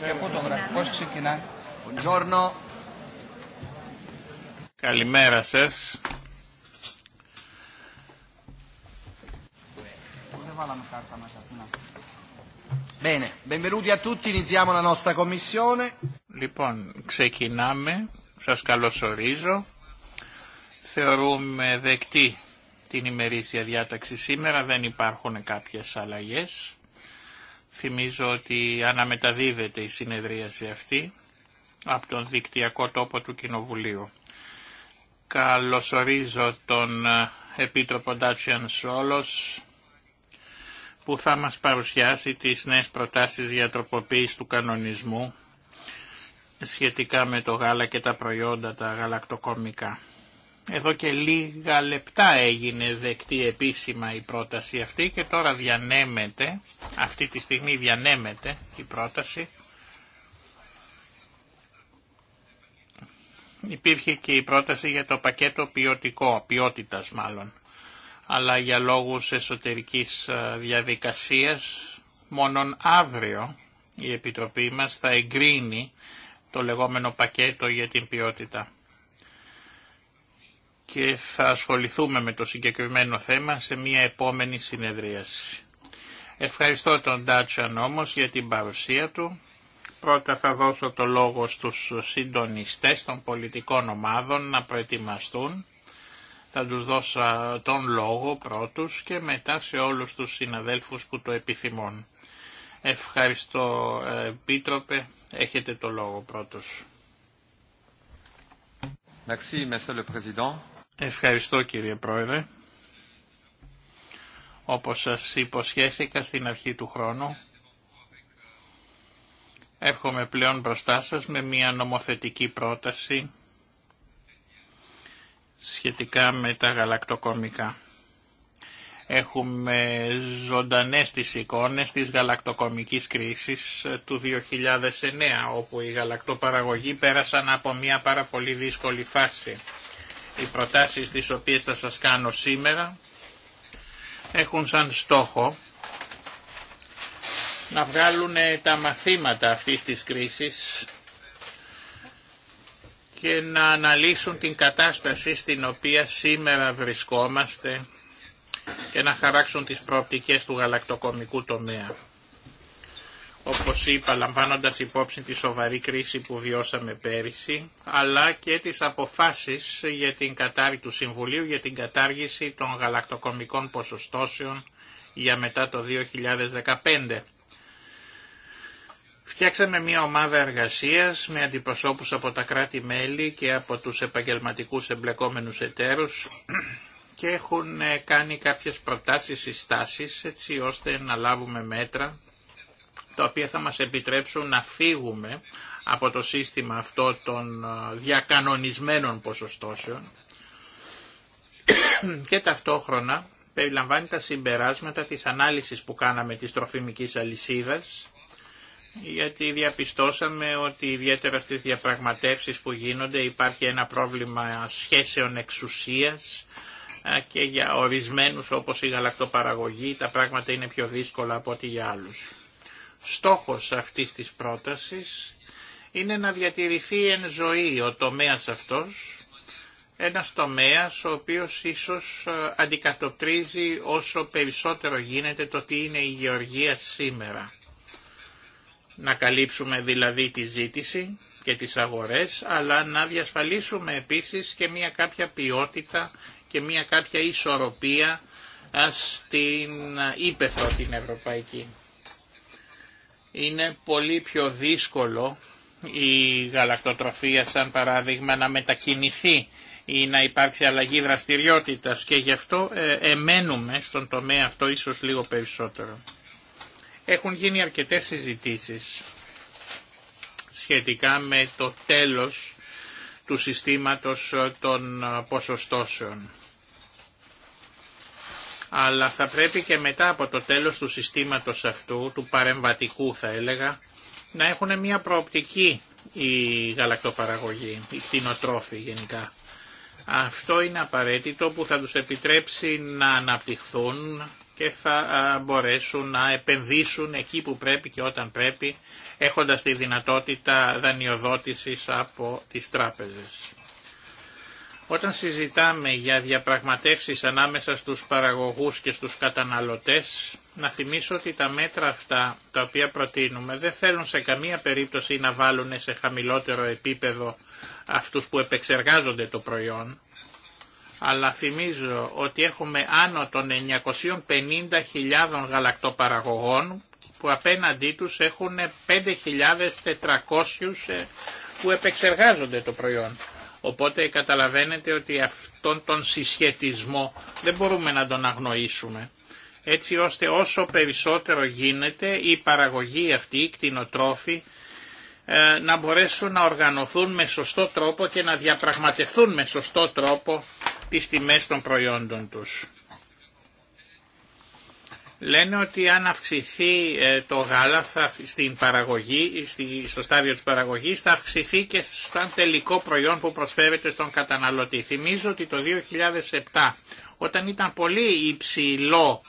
Και πού το γράφει. Πώς ξεκινάει. Καλημέρα σας. Λοιπόν, ξεκινάμε. Σας καλωσορίζω. Θεωρούμε δεκτή την ημερήσια διάταξη σήμερα. Δεν υπάρχουν κάποιες αλλαγές. Θυμίζω ότι αναμεταδίδεται η συνεδρίαση αυτή από τον δικτυακό τόπο του Κοινοβουλίου. Καλωσορίζω τον ε, Επίτροπο Ντάτσιαν Σόλος που θα μας παρουσιάσει τις νέες προτάσεις για τροποποίηση του κανονισμού σχετικά με το γάλα και τα προϊόντα τα γαλακτοκομικά. Εδώ και λίγα λεπτά έγινε δεκτή επίσημα η πρόταση αυτή και τώρα διανέμεται, αυτή τη στιγμή διανέμεται η πρόταση. Υπήρχε και η πρόταση για το πακέτο ποιοτικό, ποιότητας μάλλον, αλλά για λόγους εσωτερικής ε, διαδικασίας μόνον αύριο η Επιτροπή μας θα εγκρίνει το λεγόμενο πακέτο για την ποιότητα και θα ασχοληθούμε με το συγκεκριμένο θέμα σε μια επόμενη συνεδρίαση. Ευχαριστώ τον Ντάτσαν όμως για την παρουσία του. Πρώτα θα δώσω το λόγο στους συντονιστές των πολιτικών ομάδων να προετοιμαστούν. Θα τους δώσω τον λόγο πρώτους και μετά σε όλους τους συναδέλφους που το επιθυμούν. Ευχαριστώ ε, Επίτροπε. Έχετε το λόγο πρώτος. Merci, Monsieur le Président. Ευχαριστώ κύριε Πρόεδρε. Όπως σας υποσχέθηκα στην αρχή του χρόνου, έχουμε πλέον μπροστά σας με μια νομοθετική πρόταση σχετικά με τα γαλακτοκομικά. Έχουμε ζωντανές τις εικόνες της γαλακτοκομικής κρίσης του 2009, όπου οι γαλακτοπαραγωγοί πέρασαν από μια πάρα πολύ δύσκολη φάση. Οι προτάσεις τις οποίες θα σας κάνω σήμερα έχουν σαν στόχο να βγάλουν τα μαθήματα αυτής της κρίσης και να αναλύσουν την κατάσταση στην οποία σήμερα βρισκόμαστε και να χαράξουν τις προοπτικές του γαλακτοκομικού τομέα όπως είπα λαμβάνοντας υπόψη τη σοβαρή κρίση που βιώσαμε πέρυσι, αλλά και τις αποφάσεις για την κατάρ... του Συμβουλίου για την κατάργηση των γαλακτοκομικών ποσοστώσεων για μετά το 2015. Φτιάξαμε μια ομάδα εργασίας με αντιπροσώπους από τα κράτη-μέλη και από τους επαγγελματικούς εμπλεκόμενους εταίρους και έχουν ε, κάνει κάποιες προτάσεις συστάσεις έτσι ώστε να λάβουμε μέτρα τα οποία θα μας επιτρέψουν να φύγουμε από το σύστημα αυτό των ε, διακανονισμένων ποσοστώσεων και ταυτόχρονα περιλαμβάνει τα συμπεράσματα της ανάλυσης που κάναμε της τροφιμικής αλυσίδας γιατί διαπιστώσαμε ότι ιδιαίτερα στις διαπραγματεύσεις που γίνονται υπάρχει ένα πρόβλημα σχέσεων εξουσίας ε, και για ορισμένους όπως η γαλακτοπαραγωγή τα πράγματα είναι πιο δύσκολα από ό,τι για άλλους. Στόχος αυτής της πρότασης είναι να διατηρηθεί εν ζωή ο τομέας αυτός, ένας τομέας ο οποίος ίσως ε, αντικατοπτρίζει όσο περισσότερο γίνεται το τι είναι η γεωργία σήμερα. Να καλύψουμε δηλαδή τη ζήτηση και τις αγορές, αλλά να διασφαλίσουμε επίσης και μια κάποια ποιότητα και μια κάποια ισορροπία ε, στην ε, ύπεθρο την ευρωπαϊκή είναι πολύ πιο δύσκολο η γαλακτοτροφία σαν παράδειγμα να μετακινηθεί ή να υπάρξει αλλαγή δραστηριότητας και γι' αυτό ε, εμένουμε στον τομέα αυτό ίσως λίγο περισσότερο. Έχουν γίνει αρκετές συζητήσεις σχετικά με το τέλος του συστήματος ε, των ε, ποσοστώσεων αλλά θα πρέπει και μετά από το τέλος του συστήματος αυτού, του παρεμβατικού θα έλεγα, να έχουν μια προοπτική η γαλακτοπαραγωγή, η κτηνοτρόφη γενικά. Αυτό είναι απαραίτητο που θα τους επιτρέψει να αναπτυχθούν και θα μπορέσουν να επενδύσουν εκεί που πρέπει και όταν πρέπει, έχοντας τη δυνατότητα δανειοδότησης από τις τράπεζες. Όταν συζητάμε για διαπραγματεύσεις ανάμεσα στους παραγωγούς και στους καταναλωτές, να θυμίσω ότι τα μέτρα αυτά τα οποία προτείνουμε δεν θέλουν σε καμία περίπτωση να βάλουν σε χαμηλότερο επίπεδο αυτούς που επεξεργάζονται το προϊόν, αλλά θυμίζω ότι έχουμε άνω των 950.000 γαλακτοπαραγωγών που απέναντί τους έχουν 5.400 ε, που επεξεργάζονται το προϊόν. Οπότε καταλαβαίνετε ότι αυτόν τον συσχετισμό δεν μπορούμε να τον αγνοήσουμε. Έτσι ώστε όσο περισσότερο γίνεται η παραγωγή αυτή, οι κτηνοτρόφοι, ε, να μπορέσουν να οργανωθούν με σωστό τρόπο και να διαπραγματευτούν με σωστό τρόπο τις τιμές των προϊόντων τους λένε ότι αν αυξηθεί ε, το γάλα θα, στην παραγωγή, στη, στο στάδιο της παραγωγής θα αυξηθεί και σαν τελικό προϊόν που προσφέρεται στον καταναλωτή. Θυμίζω ότι το 2007 όταν ήταν πολύ υψηλό,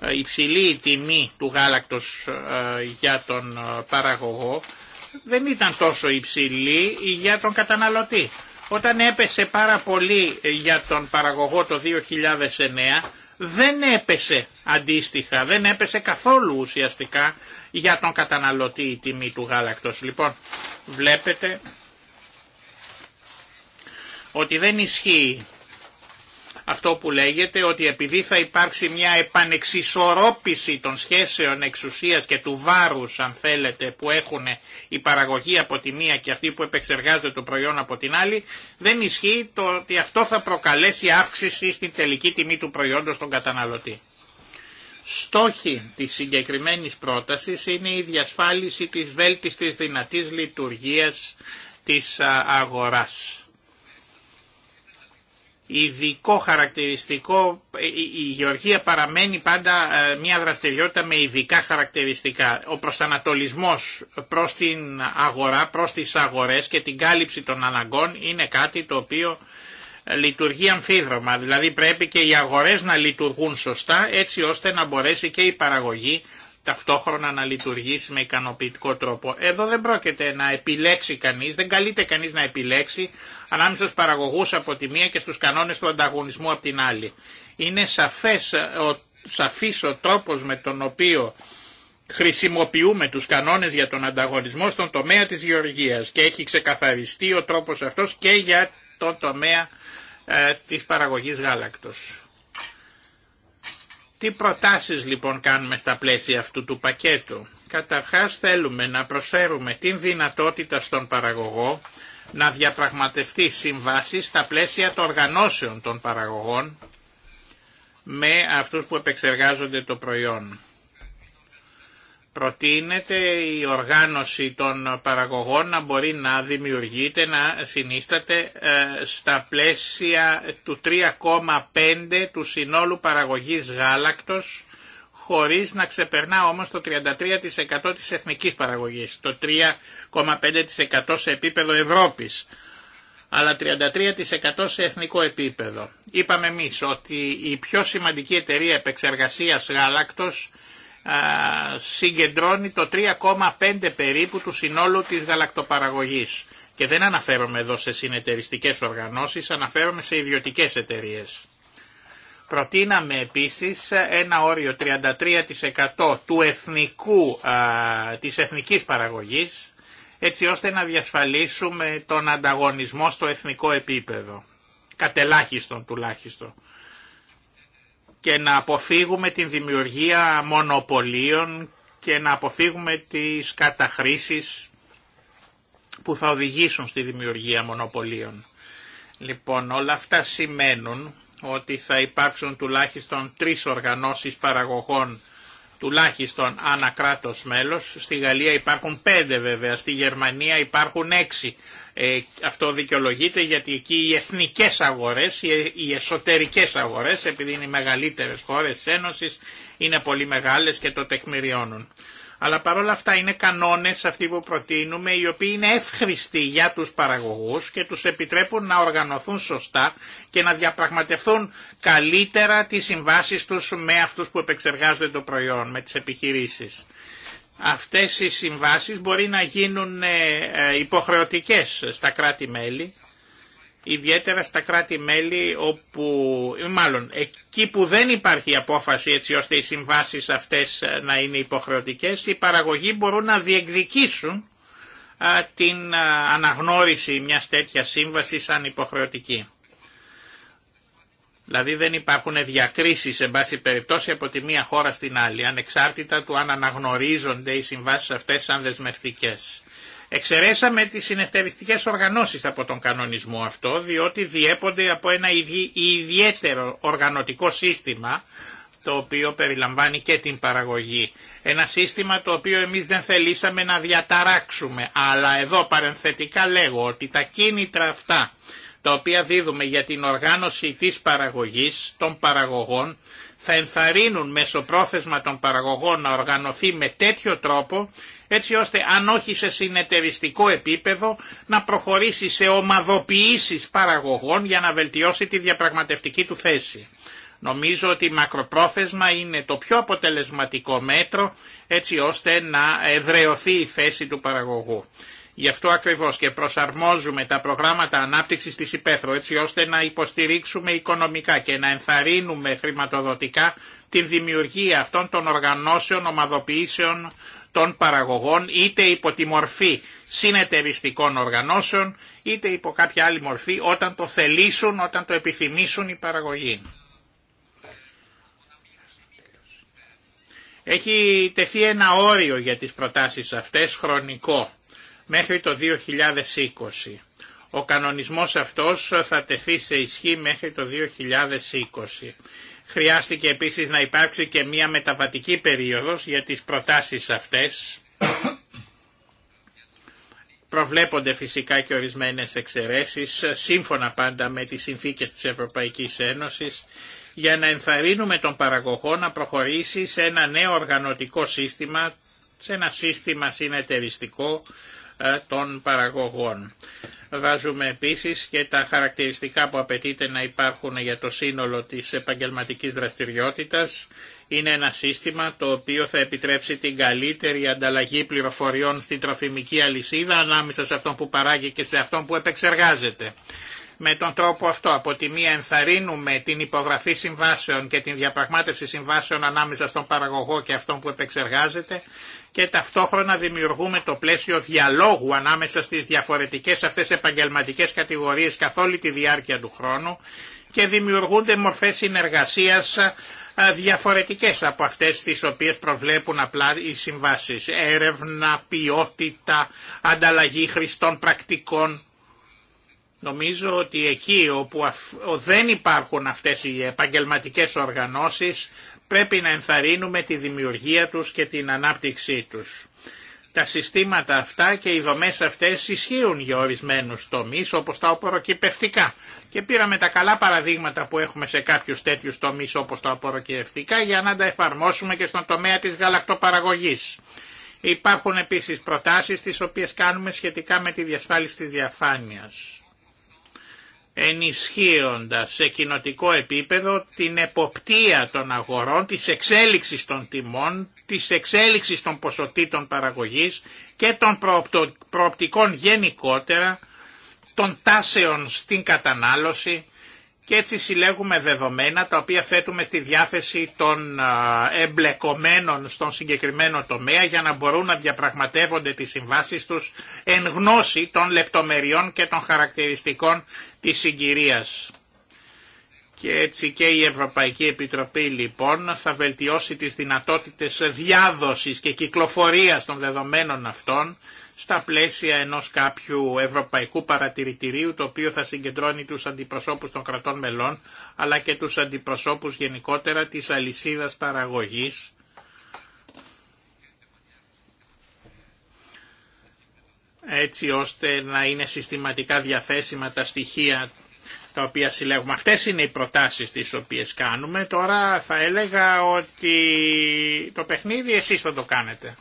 ε, υψηλή η τιμή του γάλακτος ε, για τον παραγωγό δεν ήταν τόσο υψηλή για τον καταναλωτή. Όταν έπεσε πάρα πολύ για τον παραγωγό το 2009 δεν έπεσε αντίστοιχα. Δεν έπεσε καθόλου ουσιαστικά για τον καταναλωτή η τιμή του γάλακτος. Λοιπόν, βλέπετε ότι δεν ισχύει αυτό που λέγεται ότι επειδή θα υπάρξει μια επανεξισορρόπηση των σχέσεων εξουσίας και του βάρους αν θέλετε που έχουν η παραγωγή από τη μία και αυτή που επεξεργάζεται το προϊόν από την άλλη δεν ισχύει το ότι αυτό θα προκαλέσει αύξηση στην τελική τιμή του προϊόντος στον καταναλωτή. Στόχοι της συγκεκριμένης πρότασης είναι η διασφάλιση της βέλτιστης δυνατής λειτουργίας της αγοράς. Ειδικό χαρακτηριστικό, ε, η γεωργία παραμένει πάντα ε, μια δραστηριότητα με ειδικά χαρακτηριστικά. Ο προσανατολισμός προς την αγορά, προς τις αγορές και την κάλυψη των αναγκών είναι κάτι το οποίο λειτουργεί αμφίδρομα, δηλαδή πρέπει και οι αγορές να λειτουργούν σωστά έτσι ώστε να μπορέσει και η παραγωγή ταυτόχρονα να λειτουργήσει με ικανοποιητικό τρόπο. Εδώ δεν πρόκειται να επιλέξει κανείς, δεν καλείται κανείς να επιλέξει ανάμεσα στους παραγωγούς από τη μία και στους κανόνες του ανταγωνισμού από την άλλη. Είναι σαφές, ο, σαφής ο τρόπος με τον οποίο χρησιμοποιούμε τους κανόνες για τον ανταγωνισμό στον τομέα της γεωργίας και έχει ξεκαθαριστεί ο τρόπος αυτός και για τον τομέα ε, της παραγωγής γάλακτος. Τι προτάσεις λοιπόν κάνουμε στα πλαίσια αυτού του πακέτου. Καταρχάς θέλουμε να προσφέρουμε την δυνατότητα στον παραγωγό να διαπραγματευτεί συμβάσεις στα πλαίσια των οργανώσεων των παραγωγών με αυτούς που επεξεργάζονται το προϊόν. Προτείνεται η οργάνωση των παραγωγών να μπορεί να δημιουργείται, να συνίσταται ε, στα πλαίσια του 3,5 του συνόλου παραγωγής γάλακτος, χωρίς να ξεπερνά όμως το 33% της εθνικής παραγωγής, το 3,5% σε επίπεδο Ευρώπης, αλλά 33% σε εθνικό επίπεδο. Είπαμε εμείς ότι η πιο σημαντική εταιρεία επεξεργασίας γάλακτος συγκεντρώνει το 3,5 περίπου του συνόλου της γαλακτοπαραγωγής. Και δεν αναφέρομαι εδώ σε συνεταιριστικές οργανώσεις, αναφέρομαι σε ιδιωτικές εταιρείες. Προτείναμε επίσης ένα όριο 33% του εθνικού, της εθνικής παραγωγής, έτσι ώστε να διασφαλίσουμε τον ανταγωνισμό στο εθνικό επίπεδο. Κατελάχιστον τουλάχιστον και να αποφύγουμε την δημιουργία μονοπωλίων και να αποφύγουμε τις καταχρήσεις που θα οδηγήσουν στη δημιουργία μονοπωλίων. Λοιπόν, όλα αυτά σημαίνουν ότι θα υπάρξουν τουλάχιστον τρεις οργανώσεις παραγωγών τουλάχιστον ανακράτος μέλος. Στη Γαλλία υπάρχουν πέντε βέβαια, στη Γερμανία υπάρχουν έξι. Ε, αυτό δικαιολογείται γιατί εκεί οι εθνικές αγορές, οι εσωτερικές αγορές, επειδή είναι οι μεγαλύτερες χώρες της Ένωσης, είναι πολύ μεγάλες και το τεκμηριώνουν. Αλλά παρόλα αυτά είναι κανόνες αυτοί που προτείνουμε, οι οποίοι είναι εύχριστοι για τους παραγωγούς και τους επιτρέπουν να οργανωθούν σωστά και να διαπραγματευτούν καλύτερα τις συμβάσεις τους με αυτούς που επεξεργάζονται το προϊόν, με τις επιχειρήσεις. Αυτές οι συμβάσεις μπορεί να γίνουν ε, ε, υποχρεωτικές στα κράτη-μέλη, ιδιαίτερα στα κράτη-μέλη όπου, μάλλον εκεί που δεν υπάρχει απόφαση έτσι ώστε οι συμβάσεις αυτές ε, να είναι υποχρεωτικές, οι παραγωγοί μπορούν να διεκδικήσουν την αναγνώριση μιας τέτοιας σύμβασης σαν υποχρεωτική. Δηλαδή δεν υπάρχουν διακρίσει σε βάση περιπτώσει από τη μία χώρα στην άλλη, ανεξάρτητα του αν αναγνωρίζονται οι συμβάσει αυτέ σαν δεσμευτικέ. Εξαιρέσαμε τι συνεταιριστικέ οργανώσει από τον κανονισμό αυτό, διότι διέπονται από ένα ιδιαίτερο οργανωτικό σύστημα, το οποίο περιλαμβάνει και την παραγωγή. Ένα σύστημα το οποίο εμείς δεν θελήσαμε να διαταράξουμε, αλλά εδώ παρενθετικά λέγω ότι τα κίνητρα αυτά τα οποία δίδουμε για την οργάνωση της παραγωγής των παραγωγών θα ενθαρρύνουν μέσω πρόθεσμα των παραγωγών να οργανωθεί με τέτοιο τρόπο έτσι ώστε αν όχι σε συνεταιριστικό επίπεδο να προχωρήσει σε ομαδοποιήσεις παραγωγών για να βελτιώσει τη διαπραγματευτική του θέση. Νομίζω ότι μακροπρόθεσμα είναι το πιο αποτελεσματικό μέτρο έτσι ώστε να εδρεωθεί η θέση του παραγωγού. Γι' αυτό ακριβώς και προσαρμόζουμε τα προγράμματα ανάπτυξης της υπαίθρου έτσι ώστε να υποστηρίξουμε οικονομικά και να ενθαρρύνουμε χρηματοδοτικά την δημιουργία αυτών των οργανώσεων, ομαδοποιήσεων των παραγωγών είτε υπό τη μορφή συνεταιριστικών οργανώσεων είτε υπό κάποια άλλη μορφή όταν το θελήσουν, όταν το επιθυμήσουν οι παραγωγοί. Έχει τεθεί ένα όριο για τις προτάσεις αυτές χρονικό μέχρι το 2020. Ο κανονισμός αυτός θα τεθεί σε ισχύ μέχρι το 2020. Χρειάστηκε επίσης να υπάρξει και μία μεταβατική περίοδος για τις προτάσεις αυτές. Προβλέπονται φυσικά και ορισμένες εξαιρέσεις, σύμφωνα πάντα με τις συνθήκες της Ευρωπαϊκής Ένωσης, για να ενθαρρύνουμε τον παραγωγό να προχωρήσει σε ένα νέο οργανωτικό σύστημα, σε ένα σύστημα συνεταιριστικό, ε, των παραγωγών. Βάζουμε επίσης και τα χαρακτηριστικά που απαιτείται να υπάρχουν για το σύνολο της επαγγελματικής δραστηριότητας. Είναι ένα σύστημα το οποίο θα επιτρέψει την καλύτερη ανταλλαγή πληροφοριών στην τροφιμική αλυσίδα ανάμεσα σε αυτόν που παράγει και σε αυτόν που επεξεργάζεται με τον τρόπο αυτό. Από τη μία ενθαρρύνουμε την υπογραφή συμβάσεων και την διαπραγμάτευση συμβάσεων ανάμεσα στον παραγωγό και αυτόν που επεξεργάζεται και ταυτόχρονα δημιουργούμε το πλαίσιο διαλόγου ανάμεσα στις διαφορετικές αυτές επαγγελματικές κατηγορίες καθ' όλη τη διάρκεια του χρόνου και δημιουργούνται μορφές συνεργασίας διαφορετικές από αυτές τις οποίες προβλέπουν απλά οι συμβάσεις. Έρευνα, ποιότητα, ανταλλαγή χρηστών πρακτικών Νομίζω ότι εκεί όπου δεν υπάρχουν αυτές οι επαγγελματικές οργανώσεις πρέπει να ενθαρρύνουμε τη δημιουργία τους και την ανάπτυξή τους. Τα συστήματα αυτά και οι δομές αυτές ισχύουν για ορισμένους τομείς όπως τα οποροκυπευτικά και πήραμε τα καλά παραδείγματα που έχουμε σε κάποιους τέτοιους τομείς όπως τα οποροκυπευτικά για να τα εφαρμόσουμε και στον τομέα της γαλακτοπαραγωγής. Υπάρχουν επίσης προτάσεις τις οποίες κάνουμε σχετικά με τη διασφάλιση της διαφάνειας ενισχύοντας σε κοινοτικό επίπεδο την εποπτεία των αγορών, της εξέλιξης των τιμών, της εξέλιξης των ποσοτήτων παραγωγής και των προοπτικών γενικότερα, των τάσεων στην κατανάλωση και έτσι συλλέγουμε δεδομένα τα οποία θέτουμε στη διάθεση των εμπλεκομένων στον συγκεκριμένο τομέα για να μπορούν να διαπραγματεύονται τις συμβάσεις τους εν γνώση των λεπτομεριών και των χαρακτηριστικών της συγκυρίας. Και έτσι και η Ευρωπαϊκή Επιτροπή λοιπόν θα βελτιώσει τις δυνατότητες διάδοσης και κυκλοφορίας των δεδομένων αυτών στα πλαίσια ενός κάποιου ευρωπαϊκού παρατηρητηρίου το οποίο θα συγκεντρώνει τους αντιπροσώπους των κρατών μελών αλλά και τους αντιπροσώπους γενικότερα της αλυσίδας παραγωγής έτσι ώστε να είναι συστηματικά διαθέσιμα τα στοιχεία τα οποία συλλέγουμε. Αυτές είναι οι προτάσεις τις οποίες κάνουμε. Τώρα θα έλεγα ότι το παιχνίδι εσείς θα το κάνετε.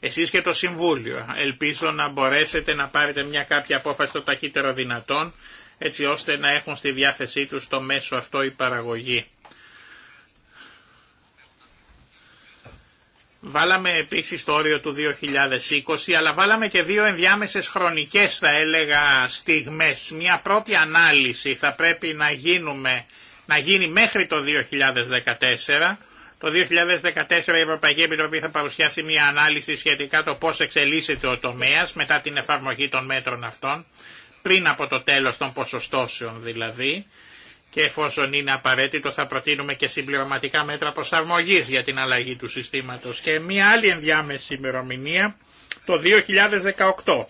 Εσείς και το Συμβούλιο ελπίζω να μπορέσετε να πάρετε μια κάποια απόφαση το ταχύτερο δυνατόν έτσι ώστε να έχουν στη διάθεσή τους το μέσο αυτό η παραγωγή. Βάλαμε επίσης το όριο του 2020, αλλά βάλαμε και δύο ενδιάμεσες χρονικές, θα έλεγα, στιγμές. Μια πρώτη ανάλυση θα πρέπει να, γίνουμε, να γίνει μέχρι το 2014, το 2014 η Ευρωπαϊκή Επιτροπή θα παρουσιάσει μια ανάλυση σχετικά το πώς εξελίσσεται ο τομέας μετά την εφαρμογή των μέτρων αυτών, πριν από το τέλος των ποσοστώσεων δηλαδή, και εφόσον είναι απαραίτητο θα προτείνουμε και συμπληρωματικά μέτρα προσαρμογής για την αλλαγή του συστήματος. Και μια άλλη ενδιάμεση ημερομηνία, το 2018,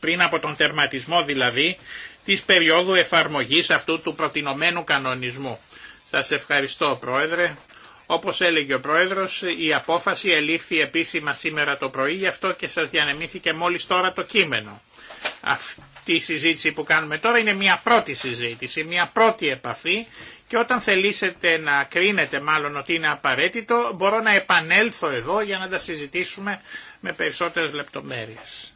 πριν από τον τερματισμό δηλαδή, της περίοδου εφαρμογής αυτού του προτινομένου κανονισμού. Σας ευχαριστώ Πρόεδρε. Όπως έλεγε ο Πρόεδρος, η απόφαση ελήφθη επίσημα σήμερα το πρωί, γι' αυτό και σας διανεμήθηκε μόλις τώρα το κείμενο. Αυτή η συζήτηση που κάνουμε τώρα είναι μια πρώτη συζήτηση, μια πρώτη επαφή και όταν θελήσετε να κρίνετε μάλλον ότι είναι απαραίτητο, μπορώ να επανέλθω εδώ για να τα συζητήσουμε με περισσότερες λεπτομέρειες.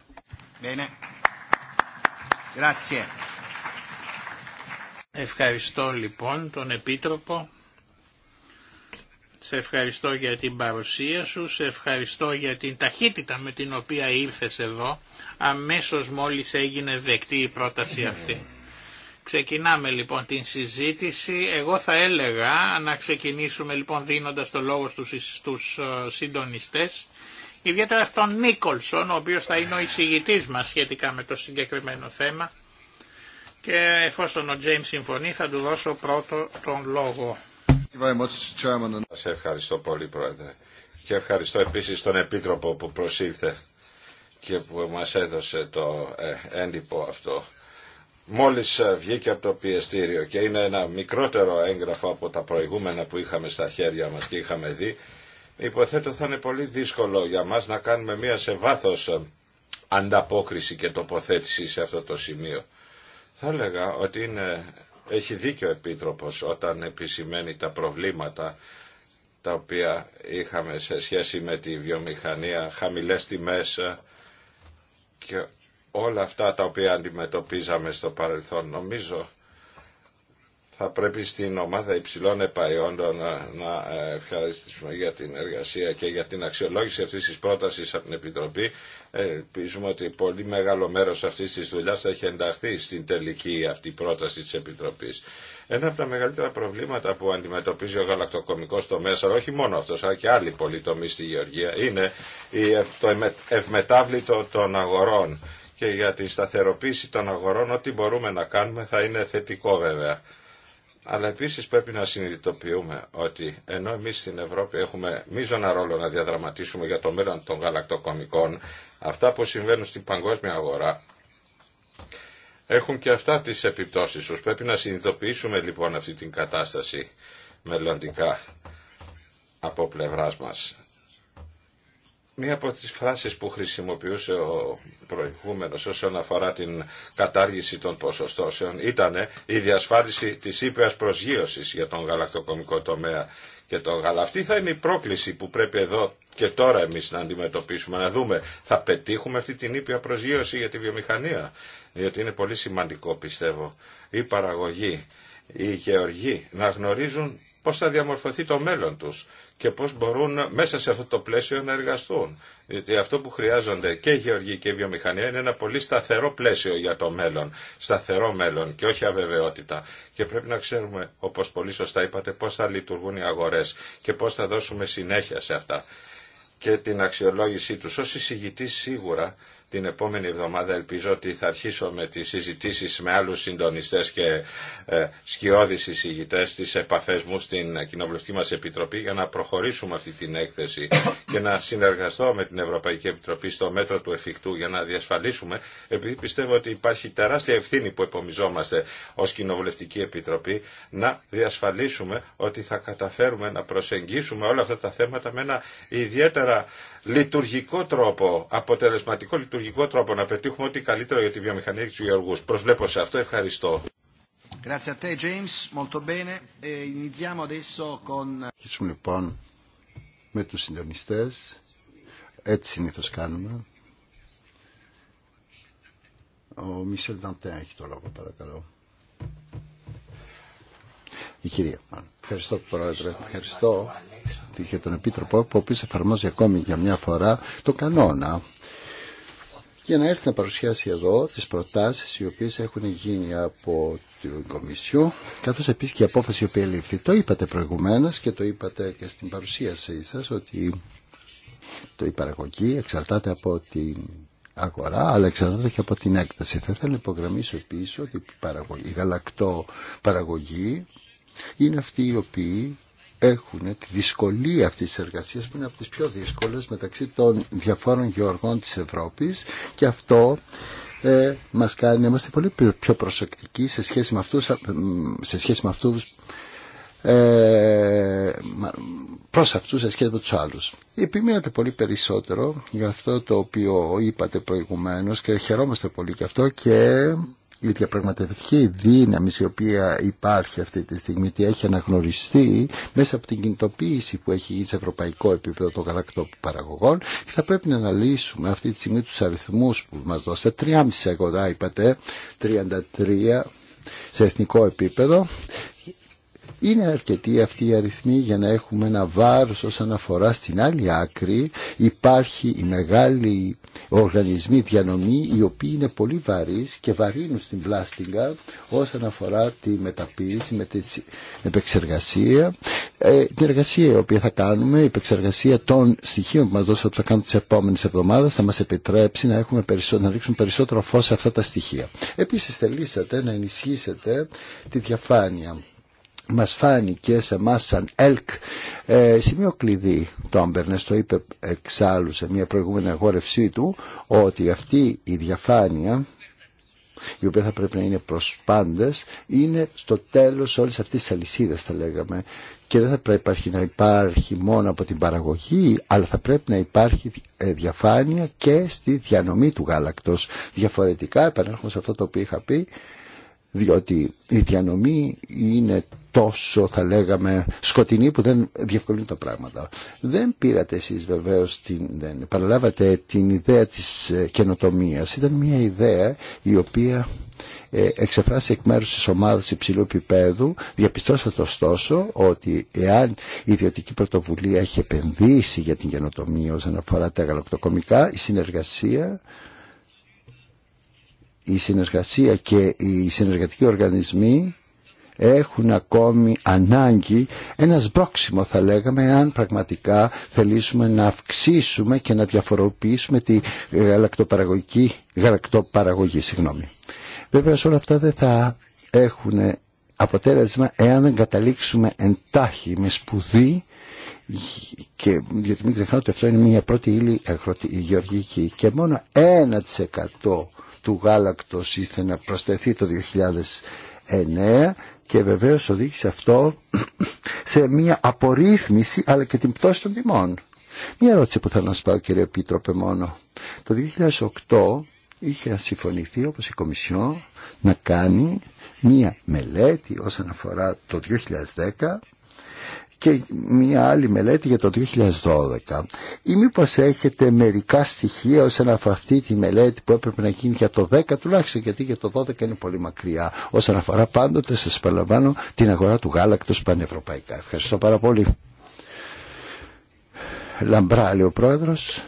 Ευχαριστώ λοιπόν τον Επίτροπο. Σε ευχαριστώ για την παρουσία σου, σε ευχαριστώ για την ταχύτητα με την οποία ήρθες εδώ, αμέσως μόλις έγινε δεκτή η πρόταση αυτή. Ξεκινάμε λοιπόν την συζήτηση. Εγώ θα έλεγα να ξεκινήσουμε λοιπόν δίνοντας το λόγο στους, στους ε, συντονιστές, ιδιαίτερα στον Νίκολσον, ο οποίος θα είναι ο εισηγητής μας σχετικά με το συγκεκριμένο θέμα και εφόσον ο Τζέιμς συμφωνεί θα του δώσω πρώτο τον λόγο. Σας ευχαριστώ πολύ, Πρόεδρε. Και ευχαριστώ επίσης τον Επίτροπο που προσήλθε και που μας έδωσε το ε, έντυπο αυτό. Μόλις ε, βγήκε από το πιεστήριο και είναι ένα μικρότερο έγγραφο από τα προηγούμενα που είχαμε στα χέρια μας και είχαμε δει, υποθέτω θα είναι πολύ δύσκολο για μας να κάνουμε μία σε βάθος ε, ανταπόκριση και τοποθέτηση σε αυτό το σημείο. Θα έλεγα ότι είναι έχει δίκιο ο Επίτροπος όταν επισημαίνει τα προβλήματα τα οποία είχαμε σε σχέση με τη βιομηχανία, χαμηλές τιμές και όλα αυτά τα οποία αντιμετωπίζαμε στο παρελθόν. Νομίζω θα πρέπει στην ομάδα υψηλών επαϊόντων να, να ε, ευχαριστήσουμε για την εργασία και για την αξιολόγηση αυτής της πρότασης από την Επιτροπή. Ελπίζουμε ότι πολύ μεγάλο μέρος αυτής της δουλειάς θα έχει ενταχθεί στην τελική αυτή πρόταση της Επιτροπής. Ένα από τα μεγαλύτερα προβλήματα που αντιμετωπίζει ο γαλακτοκομικός τομέας, αλλά όχι μόνο αυτός, αλλά και άλλοι πολλοί τομεί στη Γεωργία, είναι το ευμετάβλητο των αγορών και για τη σταθεροποίηση των αγορών ό,τι μπορούμε να κάνουμε θα είναι θετικό βέβαια. Αλλά επίσης πρέπει να συνειδητοποιούμε ότι ενώ εμείς στην Ευρώπη έχουμε μείζωνα ρόλο να διαδραματίσουμε για το μέλλον των γαλακτοκομικών, αυτά που συμβαίνουν στην παγκόσμια αγορά έχουν και αυτά τις επιπτώσεις τους. Πρέπει να συνειδητοποιήσουμε λοιπόν αυτή την κατάσταση μελλοντικά από πλευράς μας. Μία από τις φράσεις που χρησιμοποιούσε ο προηγούμενος όσον αφορά την κατάργηση των ποσοστώσεων ήταν η διασφάλιση της ύπεας προσγείωσης για τον γαλακτοκομικό τομέα και το γάλα. Αυτή θα είναι η πρόκληση που πρέπει εδώ και τώρα εμείς να αντιμετωπίσουμε, να δούμε θα πετύχουμε αυτή την ήπια προσγείωση για τη βιομηχανία, γιατί είναι πολύ σημαντικό πιστεύω η παραγωγή, οι γεωργοί να γνωρίζουν πώς θα διαμορφωθεί το μέλλον τους και πώς μπορούν μέσα σε αυτό το πλαίσιο να εργαστούν. Διότι αυτό που χρειάζονται και η γεωργία και η βιομηχανία είναι ένα πολύ σταθερό πλαίσιο για το μέλλον. Σταθερό μέλλον και όχι αβεβαιότητα. Και πρέπει να ξέρουμε, όπως πολύ σωστά είπατε, πώς θα λειτουργούν οι αγορές και πώς θα δώσουμε συνέχεια σε αυτά και την αξιολόγησή τους. Ως εισηγητής σίγουρα την επόμενη εβδομάδα ελπίζω ότι θα αρχίσω με τις συζητήσεις με άλλους συντονιστές και ε, σκιώδεις εισηγητές στις επαφές μου στην Κοινοβουλευτική μας Επιτροπή για να προχωρήσουμε αυτή την έκθεση και να συνεργαστώ με την Ευρωπαϊκή Επιτροπή στο μέτρο του εφικτού για να διασφαλίσουμε επειδή πιστεύω ότι υπάρχει τεράστια ευθύνη που επομιζόμαστε ως Κοινοβουλευτική Επιτροπή να διασφαλίσουμε ότι θα καταφέρουμε να προσεγγίσουμε όλα αυτά τα θέματα με ένα ιδιαίτερα λειτουργικό τρόπο, αποτελεσματικό λειτουργικό τρόπο να πετύχουμε ό,τι καλύτερο για τη βιομηχανία και του γεωργού. Προσβλέπω σε αυτό. Ευχαριστώ. Ε, Αρχίσουμε λοιπόν με τους συντονιστές. Έτσι συνήθως κάνουμε. Ο Μισελ Νταντέ έχει το λόγο παρακαλώ. Η κυρία. Ευχαριστώ πρόεδρε. Ευχαριστώ. Ευχαριστώ. Για τον Επίτροπο ο οποίο εφαρμόζει ακόμη για μια φορά το κανόνα για να έρθει να παρουσιάσει εδώ τις προτάσεις οι οποίες έχουν γίνει από την Κομισιό καθώς επίσης και η απόφαση η οποία λήφθη. Το είπατε προηγουμένως και το είπατε και στην παρουσίασή σας ότι το η παραγωγή εξαρτάται από την αγορά αλλά εξαρτάται και από την έκταση. Θα ήθελα να υπογραμμίσω επίσης ότι η, παραγωγή, γαλακτό παραγωγή είναι αυτοί οι οποίοι έχουν τη δυσκολία αυτής της εργασίας που είναι από τις πιο δύσκολες μεταξύ των διαφόρων γεωργών της Ευρώπης και αυτό ε, μας κάνει να είμαστε πολύ πιο προσεκτικοί σε σχέση με αυτούς, σε σχέση με αυτούς ε, προς αυτούς σε σχέση με τους άλλους. Επιμείνατε πολύ περισσότερο για αυτό το οποίο είπατε προηγουμένως και χαιρόμαστε πολύ γι' αυτό και η διαπραγματευτική δύναμη η οποία υπάρχει αυτή τη στιγμή και έχει αναγνωριστεί μέσα από την κινητοποίηση που έχει γίνει σε ευρωπαϊκό επίπεδο των παραγωγών και θα πρέπει να αναλύσουμε αυτή τη στιγμή του αριθμούς που μας δώσατε 3,5 εγώ είπατε 33 σε εθνικό επίπεδο είναι αρκετοί αυτοί οι αριθμοί για να έχουμε ένα βάρος όσον αφορά στην άλλη άκρη. Υπάρχει η μεγάλη οργανισμή διανομή η οποίοι είναι πολύ βαρύς και βαρύνουν στην βλάστηγκα όσον αφορά τη μεταποίηση, με την επεξεργασία, ε, την εργασία η οποία θα κάνουμε, η επεξεργασία των στοιχείων που μας δώσουν που θα κάνουν τις επόμενες εβδομάδες θα μας επιτρέψει να, έχουμε περισσότερο, να ρίξουν περισσότερο φως σε αυτά τα στοιχεία. Επίσης θελήσατε να ενισχύσετε τη διαφάνεια μας φάνηκε σε εμά σαν ΕΛΚ ε, σημείο κλειδί το Άμπερνες το είπε εξάλλου σε μια προηγούμενη αγόρευσή του ότι αυτή η διαφάνεια η οποία θα πρέπει να είναι προς πάντες είναι στο τέλος όλης αυτής της αλυσίδας θα λέγαμε και δεν θα πρέπει να υπάρχει μόνο από την παραγωγή αλλά θα πρέπει να υπάρχει ε, διαφάνεια και στη διανομή του γάλακτος διαφορετικά επανέρχομαι σε αυτό το οποίο είχα πει διότι η διανομή είναι τόσο θα λέγαμε σκοτεινή που δεν διευκολύνει τα πράγματα. Δεν πήρατε εσείς βεβαίως, την, δεν παραλάβατε την ιδέα της ε, καινοτομία. Ήταν μια ιδέα η οποία ε, εξεφράσει εκ μέρους της ομάδας υψηλού επίπεδου. Διαπιστώσατε ωστόσο ότι εάν η ιδιωτική πρωτοβουλία έχει επενδύσει για την καινοτομία όσον αφορά τα γαλακτοκομικά, η συνεργασία η συνεργασία και οι συνεργατικοί οργανισμοί έχουν ακόμη ανάγκη ένα σπρόξιμο θα λέγαμε αν πραγματικά θελήσουμε να αυξήσουμε και να διαφοροποιήσουμε τη γαλακτοπαραγωγική γαλακτοπαραγωγή συγγνώμη. Βέβαια όλα αυτά δεν θα έχουν αποτέλεσμα εάν δεν καταλήξουμε εντάχει με σπουδή και γιατί μην ξεχνάω ότι αυτό είναι μια πρώτη ύλη γεωργική και μόνο 1% του γάλακτος ήθελε να προσθεθεί το 2009 και βεβαίως οδήγησε αυτό σε μια απορρίθμιση αλλά και την πτώση των τιμών. Μια ερώτηση που θέλω να σας πάω κύριε Επίτροπε μόνο. Το 2008 είχε συμφωνηθεί όπως η Κομισιό να κάνει μία μελέτη όσον αφορά το 2010 και μια άλλη μελέτη για το 2012 ή μήπω έχετε μερικά στοιχεία όσον αφορά αυτή τη μελέτη που έπρεπε να γίνει για το 10 τουλάχιστον γιατί για το 12 είναι πολύ μακριά όσον αφορά πάντοτε σας παραλαμβάνω την αγορά του γάλακτος πανευρωπαϊκά. Ευχαριστώ πάρα πολύ. Λαμπρά λέει ο πρόεδρος.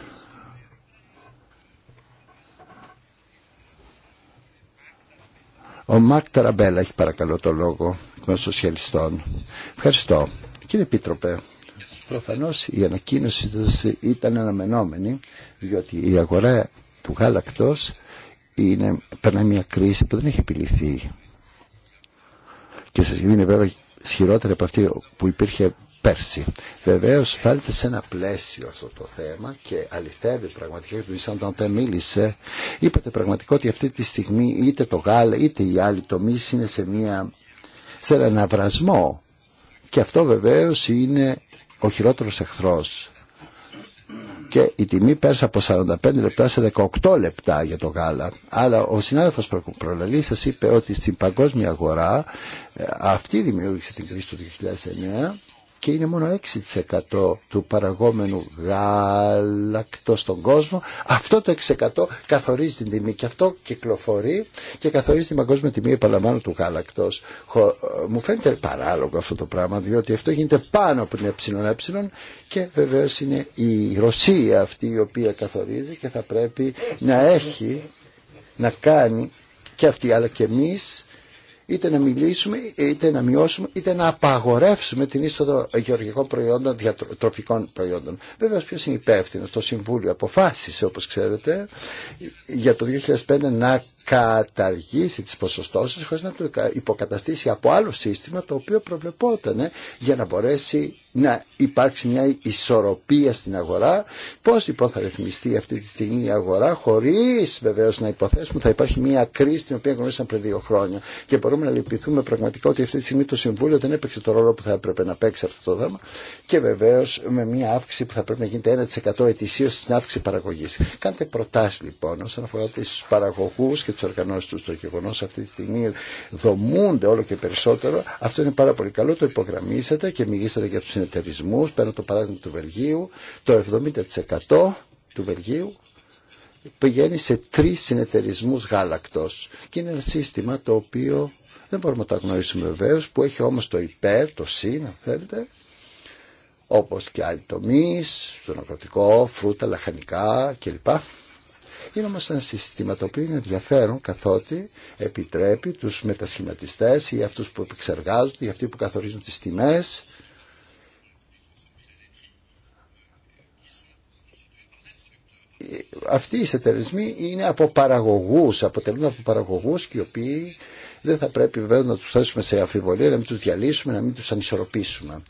Ο Μάρκ Ταραμπέλα έχει παρακαλώ το λόγο των σοσιαλιστών. Ευχαριστώ. Κύριε Επίτροπε, προφανώς η ανακοίνωση τους ήταν αναμενόμενη, διότι η αγορά του γάλακτος είναι, περνάει μια κρίση που δεν έχει επιληθεί. Και σας είναι βέβαια σχηρότερη από αυτή που υπήρχε πέρσι. Βεβαίως φάλετε σε ένα πλαίσιο αυτό το θέμα και αληθεύει πραγματικά γιατί σαν τον μίλησε είπατε πραγματικά ότι αυτή τη στιγμή είτε το γάλα είτε οι άλλοι τομεί είναι σε, μια, σε έναν αυρασμό και αυτό βεβαίως είναι ο χειρότερος εχθρός. Και η τιμή πέρασε από 45 λεπτά σε 18 λεπτά για το γάλα. Αλλά ο συνάδελφος προλαλή σας είπε ότι στην παγκόσμια αγορά ε, αυτή δημιούργησε την κρίση του 2009 και είναι μόνο 6% του παραγόμενου γάλακτό στον κόσμο. Αυτό το 6% καθορίζει την τιμή και αυτό κυκλοφορεί και καθορίζει την παγκόσμια τιμή επαναλαμβάνω του γάλακτος. Ε, μου φαίνεται παράλογο αυτό το πράγμα διότι αυτό γίνεται πάνω από την εΕ και βεβαίω είναι η Ρωσία αυτή η οποία καθορίζει και θα πρέπει να έχει, να κάνει και αυτή αλλά και εμείς είτε να μιλήσουμε, είτε να μειώσουμε, είτε να απαγορεύσουμε την είσοδο γεωργικών προϊόντων, διατροφικών προϊόντων. Βέβαια, ποιο είναι υπεύθυνο, το Συμβούλιο αποφάσισε, όπω ξέρετε, για το 2005 να καταργήσει τις ποσοστώσεις χωρίς να το υποκαταστήσει από άλλο σύστημα το οποίο προβλεπόταν για να μπορέσει να υπάρξει μια ισορροπία στην αγορά πώς λοιπόν θα ρυθμιστεί αυτή τη στιγμή η αγορά χωρίς βεβαίως να υποθέσουμε ότι θα υπάρχει μια κρίση την οποία γνωρίσαμε πριν δύο χρόνια και μπορούμε να λυπηθούμε πραγματικά ότι αυτή τη στιγμή το Συμβούλιο δεν έπαιξε το ρόλο που θα έπρεπε να παίξει αυτό το δάμα και βεβαίως με μια αύξηση που θα πρέπει να γίνεται 1% ετησίως στην αύξηση παραγωγής. Κάντε προτάσεις λοιπόν όσον αφορά τις παραγωγούς τις οργανώσεις του στο γεγονό αυτή τη στιγμή δομούνται όλο και περισσότερο. Αυτό είναι πάρα πολύ καλό. Το υπογραμμίσατε και μιλήσατε για τους συνεταιρισμούς. Παίρνω το παράδειγμα του Βελγίου. Το 70% του Βελγίου πηγαίνει σε τρεις συνεταιρισμού γάλακτος. Και είναι ένα σύστημα το οποίο δεν μπορούμε να τα γνωρίσουμε βεβαίω, που έχει όμως το υπέρ, το συν, αν θέλετε, όπως και άλλοι τομείς, στον αγροτικό, φρούτα, λαχανικά κλπ. Είναι όμως ένα σύστημα το οποίο ενδιαφέρον καθότι επιτρέπει τους μετασχηματιστές ή αυτούς που επεξεργάζονται ή αυτοί που καθορίζουν τις τιμές αυτοί οι εταιρισμοί είναι από παραγωγούς, αποτελούν από παραγωγούς και οι οποίοι δεν θα πρέπει βέβαια να τους θέσουμε σε αμφιβολία, να μην τους διαλύσουμε, να μην τους ανισορροπήσουμε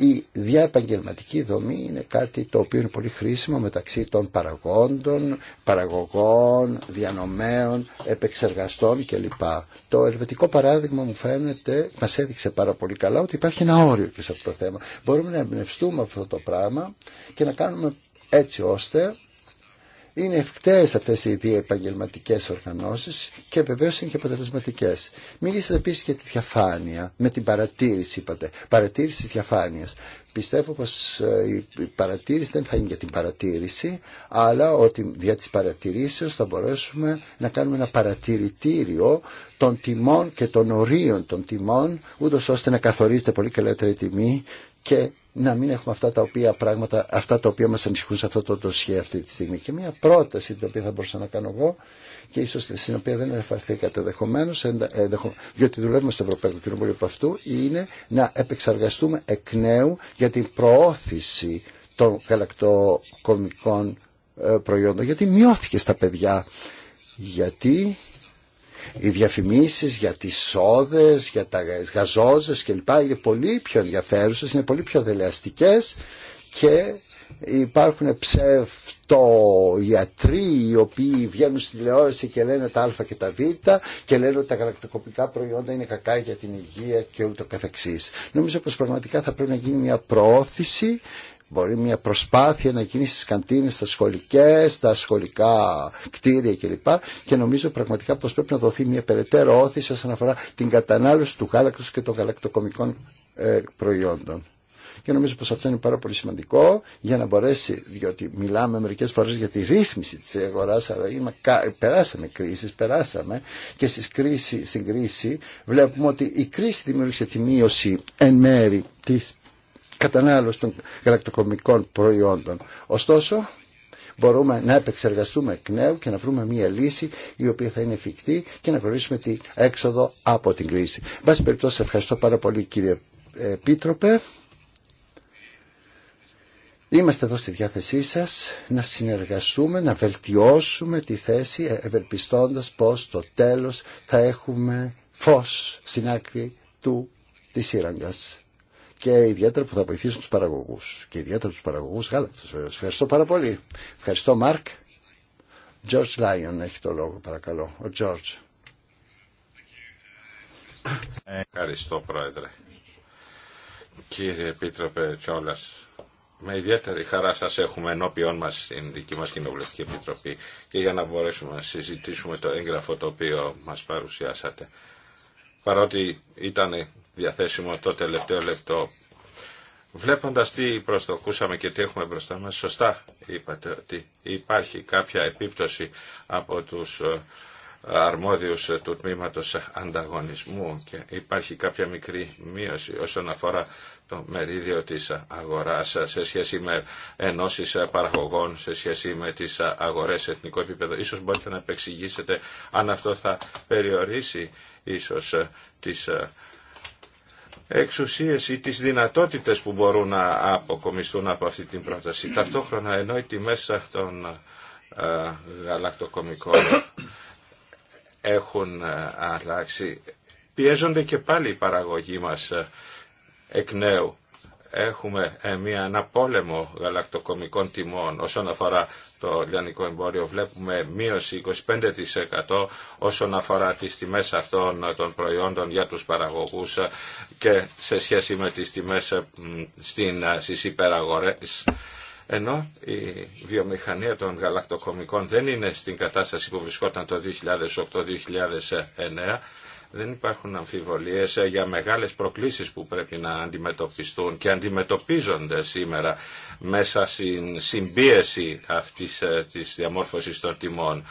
η διαπαγγελματική δομή είναι κάτι το οποίο είναι πολύ χρήσιμο μεταξύ των παραγόντων, παραγωγών, διανομέων, επεξεργαστών κλπ. Το ελβετικό παράδειγμα μου φαίνεται, μας έδειξε πάρα πολύ καλά ότι υπάρχει ένα όριο και σε αυτό το θέμα. Μπορούμε να εμπνευστούμε αυτό το πράγμα και να κάνουμε έτσι ώστε είναι ευκτές αυτές οι δύο επαγγελματικέ οργανώσεις και βεβαίως είναι και αποτελεσματικέ. Μιλήσατε επίσης για τη διαφάνεια, με την παρατήρηση είπατε, παρατήρηση της διαφάνειας. Πιστεύω πως ε, η παρατήρηση δεν θα είναι για την παρατήρηση, αλλά ότι για της παρατηρήσεως θα μπορέσουμε να κάνουμε ένα παρατηρητήριο των τιμών και των ορίων των τιμών, ούτως ώστε να καθορίζεται πολύ καλύτερη τιμή και να μην έχουμε αυτά τα οποία πράγματα, αυτά τα οποία μας ανησυχούν σε αυτό το ντοσχέ αυτή τη στιγμή. Και μια πρόταση την οποία θα μπορούσα να κάνω εγώ και ίσως στην οποία δεν αναφερθήκατε δεχομένω, διότι δουλεύουμε στο Ευρωπαϊκό Κοινοβούλιο από αυτού, είναι να επεξεργαστούμε εκ νέου για την προώθηση των γαλακτοκομικών ε, προϊόντων. Γιατί μειώθηκε στα παιδιά. Γιατί οι διαφημίσεις για τις σόδες, για τα γαζόζες κλπ. είναι πολύ πιο ενδιαφέρουσες, είναι πολύ πιο δελεαστικές και υπάρχουν ψευτοιατροί οι οποίοι βγαίνουν στη τηλεόραση και λένε τα α και τα β και λένε ότι τα γαλακτοκοπικά προϊόντα είναι κακά για την υγεία και ούτω καθεξής. Νομίζω πως πραγματικά θα πρέπει να γίνει μια προώθηση Μπορεί μια προσπάθεια να γίνει στις καντίνες, στα σχολικές, στα σχολικά κτίρια κλπ. Και νομίζω πραγματικά πως πρέπει να δοθεί μια περαιτέρω όθηση όσον αφορά την κατανάλωση του γάλακτος και των γαλακτοκομικών ε, προϊόντων. Και νομίζω πως αυτό είναι πάρα πολύ σημαντικό για να μπορέσει, διότι μιλάμε μερικές φορές για τη ρύθμιση της αγοράς, αλλά περάσαμε κρίσεις, περάσαμε και στις κρίση, στην κρίση βλέπουμε ότι η κρίση δημιούργησε τη μείωση εν μέρη της κατανάλωση των γαλακτοκομικών προϊόντων. Ωστόσο, μπορούμε να επεξεργαστούμε εκ νέου και να βρούμε μια λύση η οποία θα είναι εφικτή και να γνωρίσουμε την έξοδο από την κρίση. Εν πάση περιπτώσει, ευχαριστώ πάρα πολύ κύριε πίτροπε. Είμαστε εδώ στη διάθεσή σας να συνεργαστούμε, να βελτιώσουμε τη θέση ευελπιστώντας πως το τέλος θα έχουμε φως στην άκρη του της σύραγγας και ιδιαίτερα που θα βοηθήσουν τους παραγωγούς και ιδιαίτερα τους παραγωγούς γάλακτος. Ευχαριστώ πάρα πολύ. Ευχαριστώ Μάρκ. George Lyon έχει το λόγο παρακαλώ. Ο George. Ευχαριστώ Πρόεδρε. Κύριε Επίτροπε Τσόλα, με ιδιαίτερη χαρά σας έχουμε ενώπιόν μας στην δική μας Κοινοβουλευτική Επιτροπή και για να μπορέσουμε να συζητήσουμε το έγγραφο το οποίο μας παρουσιάσατε. Παρότι ήταν διαθέσιμο το τελευταίο λεπτό. Βλέποντας τι προστοκούσαμε και τι έχουμε μπροστά μας, σωστά είπατε ότι υπάρχει κάποια επίπτωση από τους ε, αρμόδιους ε, του τμήματος ανταγωνισμού και υπάρχει κάποια μικρή μείωση όσον αφορά το μερίδιο της αγοράς σε σχέση με ενώσεις παραγωγών, σε σχέση με τις αγορές σε εθνικό επίπεδο. Ίσως μπορείτε να επεξηγήσετε αν αυτό θα περιορίσει ίσως ε, τις εξουσίες ή τις δυνατότητες που μπορούν να αποκομιστούν από αυτή την πρόταση. Ταυτόχρονα ενώ μεσα τιμές των ε, γαλακτοκομικών έχουν ε, αλλάξει, πιέζονται και πάλι οι παραγωγοί μας ε, εκ νέου έχουμε ε, μια, ένα πόλεμο γαλακτοκομικών τιμών όσον αφορά το λιανικό εμπόριο. Βλέπουμε μείωση 25% όσον αφορά τις τιμές αυτών των προϊόντων για τους παραγωγούς και σε σχέση με τις τιμές ε, ε, στις υπεραγορές ενώ η βιομηχανία των γαλακτοκομικών δεν είναι στην κατάσταση που βρισκόταν το 2008-2009 δεν υπάρχουν αμφιβολίες ε, για μεγάλες προκλήσεις που πρέπει να αντιμετωπιστούν και αντιμετωπίζονται σήμερα μέσα στην συμπίεση αυτής ε, της διαμόρφωσης των τιμών.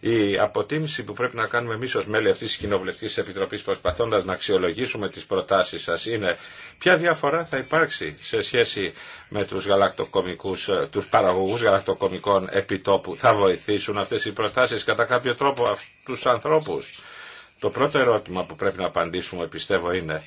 Η αποτίμηση που πρέπει να κάνουμε εμεί ω μέλη αυτή τη Κοινοβουλευτική Επιτροπή, προσπαθώντα να αξιολογήσουμε τι προτάσει σα, είναι ποια διαφορά θα υπάρξει σε σχέση με του γαλακτοκομικούς, ε, του παραγωγού γαλακτοκομικών επιτόπου. Θα βοηθήσουν αυτέ οι προτάσει κατά κάποιο τρόπο αυτού του ανθρώπου. Το πρώτο ερώτημα που πρέπει να απαντήσουμε πιστεύω είναι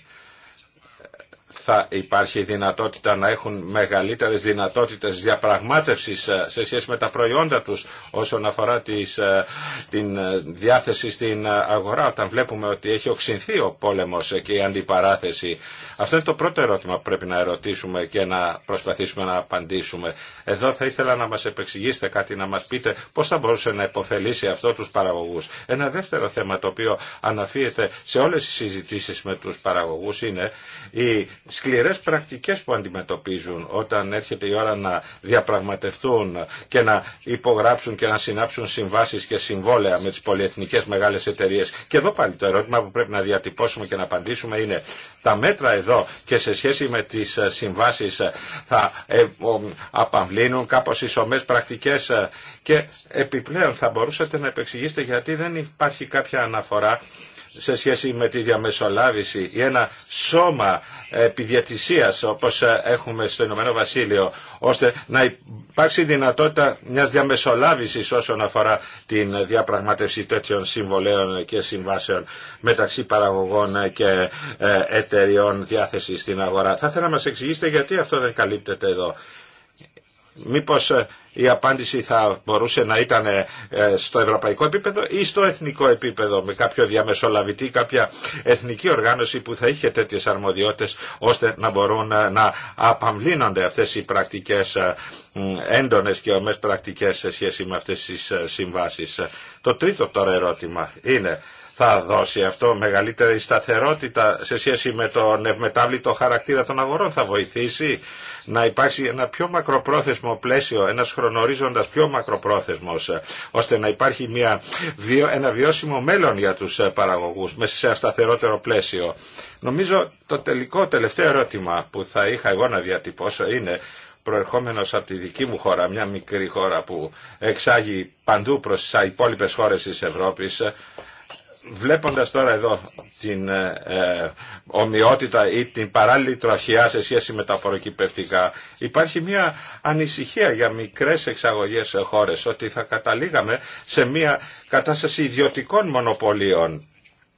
θα υπάρχει δυνατότητα να έχουν μεγαλύτερες δυνατότητες διαπραγμάτευσης ε, σε σχέση με τα προϊόντα τους όσον αφορά τις, ε, την ε, διάθεση στην αγορά όταν βλέπουμε ότι έχει οξυνθεί ο πόλεμος και η αντιπαράθεση αυτό είναι το πρώτο ερώτημα που πρέπει να ερωτήσουμε και να προσπαθήσουμε να απαντήσουμε. Εδώ θα ήθελα να μας επεξηγήσετε κάτι, να μας πείτε πώς θα μπορούσε να υποφελήσει αυτό τους παραγωγούς. Ένα δεύτερο θέμα το οποίο αναφύεται σε όλες τις συζητήσεις με τους παραγωγούς είναι οι σκληρές πρακτικές που αντιμετωπίζουν όταν έρχεται η ώρα να διαπραγματευτούν και να υπογράψουν και να συνάψουν συμβάσεις και συμβόλαια με τις πολυεθνικές μεγάλες εταιρείε. Και εδώ πάλι το ερώτημα που πρέπει να διατυπώσουμε και να απαντήσουμε είναι τα μέτρα εδώ και σε σχέση με τις ε, συμβάσεις ε, θα ε, απαμβλύνουν κάπως ισομές πρακτικές και επιπλέον θα μπορούσατε να επεξηγήσετε γιατί δεν υπάρχει κάποια αναφορά σε σχέση με τη διαμεσολάβηση ή ένα σώμα επιδιατησίας όπως έχουμε στο Ηνωμένο Βασίλειο ώστε να υπάρξει δυνατότητα μιας διαμεσολάβησης όσον αφορά την διαπραγματεύση τέτοιων συμβολέων και συμβάσεων μεταξύ παραγωγών και ε, εταιριών διάθεσης στην αγορά. Θα ήθελα να μας εξηγήσετε γιατί αυτό δεν καλύπτεται εδώ. Μήπως ε, η απάντηση θα μπορούσε να ήταν ε, ε, στο ευρωπαϊκό επίπεδο ή στο εθνικό επίπεδο με κάποιο διαμεσολαβητή, κάποια εθνική οργάνωση που θα είχε τέτοιες αρμοδιότητες ώστε να μπορούν να απαμβλύνονται αυτές οι πρακτικές έντονες και ομές πρακτικές σε σχέση με αυτές τις συμβάσεις. Το τρίτο τώρα ερώτημα είναι θα δώσει αυτό μεγαλύτερη σταθερότητα σε σχέση με τον ευμετάβλητο χαρακτήρα των αγορών, θα βοηθήσει να υπάρξει ένα πιο μακροπρόθεσμο πλαίσιο, ένας χρονορίζοντας πιο μακροπρόθεσμος, ώστε να υπάρχει μια, ένα βιώσιμο μέλλον για τους ε, παραγωγούς μέσα σε ένα σταθερότερο πλαίσιο. Νομίζω το τελικό τελευταίο ερώτημα που θα είχα εγώ να διατυπώσω είναι προερχόμενος από τη δική μου χώρα, μια μικρή χώρα που εξάγει παντού προς τις υπόλοιπες χώρες της Ευρώπης, βλέποντας τώρα εδώ την ε, ε, ομοιότητα ή την παράλληλη τροχιά σε σχέση με τα προκυπευτικά υπάρχει μια ανησυχία για μικρές εξαγωγές σε χώρες ότι θα καταλήγαμε σε μια κατάσταση ιδιωτικών μονοπωλίων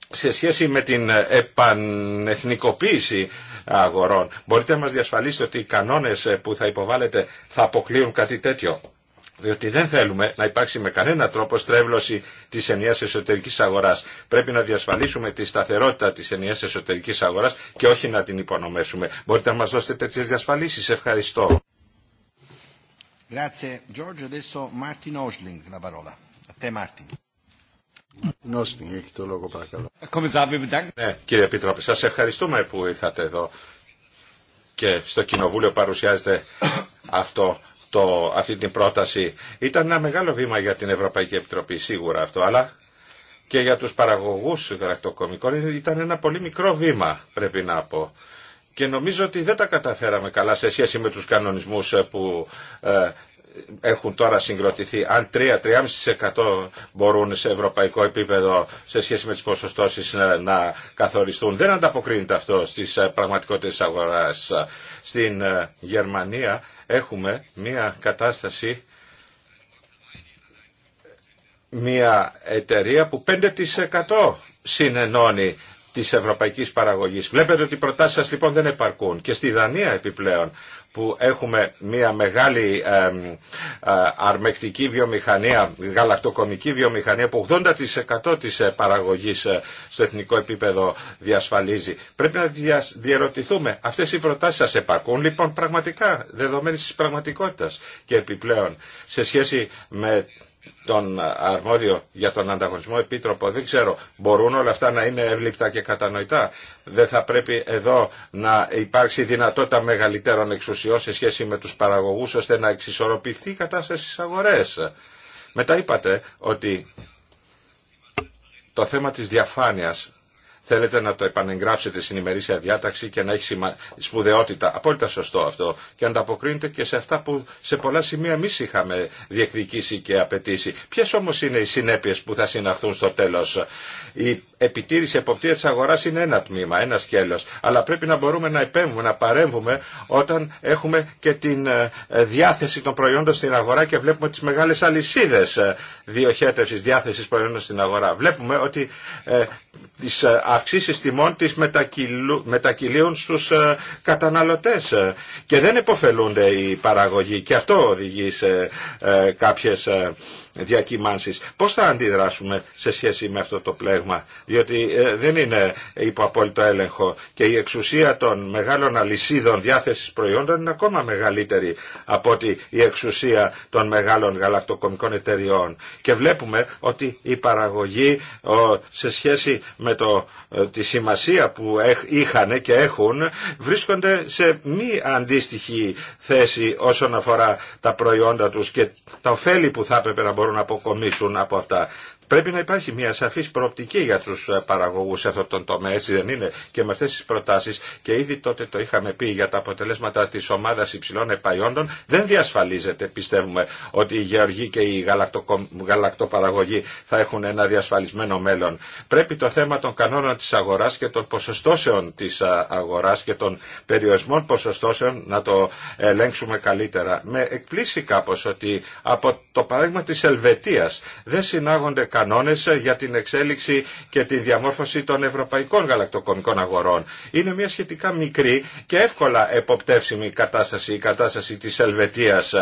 σε σχέση με την επανεθνικοποίηση αγορών. Μπορείτε να μας διασφαλίσετε ότι οι κανόνες που θα υποβάλλετε θα αποκλείουν κάτι τέτοιο διότι δεν θέλουμε να υπάρξει με κανένα τρόπο στρέβλωση της ενιαίας εσωτερικής αγοράς. Πρέπει να διασφαλίσουμε τη σταθερότητα της ενιαίας εσωτερικής αγοράς και όχι να την υπονομεύσουμε. Μπορείτε να μας δώσετε τέτοιε διασφαλίσεις. Ευχαριστώ. Grazie Giorgio, adesso κύριε Επίτροπε, σας ευχαριστούμε που ήρθατε εδώ και στο Κοινοβούλιο παρουσιάζεται αυτό το, αυτή την πρόταση. Ήταν ένα μεγάλο βήμα για την Ευρωπαϊκή Επιτροπή, σίγουρα αυτό, αλλά και για τους παραγωγούς γρακτοκομικών ήταν ένα πολύ μικρό βήμα, πρέπει να πω. Και νομίζω ότι δεν τα καταφέραμε καλά σε σχέση με τους κανονισμούς ε, που ε, έχουν τώρα συγκροτηθεί. Αν 3-3,5% μπορούν σε ευρωπαϊκό επίπεδο σε σχέση με τις ποσοστώσεις ε, να, καθοριστούν. Δεν ανταποκρίνεται αυτό στις πραγματικότητες αγοράς. Στην Γερμανία έχουμε μια κατάσταση μια εταιρεία που 5% συνενώνει Τη Ευρωπαϊκή παραγωγής. Βλέπετε ότι οι προτάσεις σας λοιπόν δεν επαρκούν και στη Δανία επιπλέον που έχουμε μια μεγάλη αρμεκτική βιομηχανία, γαλακτοκομική βιομηχανία που 80% της ε, παραγωγής ε, στο εθνικό επίπεδο διασφαλίζει. Πρέπει να διαρωτηθούμε, αυτές οι προτάσεις σας επαρκούν λοιπόν πραγματικά, δεδομένης τη πραγματικότητα. και επιπλέον σε σχέση με τον αρμόδιο για τον ανταγωνισμό επίτροπο. Δεν ξέρω, μπορούν όλα αυτά να είναι εύληπτα και κατανοητά. Δεν θα πρέπει εδώ να υπάρξει δυνατότητα μεγαλύτερων εξουσιών σε σχέση με τους παραγωγούς ώστε να εξισορροπηθεί η κατάσταση στις αγορές. Μετά είπατε ότι το θέμα της διαφάνειας θέλετε να το επανεγγράψετε στην ημερήσια διάταξη και να έχει σημα... σπουδαιότητα. Απόλυτα σωστό αυτό. Και ανταποκρίνεται και σε αυτά που σε πολλά σημεία εμεί είχαμε διεκδικήσει και απαιτήσει. Ποιε όμω είναι οι συνέπειε που θα συναχθούν στο τέλο επιτήρηση εποπτεία τη αγοράς είναι ένα τμήμα, ένα σκέλος. Αλλά πρέπει να μπορούμε να επέμβουμε, να παρέμβουμε όταν έχουμε και την ε, ε, διάθεση των προϊόντων στην αγορά και βλέπουμε τις μεγάλες αλυσίδες ε, διοχέτευση διάθεση προϊόντων στην αγορά. Βλέπουμε ότι ε, τις αυξήσεις τιμών τις μετακυλίουν στους καταναλωτές και δεν υποφελούνται οι παραγωγοί και αυτό οδηγεί σε ε, διακυμάνσεις. Πώς θα αντιδράσουμε σε σχέση με αυτό το πλέγμα, διότι ε, δεν είναι υπό απόλυτο έλεγχο και η εξουσία των μεγάλων αλυσίδων διάθεσης προϊόντων είναι ακόμα μεγαλύτερη από ότι η εξουσία των μεγάλων γαλακτοκομικών εταιριών. Και βλέπουμε ότι η παραγωγή σε σχέση με το ε, τη σημασία που είχαν και έχουν βρίσκονται σε μη αντίστοιχη θέση όσον αφορά τα προϊόντα τους και τα ωφέλη που θα έπρεπε να μπορούν να αποκομίσουν από αυτά. Πρέπει να υπάρχει μια σαφή προοπτική για του ε, παραγωγού σε αυτόν τον τομέα, έτσι δεν είναι. Και με αυτέ τι προτάσει, και ήδη τότε το είχαμε πει για τα αποτελέσματα τη ομάδα υψηλών επαϊόντων, δεν διασφαλίζεται, πιστεύουμε, ότι οι γεωργοί και οι γαλακτοπαραγωγοί θα έχουν ένα διασφαλισμένο μέλλον. Πρέπει το θέμα των κανόνων τη αγορά και των ποσοστώσεων τη ε, αγορά και των περιορισμών ποσοστώσεων να το ελέγξουμε καλύτερα. Με εκπλήσει κάπω ότι από το παράδειγμα τη Ελβετίας δεν συνάγονται κανόνε για την εξέλιξη και τη διαμόρφωση των ευρωπαϊκών γαλακτοκομικών αγορών. Είναι μια σχετικά μικρή και εύκολα εποπτεύσιμη κατάσταση, η κατάσταση της Ελβετίας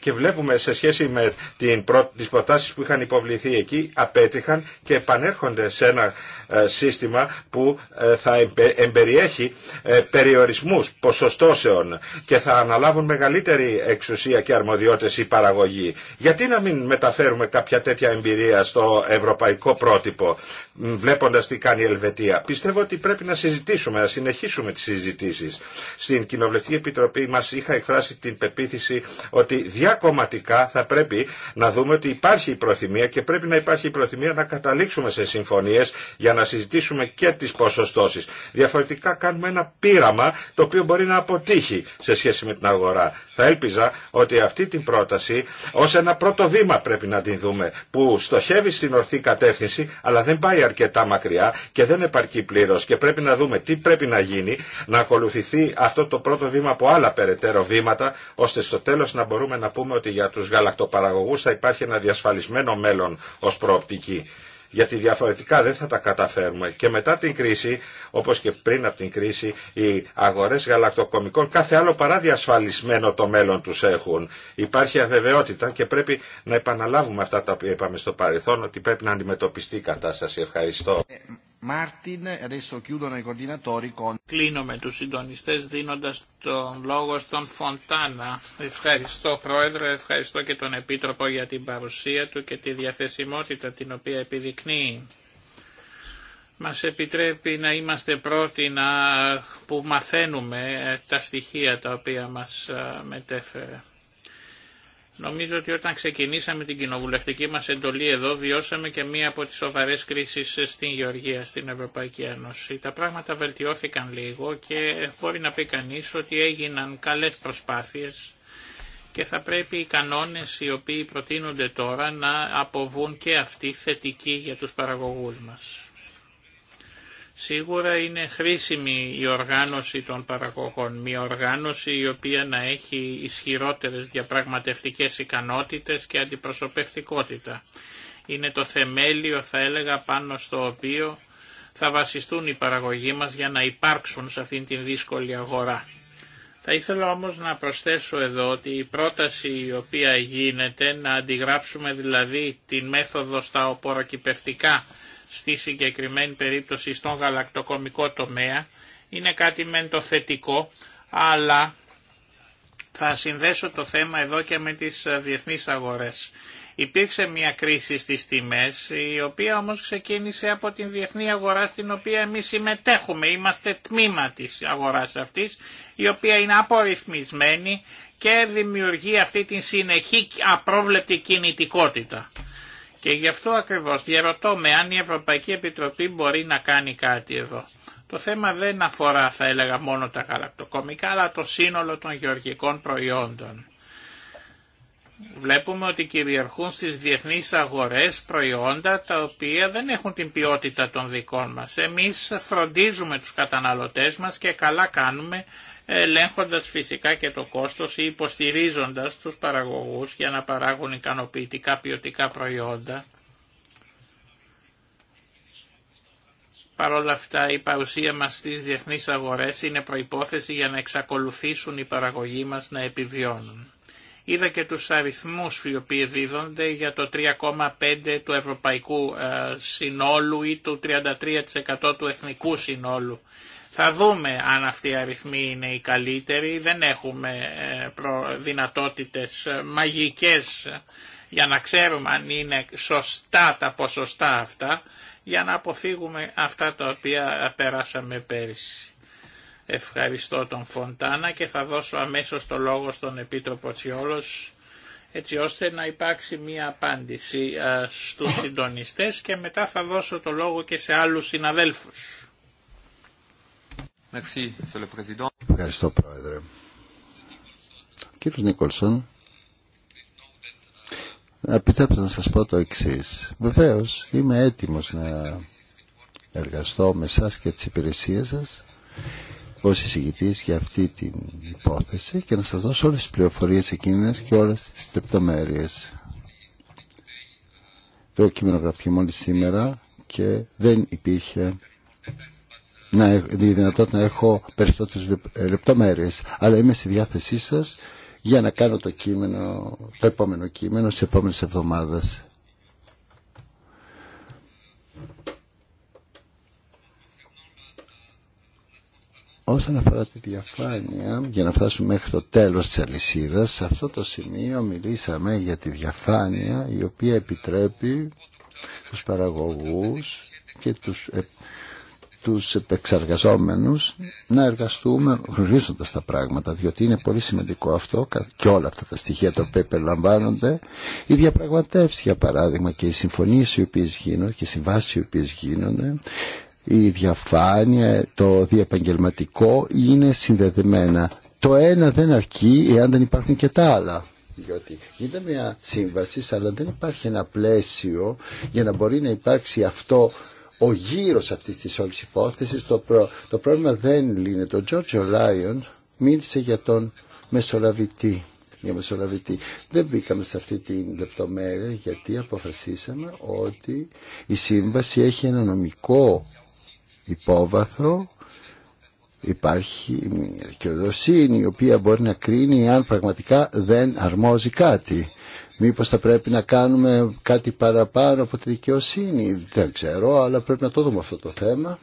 και βλέπουμε σε σχέση με την προ... τις προτάσεις που είχαν υποβληθεί εκεί απέτυχαν και επανέρχονται σε ένα ε, σύστημα που ε, θα εμπεριέχει ε, περιορισμούς ποσοστώσεων και θα αναλάβουν μεγαλύτερη εξουσία και αρμοδιότητες η παραγωγή. Γιατί να μην μεταφέρουμε κάποια τέτοια εμπειρία στο ευρωπαϊκό πρότυπο βλέποντας τι κάνει η Ελβετία. Πιστεύω ότι πρέπει να συζητήσουμε, να συνεχίσουμε τις συζητήσεις. Στην Κοινοβουλευτική Επιτροπή μας είχα εκφράσει την πεποίθηση ότι κομματικά θα πρέπει να δούμε ότι υπάρχει η προθυμία και πρέπει να υπάρχει η προθυμία να καταλήξουμε σε συμφωνίες για να συζητήσουμε και τις ποσοστώσεις. Διαφορετικά κάνουμε ένα πείραμα το οποίο μπορεί να αποτύχει σε σχέση με την αγορά. Θα έλπιζα ότι αυτή την πρόταση ως ένα πρώτο βήμα πρέπει να την δούμε που στοχεύει στην ορθή κατεύθυνση αλλά δεν πάει αρκετά μακριά και δεν επαρκεί πλήρω και πρέπει να δούμε τι πρέπει να γίνει να ακολουθηθεί αυτό το πρώτο βήμα από άλλα περαιτέρω βήματα ώστε στο τέλος να μπορούμε να πούμε πούμε ότι για τους γαλακτοπαραγωγούς θα υπάρχει ένα διασφαλισμένο μέλλον ως προοπτική γιατί διαφορετικά δεν θα τα καταφέρουμε. Και μετά την κρίση, όπως και πριν από την κρίση, οι αγορές γαλακτοκομικών κάθε άλλο παρά διασφαλισμένο το μέλλον τους έχουν. Υπάρχει αβεβαιότητα και πρέπει να επαναλάβουμε αυτά τα οποία είπαμε στο παρελθόν, ότι πρέπει να αντιμετωπιστεί η κατάσταση. Ευχαριστώ. Κλείνω με τους συντονιστές δίνοντας τον λόγο στον Φοντάνα. Ευχαριστώ Πρόεδρε, ευχαριστώ και τον Επίτροπο για την παρουσία του και τη διαθεσιμότητα την οποία επιδεικνύει. Μας επιτρέπει να είμαστε πρώτοι να... που μαθαίνουμε τα στοιχεία τα οποία μας ε, μετέφερε. Νομίζω ότι όταν ξεκινήσαμε την κοινοβουλευτική μας εντολή εδώ βιώσαμε και μία από τις σοβαρές κρίσεις στην Γεωργία, στην Ευρωπαϊκή Ένωση. Τα πράγματα βελτιώθηκαν λίγο και μπορεί να πει κανείς ότι έγιναν καλές προσπάθειες και θα πρέπει οι κανόνες οι οποίοι προτείνονται τώρα να αποβούν και αυτοί θετικοί για τους παραγωγούς μας. Σίγουρα είναι χρήσιμη η οργάνωση των παραγωγών, μια οργάνωση η οποία να έχει ισχυρότερες διαπραγματευτικές ικανότητες και αντιπροσωπευτικότητα. Είναι το θεμέλιο θα έλεγα πάνω στο οποίο θα βασιστούν οι παραγωγοί μας για να υπάρξουν σε αυτήν την δύσκολη αγορά. Θα ήθελα όμως να προσθέσω εδώ ότι η πρόταση η οποία γίνεται να αντιγράψουμε δηλαδή την μέθοδο στα οποροκυπευτικά στη συγκεκριμένη περίπτωση στον γαλακτοκομικό τομέα είναι κάτι μεν το θετικό, αλλά θα συνδέσω το θέμα εδώ και με τις ε, διεθνείς αγορές. Υπήρξε μια κρίση στις τιμές, η οποία όμως ξεκίνησε από την διεθνή αγορά στην οποία εμείς συμμετέχουμε, είμαστε τμήμα της αγοράς αυτής, η οποία είναι απορριθμισμένη και δημιουργεί αυτή την συνεχή απρόβλεπτη κινητικότητα. Και γι' αυτό ακριβώς διαρωτώ με αν η Ευρωπαϊκή Επιτροπή μπορεί να κάνει κάτι εδώ. Το θέμα δεν αφορά θα έλεγα μόνο τα γαλακτοκομικά αλλά το σύνολο των γεωργικών προϊόντων. Βλέπουμε ότι κυριαρχούν στις διεθνείς αγορές προϊόντα τα οποία δεν έχουν την ποιότητα των δικών μας. Εμείς φροντίζουμε τους καταναλωτές μας και καλά κάνουμε ελέγχοντας φυσικά και το κόστος ή υποστηρίζοντας τους παραγωγούς για να παράγουν ικανοποιητικά ποιοτικά προϊόντα. Παρ' όλα αυτά η παρουσία μας στις διεθνείς αγορές είναι προϋπόθεση για να εξακολουθήσουν οι παραγωγοί μας να επιβιώνουν. Είδα και τους αριθμούς οι οποίοι δίδονται για το 3,5 του ευρωπαϊκού ε, συνόλου ή το 33% του εθνικού συνόλου θα δούμε αν αυτοί οι αριθμοί είναι οι καλύτεροι. Δεν έχουμε ε, δυνατότητες μαγικές για να ξέρουμε αν είναι σωστά τα ποσοστά αυτά για να αποφύγουμε αυτά τα οποία περάσαμε πέρυσι. Ευχαριστώ τον Φοντάνα και θα δώσω αμέσως το λόγο στον Επίτροπο Τσιόλος έτσι ώστε να υπάρξει μία απάντηση ε, στους συντονιστές και μετά θα δώσω το λόγο και σε άλλους συναδέλφους. Ευχαριστώ, Πρόεδρε. κύριος Νίκολσον, επιτρέψτε να σας πω το εξής. Βεβαίως, είμαι έτοιμος να εργαστώ με σας και τις υπηρεσίες σας ως εισηγητής για αυτή την υπόθεση και να σας δώσω όλες τις πληροφορίες εκείνες και όλες τις λεπτομέρειες. Το κείμενο γραφτεί μόλις σήμερα και δεν υπήρχε να, τη δυνατότητα να έχω περισσότερες ε, λεπτομέρειες αλλά είμαι στη διάθεσή σας για να κάνω το, κείμενο, το επόμενο κείμενο σε επόμενες εβδομάδες. Όσον αφορά τη διαφάνεια, για να φτάσουμε μέχρι το τέλος της αλυσίδα, σε αυτό το σημείο μιλήσαμε για τη διαφάνεια η οποία επιτρέπει τους παραγωγούς και τους ε, τους επεξεργαζόμενους να εργαστούμε γνωρίζοντα τα πράγματα διότι είναι πολύ σημαντικό αυτό και όλα αυτά τα στοιχεία τα οποία περιλαμβάνονται οι διαπραγματεύσει για παράδειγμα και οι συμφωνίες οι οποίες γίνονται και οι συμβάσεις οι οποίες γίνονται η διαφάνεια, το διαπαγγελματικό είναι συνδεδεμένα. Το ένα δεν αρκεί εάν δεν υπάρχουν και τα άλλα. Διότι είναι μια σύμβαση, αλλά δεν υπάρχει ένα πλαίσιο για να μπορεί να υπάρξει αυτό ο γύρος αυτής της όλης υπόθεσης. Το, το πρόβλημα δεν λύνεται. Ο Τζόρτζο Λάιον μίλησε για τον μεσολαβητή. Για μεσολαβητή. Δεν μπήκαμε σε αυτή την λεπτομέρεια γιατί αποφασίσαμε ότι η σύμβαση έχει ένα νομικό υπόβαθρο υπάρχει μια δικαιοδοσύνη η οποία μπορεί να κρίνει αν πραγματικά δεν αρμόζει κάτι. Μήπως θα πρέπει να κάνουμε κάτι παραπάνω από τη δικαιοσύνη. Δεν ξέρω, αλλά πρέπει να το δούμε αυτό το θέμα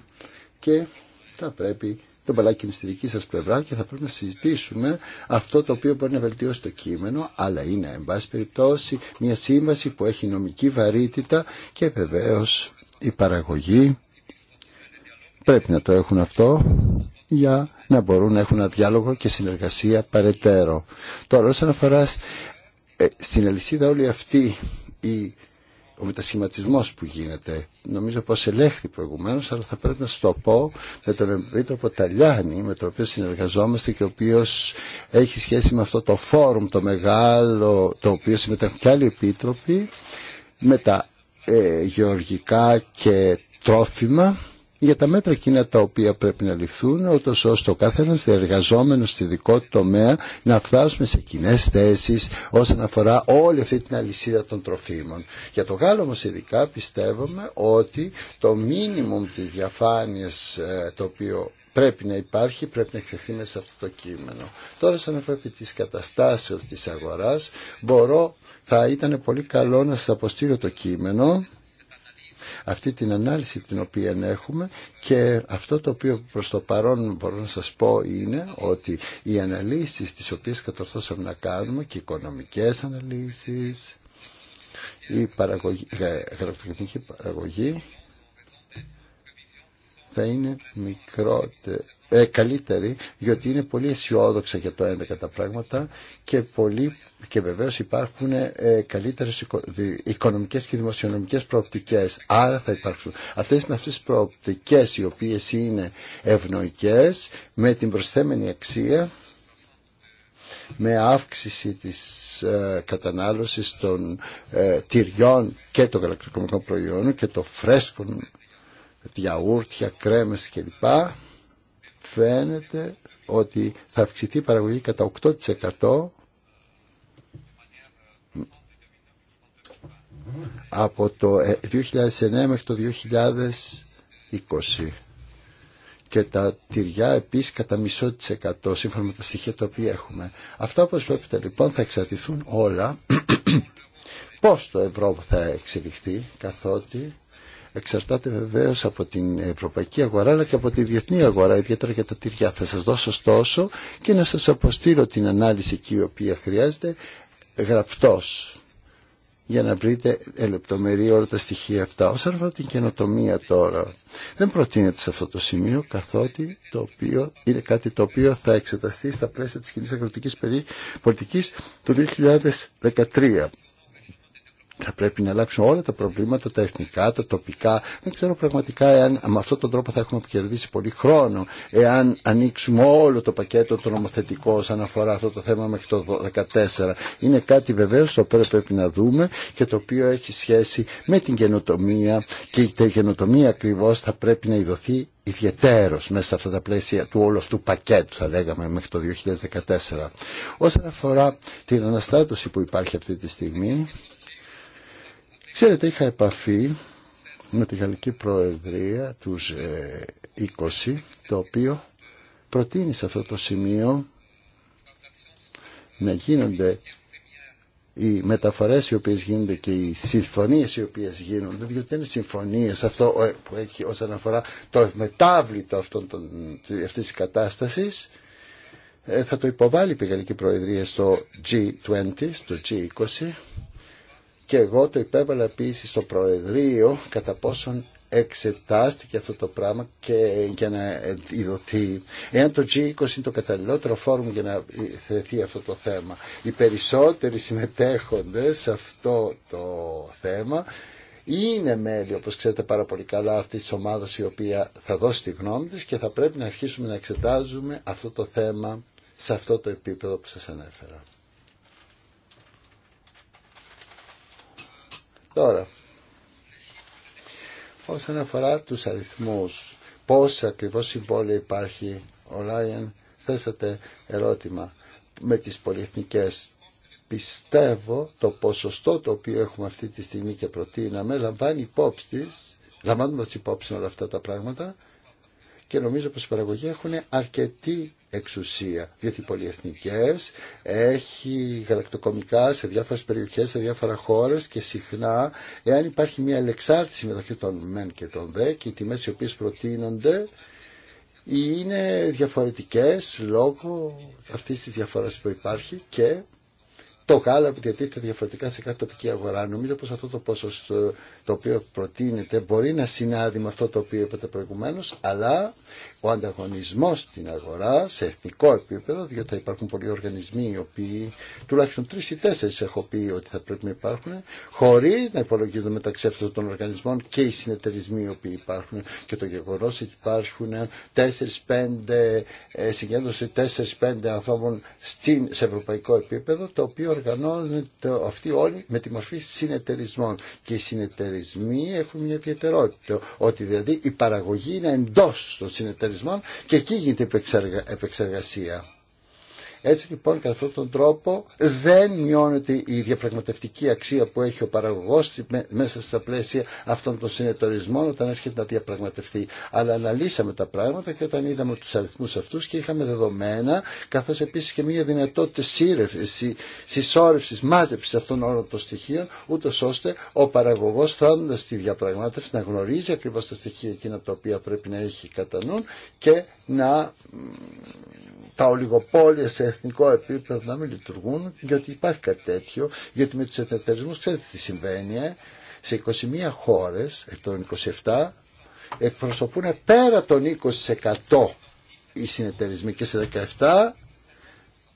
και θα πρέπει το μπαλάκι είναι στη δική σας πλευρά και θα πρέπει να συζητήσουμε αυτό το οποίο μπορεί να βελτιώσει το κείμενο, αλλά είναι, εν πάση περιπτώσει, μια σύμβαση που έχει νομική βαρύτητα και βεβαίω η παραγωγή πρέπει να το έχουν αυτό για να μπορούν να έχουν ένα διάλογο και συνεργασία παρετέρω. Τώρα όσον αφορά ε, στην αλυσίδα όλη αυτή ο μετασχηματισμός που γίνεται νομίζω πως ελέγχθη προηγουμένως αλλά θα πρέπει να σας το πω με τον Επίτροπο Ταλιάνη με τον οποίο συνεργαζόμαστε και ο οποίος έχει σχέση με αυτό το φόρουμ το μεγάλο το οποίο συμμετέχουν και άλλοι επίτροποι με τα ε, γεωργικά και τρόφιμα για τα μέτρα κοινά τα οποία πρέπει να ληφθούν, ούτω ώστε ο ένα εργαζόμενος στη δικό του τομέα να φτάσουμε σε κοινέ θέσει όσον αφορά όλη αυτή την αλυσίδα των τροφίμων. Για το Γάλλο όμω ειδικά πιστεύουμε ότι το μίνιμουμ της διαφάνειας ε, το οποίο πρέπει να υπάρχει, πρέπει να εκτεθεί μέσα σε αυτό το κείμενο. Τώρα, σαν αφορά τη καταστάσεως της αγοράς, μπορώ, θα ήταν πολύ καλό να σας αποστείλω το κείμενο αυτή την ανάλυση την οποία έχουμε και αυτό το οποίο προς το παρόν μπορώ να σας πω είναι ότι οι αναλύσεις τις οποίες κατορθώσαμε να κάνουμε και οι οικονομικές αναλύσεις, η παραγωγή, παραγωγή θα είναι μικρότερη ε, καλύτερη διότι είναι πολύ αισιόδοξα για το 11 τα πράγματα και, πολύ, και βεβαίως υπάρχουν ε, καλύτερες οικονομικές και δημοσιονομικές προοπτικές άρα θα υπάρξουν αυτές με αυτές τις προοπτικές οι οποίες είναι ευνοϊκές με την προσθέμενη αξία με αύξηση της ε, κατανάλωσης των ε, τυριών και των γαλακτοκομικών προϊόντων και των φρέσκων, διαούρτια, κρέμες κλπ φαίνεται ότι θα αυξηθεί η παραγωγή κατά 8% από το 2009 ε, μέχρι το 2020 και τα τυριά επίσης κατά μισό της εκατό σύμφωνα με τα στοιχεία τα οποία έχουμε. Αυτά όπως βλέπετε λοιπόν θα εξαρτηθούν όλα πώς το ευρώ θα εξελιχθεί καθότι εξαρτάται βεβαίω από την ευρωπαϊκή αγορά αλλά και από τη διεθνή αγορά, ιδιαίτερα για τα τυριά. Θα σα δώσω στόσο και να σας αποστείλω την ανάλυση εκεί η οποία χρειάζεται γραπτός για να βρείτε ελεπτομερή όλα τα στοιχεία αυτά. Όσον αφορά την καινοτομία τώρα, δεν προτείνεται σε αυτό το σημείο, καθότι το οποίο είναι κάτι το οποίο θα εξεταστεί στα πλαίσια της κοινής αγροτικής πολιτικής το 2013. Θα πρέπει να αλλάξουν όλα τα προβλήματα, τα εθνικά, τα τοπικά. Δεν ξέρω πραγματικά εάν με αυτόν τον τρόπο θα έχουμε κερδίσει πολύ χρόνο. Εάν ανοίξουμε όλο το πακέτο το νομοθετικό όσον αφορά αυτό το θέμα μέχρι το 2014. Είναι κάτι βεβαίω το οποίο πρέπει να δούμε και το οποίο έχει σχέση με την καινοτομία και η καινοτομία ακριβώ θα πρέπει να ειδωθεί ιδιαιτέρως μέσα σε αυτά τα πλαίσια του όλου αυτού πακέτου θα λέγαμε μέχρι το 2014. Όσον αφορά την αναστάτωση που υπάρχει αυτή τη στιγμή Ξέρετε, είχα επαφή με τη Γαλλική Προεδρία τους 20, ε, το οποίο προτείνει σε αυτό το σημείο να γίνονται οι μεταφορές οι οποίες γίνονται και οι συμφωνίες οι οποίες γίνονται, διότι είναι συμφωνίες αυτό ε, που έχει όσον αφορά το μετάβλητο αυτών των, αυτής της κατάστασης, ε, θα το υποβάλει η Γαλλική Προεδρία στο G20, στο G20 και εγώ το υπέβαλα επίση στο Προεδρείο κατά πόσον εξετάστηκε αυτό το πράγμα και για να ειδωθεί. Εάν το G20 είναι το καταλληλότερο φόρουμ για να θεθεί αυτό το θέμα. Οι περισσότεροι συμμετέχοντες σε αυτό το θέμα είναι μέλη, όπως ξέρετε πάρα πολύ καλά, αυτής της ομάδας η οποία θα δώσει τη γνώμη της και θα πρέπει να αρχίσουμε να εξετάζουμε αυτό το θέμα σε αυτό το επίπεδο που σας ανέφερα. Τώρα, όσον αφορά τους αριθμούς, πώς ακριβώς συμβόλαια υπάρχει, ο Λάιεν θέσατε ερώτημα με τις πολυεθνικές. Πιστεύω το ποσοστό το οποίο έχουμε αυτή τη στιγμή και προτείναμε λαμβάνει υπόψη της, λαμβάνουμε υπόψη όλα αυτά τα πράγματα και νομίζω πως οι παραγωγοί έχουν αρκετή εξουσία, διότι οι πολυεθνικές έχει γαλακτοκομικά σε διάφορες περιοχές, σε διάφορα χώρες και συχνά εάν υπάρχει μια ελεξάρτηση μεταξύ των μεν και των δε και οι τιμές οι οποίες προτείνονται είναι διαφορετικές λόγω αυτής της διαφοράς που υπάρχει και το γάλα που διατίθεται διαφορετικά σε κάθε τοπική αγορά. Νομίζω πως αυτό το ποσοστό το οποίο προτείνεται μπορεί να συνάδει με αυτό το οποίο είπατε προηγουμένω, αλλά ο ανταγωνισμό στην αγορά σε εθνικό επίπεδο, διότι θα υπάρχουν πολλοί οργανισμοί οι οποίοι, τουλάχιστον τρει ή τέσσερι έχω πει ότι θα πρέπει να υπάρχουν, χωρί να υπολογίζονται μεταξύ αυτών των οργανισμών και οι συνεταιρισμοί οι οποίοι υπάρχουν και το γεγονό ότι υπάρχουν τέσσερι-πέντε, ε, συγκέντρωση τέσσερι-πέντε ανθρώπων στην, σε ευρωπαϊκό επίπεδο, το οποίο οργανώνεται αυτοί όλοι με τη μορφή συνεταιρισμών. Και οι συνεταιρισμοί συνεταιρισμοί έχουν μια ιδιαιτερότητα. Ότι δηλαδή η παραγωγή είναι εντό των συνεταιρισμών και εκεί γίνεται επεξεργασία. Έτσι λοιπόν κατά αυτόν τον τρόπο δεν μειώνεται η διαπραγματευτική αξία που έχει ο παραγωγός μέσα στα πλαίσια αυτών των συνεταιρισμών όταν έρχεται να διαπραγματευτεί. Αλλά αναλύσαμε τα πράγματα και όταν είδαμε τους αριθμούς αυτούς και είχαμε δεδομένα καθώς επίσης και μια δυνατότητα συσσόρευση, συσσόρευσης, μάζεψης αυτών όλων των στοιχείων ούτω ώστε ο παραγωγός φτάνοντας στη διαπραγμάτευση να γνωρίζει ακριβώς τα στοιχεία εκείνα τα οποία πρέπει να έχει κατά νου και να τα ολιγοπόλια σε εθνικό επίπεδο να μην λειτουργούν, γιατί υπάρχει κάτι τέτοιο, γιατί με τους συνεταιρισμούς, ξέρετε τι συμβαίνει, ε. σε 21 χώρες, εκ των 27, εκπροσωπούν πέρα των 20% οι συνεταιρισμοί και σε 17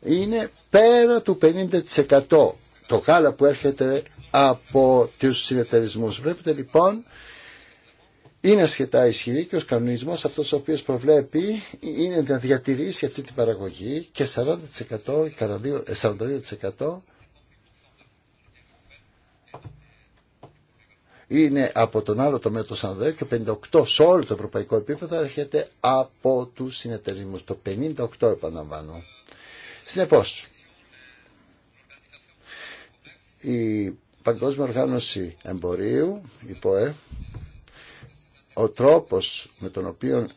είναι πέρα του 50% το γάλα που έρχεται από τους συνεταιρισμούς. Βλέπετε λοιπόν είναι ασχετά ισχυρή και ο κανονισμό, αυτό ο οποίο προβλέπει είναι να διατηρήσει αυτή την παραγωγή και 40%, 42% ε, είναι από τον άλλο τομέα το 42 και 58 σε όλο το ευρωπαϊκό επίπεδο έρχεται από του συνεταιρισμού, Το 58 επαναλαμβάνω. Συνεπώ. η Παγκόσμια Οργάνωση Εμπορίου, η ΠΟΕ, ο τρόπος με τον οποίο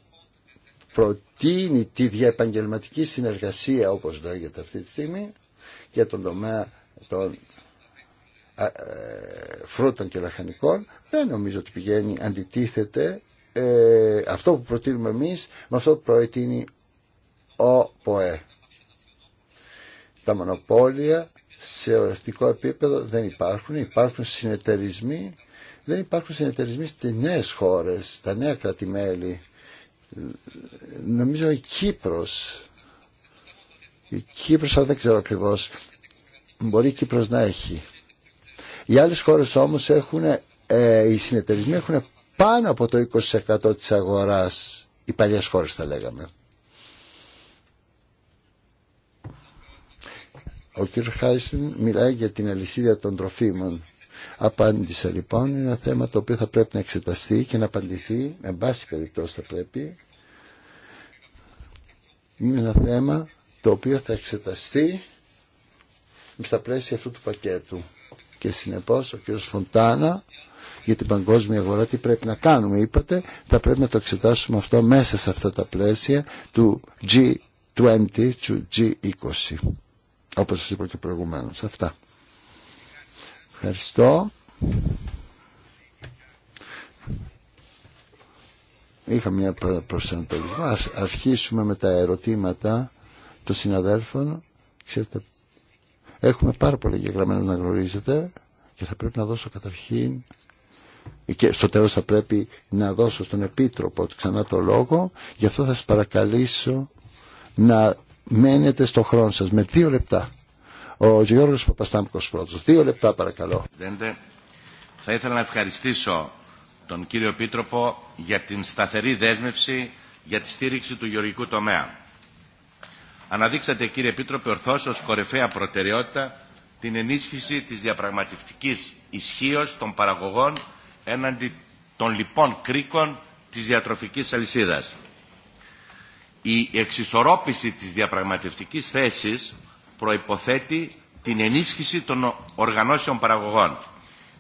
προτείνει τη διαεπαγγελματική συνεργασία όπως λέγεται αυτή τη στιγμή για τον τομέα των ε, φρούτων και λαχανικών δεν νομίζω ότι πηγαίνει αντιτίθεται ε, αυτό που προτείνουμε εμείς με αυτό που προτείνει ο ΠΟΕ. Τα μονοπόλια σε ορευτικό επίπεδο δεν υπάρχουν, υπάρχουν συνεταιρισμοί δεν υπάρχουν συνεταιρισμοί στις νέες χώρες, στα νέα κρατημέλη. Νομίζω η Κύπρος, η Κύπρος αλλά δεν ξέρω ακριβώς, μπορεί η Κύπρος να έχει. Οι άλλες χώρες όμως έχουν, ε, οι συνεταιρισμοί έχουν πάνω από το 20% της αγοράς, οι παλιές χώρες θα λέγαμε. Ο κύριος Χάισιν μιλάει για την αλυσίδα των τροφίμων. Απάντησα λοιπόν, είναι ένα θέμα το οποίο θα πρέπει να εξεταστεί και να απαντηθεί, με βάση περιπτώσει θα πρέπει. Είναι ένα θέμα το οποίο θα εξεταστεί στα πλαίσια αυτού του πακέτου. Και συνεπώς ο κ. Φοντάνα για την παγκόσμια αγορά τι πρέπει να κάνουμε είπατε θα πρέπει να το εξετάσουμε αυτό μέσα σε αυτά τα πλαίσια του G20 του G20 όπως σας είπα και προηγουμένως αυτά Ευχαριστώ. Είχα μια προσανατολισμό. Ας αρχίσουμε με τα ερωτήματα των συναδέλφων. Ξέρετε, έχουμε πάρα πολλά γεγραμμένα να γνωρίζετε και θα πρέπει να δώσω καταρχήν και στο τέλος θα πρέπει να δώσω στον Επίτροπο ξανά το λόγο. Γι' αυτό θα σας παρακαλήσω να μένετε στο χρόνο σας με δύο λεπτά. Ο Γιώργος Παπαστάμκος πρώτος. Δύο λεπτά παρακαλώ. Θα ήθελα να ευχαριστήσω τον κύριο Επίτροπο για την σταθερή δέσμευση για τη στήριξη του γεωργικού τομέα. Αναδείξατε κύριε Επίτροπε ορθώς ως κορυφαία προτεραιότητα την ενίσχυση της διαπραγματευτικής ισχύω των παραγωγών έναντι των λοιπών κρίκων της διατροφικής αλυσίδας. Η εξισορρόπηση της διαπραγματευτικής θέσης προϋποθέτει την ενίσχυση των οργανώσεων παραγωγών.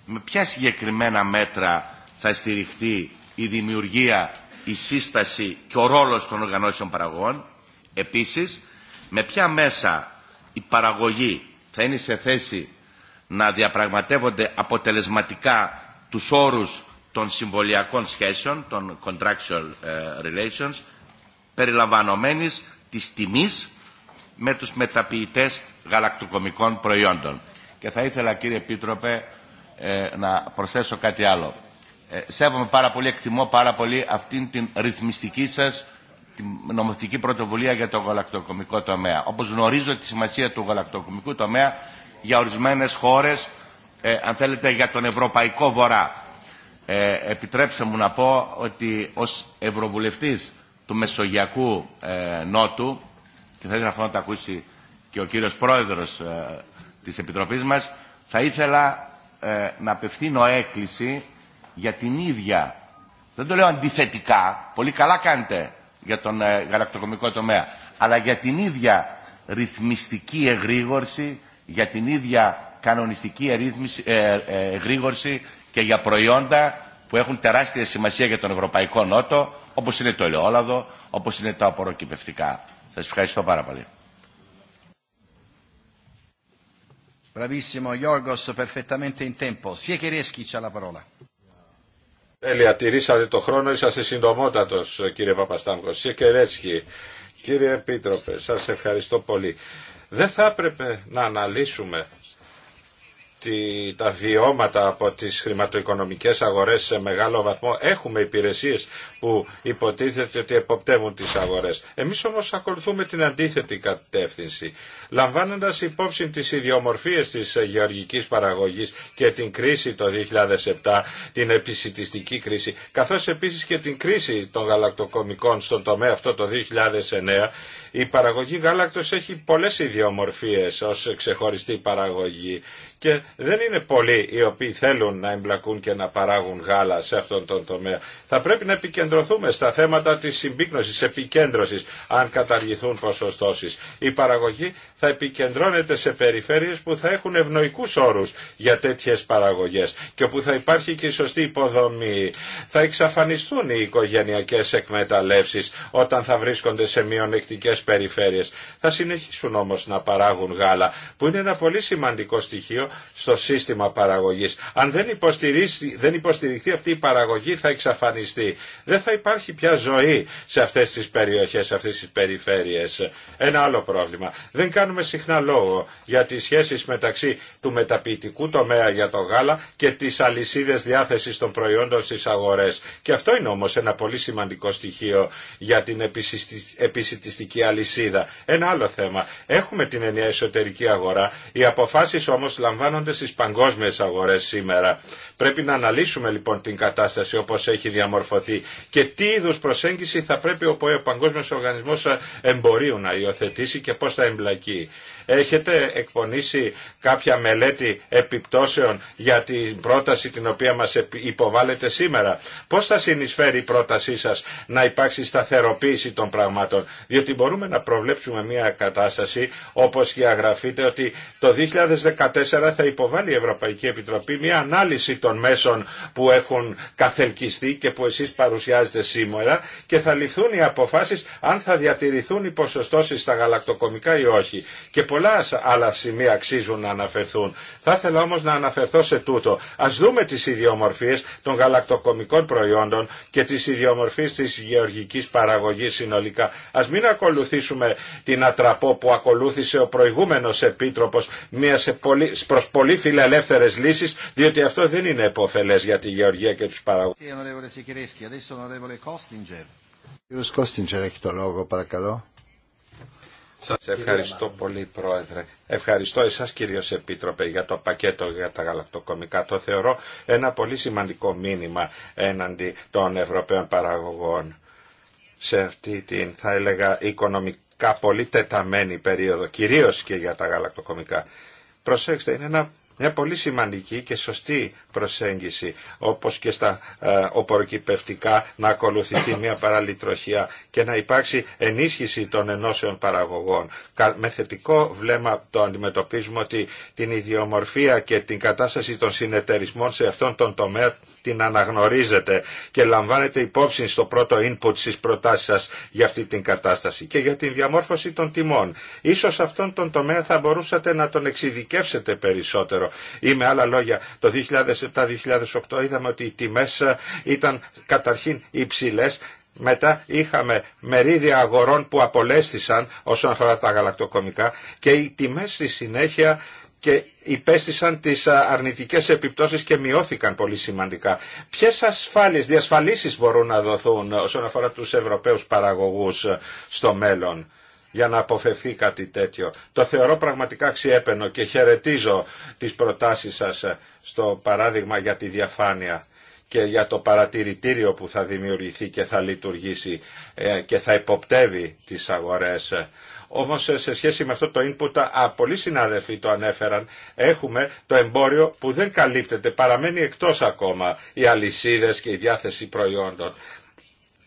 Με ποια συγκεκριμένα μέτρα θα στηριχτεί η δημιουργία, η σύσταση και ο ρόλος των οργανώσεων παραγωγών. Επίσης, με ποια μέσα η παραγωγή θα είναι σε θέση να διαπραγματεύονται αποτελεσματικά τους όρους των συμβολιακών σχέσεων, των contractual ε, relations, περιλαμβανομένης της τιμής με τους μεταποιητές γαλακτοκομικών προϊόντων. Και θα ήθελα κύριε Επίτροπε ε, να προσθέσω κάτι άλλο. Ε, σέβομαι πάρα πολύ, εκτιμώ πάρα πολύ αυτήν την ρυθμιστική σας την νομοθετική πρωτοβουλία για το γαλακτοκομικό τομέα. Όπως γνωρίζω τη σημασία του γαλακτοκομικού τομέα για ορισμένες χώρες, ε, αν θέλετε για τον Ευρωπαϊκό Βορρά. Ε, επιτρέψτε μου να πω ότι ως Ευρωβουλευτής του Μεσογειακού Νότου και θα ήθελα αυτό να το ακούσει και ο κύριος Πρόεδρος ε, της Επιτροπής μας, θα ήθελα ε, να απευθύνω έκκληση για την ίδια. Δεν το λέω αντιθετικά, πολύ καλά κάνετε για τον ε, γαλακτοκομικό τομέα, αλλά για την ίδια ρυθμιστική εγρήγορση, για την ίδια κανονιστική ερύθμιση, εγρήγορση και για προϊόντα που έχουν τεράστια σημασία για τον Ευρωπαϊκό Νότο, όπως είναι το ελαιόλαδο, όπως είναι τα απορροκυπευτικά. Σας ευχαριστώ πάρα πολύ. Bravissimo Γιώργος, perfettamente in tempo. Σιεκερέσκι, c'ha la parola. Τέλεια, τηρήσατε το χρόνο, είσαστε συντομότατος κύριε Παπαστάμκο. Σιεκερέσκι, κύριε Επίτροπε, σας ευχαριστώ πολύ. Δεν θα έπρεπε να αναλύσουμε τα βιώματα από τις χρηματοοικονομικές αγορές σε μεγάλο βαθμό έχουμε υπηρεσίες που υποτίθεται ότι εποπτεύουν τις αγορές. Εμείς όμως ακολουθούμε την αντίθετη κατεύθυνση. Λαμβάνοντας υπόψη τις ιδιομορφίες της γεωργικής παραγωγής και την κρίση το 2007, την επισητιστική κρίση, καθώς επίσης και την κρίση των γαλακτοκομικών στον τομέα αυτό το 2009, η παραγωγή γάλακτος έχει πολλές ιδιομορφίες ως ξεχωριστή παραγωγή και δεν είναι πολλοί οι οποίοι θέλουν να εμπλακούν και να παράγουν γάλα σε αυτόν τον τομέα. Θα πρέπει να επικεντρωθούμε στα θέματα της συμπίκνωσης, επικέντρωσης, αν καταργηθούν ποσοστώσεις. Η παραγωγή θα επικεντρώνεται σε περιφέρειες που θα έχουν ευνοϊκούς όρους για τέτοιες παραγωγές και όπου θα υπάρχει και η σωστή υποδομή. Θα εξαφανιστούν οι οικογενειακές εκμεταλλεύσεις όταν θα βρίσκονται σε μειονεκτικές περιφέρειες. Θα συνεχίσουν όμως να παράγουν γάλα, που είναι ένα πολύ σημαντικό στοιχείο στο σύστημα παραγωγής. Αν δεν, δεν υποστηριχθεί αυτή η παραγωγή θα εξαφανιστεί. Δεν θα υπάρχει πια ζωή σε αυτές τις περιοχές, σε αυτές τις περιφέρειες. Ένα άλλο πρόβλημα. Δεν κάνουμε συχνά λόγο για τις σχέσεις μεταξύ του μεταποιητικού τομέα για το γάλα και τις αλυσίδες διάθεσης των προϊόντων στις αγορές. Και αυτό είναι όμως ένα πολύ σημαντικό στοιχείο για την επισητιστική αλυσίδα. Ένα άλλο θέμα. Έχουμε την ενιαία εσωτερική αγορά. Οι αποφάσεις όμως περιλαμβάνονται στις παγκόσμιες αγορές σήμερα. Πρέπει να αναλύσουμε λοιπόν την κατάσταση όπως έχει διαμορφωθεί και τι είδους προσέγγιση θα πρέπει ο Παγκόσμιος Οργανισμός ε, Εμπορίου να υιοθετήσει και πώς θα εμπλακεί. Έχετε εκπονήσει κάποια μελέτη επιπτώσεων για την πρόταση την οποία μας υποβάλλεται σήμερα. Πώς θα συνεισφέρει η πρότασή σας να υπάρξει σταθεροποίηση των πραγμάτων. Διότι μπορούμε να προβλέψουμε μια κατάσταση όπως και αγραφείτε ότι το 2014 θα υποβάλει η Ευρωπαϊκή Επιτροπή μια ανάλυση των μέσων που έχουν καθελκιστεί και που εσείς παρουσιάζετε σήμερα και θα ληφθούν οι αποφάσεις αν θα διατηρηθούν οι ποσοστώσεις στα γαλακτοκομικά ή όχι. Και πολλά άλλα σημεία αξίζουν να αναφερθούν. Θα ήθελα όμως να αναφερθώ σε τούτο. Ας δούμε τις ιδιομορφίες των γαλακτοκομικών προϊόντων και τις ιδιομορφίες της γεωργικής παραγωγής συνολικά. Ας μην ακολουθήσουμε την ατραπό που ακολούθησε ο προηγούμενος επίτροπος μιας πολύ, προς πολύ φιλελεύθερες λύσεις, διότι αυτό δεν είναι επωφελές για τη γεωργία και τους παραγωγούς. ευχαριστώ πολύ Πρόεδρε. Ευχαριστώ εσάς κύριος Επίτροπε για το πακέτο για τα γαλακτοκομικά. Το θεωρώ ένα πολύ σημαντικό μήνυμα έναντι των Ευρωπαίων παραγωγών σε αυτή την θα έλεγα οικονομικά πολύ τεταμένη περίοδο, κυρίως και για τα γαλακτοκομικά. Προσέξτε, είναι ένα, μια πολύ σημαντική και σωστή προσέγγιση όπως και στα ε, οποροκυπευτικά να ακολουθηθεί μια παραλυτροχία και να υπάρξει ενίσχυση των ενώσεων παραγωγών. Με θετικό βλέμμα το αντιμετωπίζουμε ότι την ιδιομορφία και την κατάσταση των συνεταιρισμών σε αυτόν τον τομέα την αναγνωρίζετε και λαμβάνετε υπόψη στο πρώτο input στις προτάσεις σας για αυτή την κατάσταση και για την διαμόρφωση των τιμών. Ίσως αυτόν τον τομέα θα μπορούσατε να τον εξειδικεύσετε περισσότερο ή με άλλα λόγια το 2000 τα 2008 είδαμε ότι οι τιμές ε, ήταν καταρχήν υψηλές μετά είχαμε μερίδια αγορών που απολέστησαν όσον αφορά τα γαλακτοκομικά και οι τιμές στη συνέχεια και υπέστησαν τις ε, αρνητικές επιπτώσεις και μειώθηκαν πολύ σημαντικά. Ποιες ασφάλειες, διασφαλίσεις μπορούν να δοθούν όσον αφορά τους Ευρωπαίους παραγωγούς ε, στο μέλλον για να αποφευθεί κάτι τέτοιο. Το θεωρώ πραγματικά αξιέπαινο και χαιρετίζω τις προτάσεις σας ε, στο παράδειγμα για τη διαφάνεια και για το παρατηρητήριο που θα δημιουργηθεί και θα λειτουργήσει ε, και θα υποπτεύει τις αγορές. Όμως ε, σε σχέση με αυτό το input, α, πολλοί συνάδελφοι το ανέφεραν, έχουμε το εμπόριο που δεν καλύπτεται, παραμένει εκτός ακόμα οι αλυσίδες και η διάθεση προϊόντων.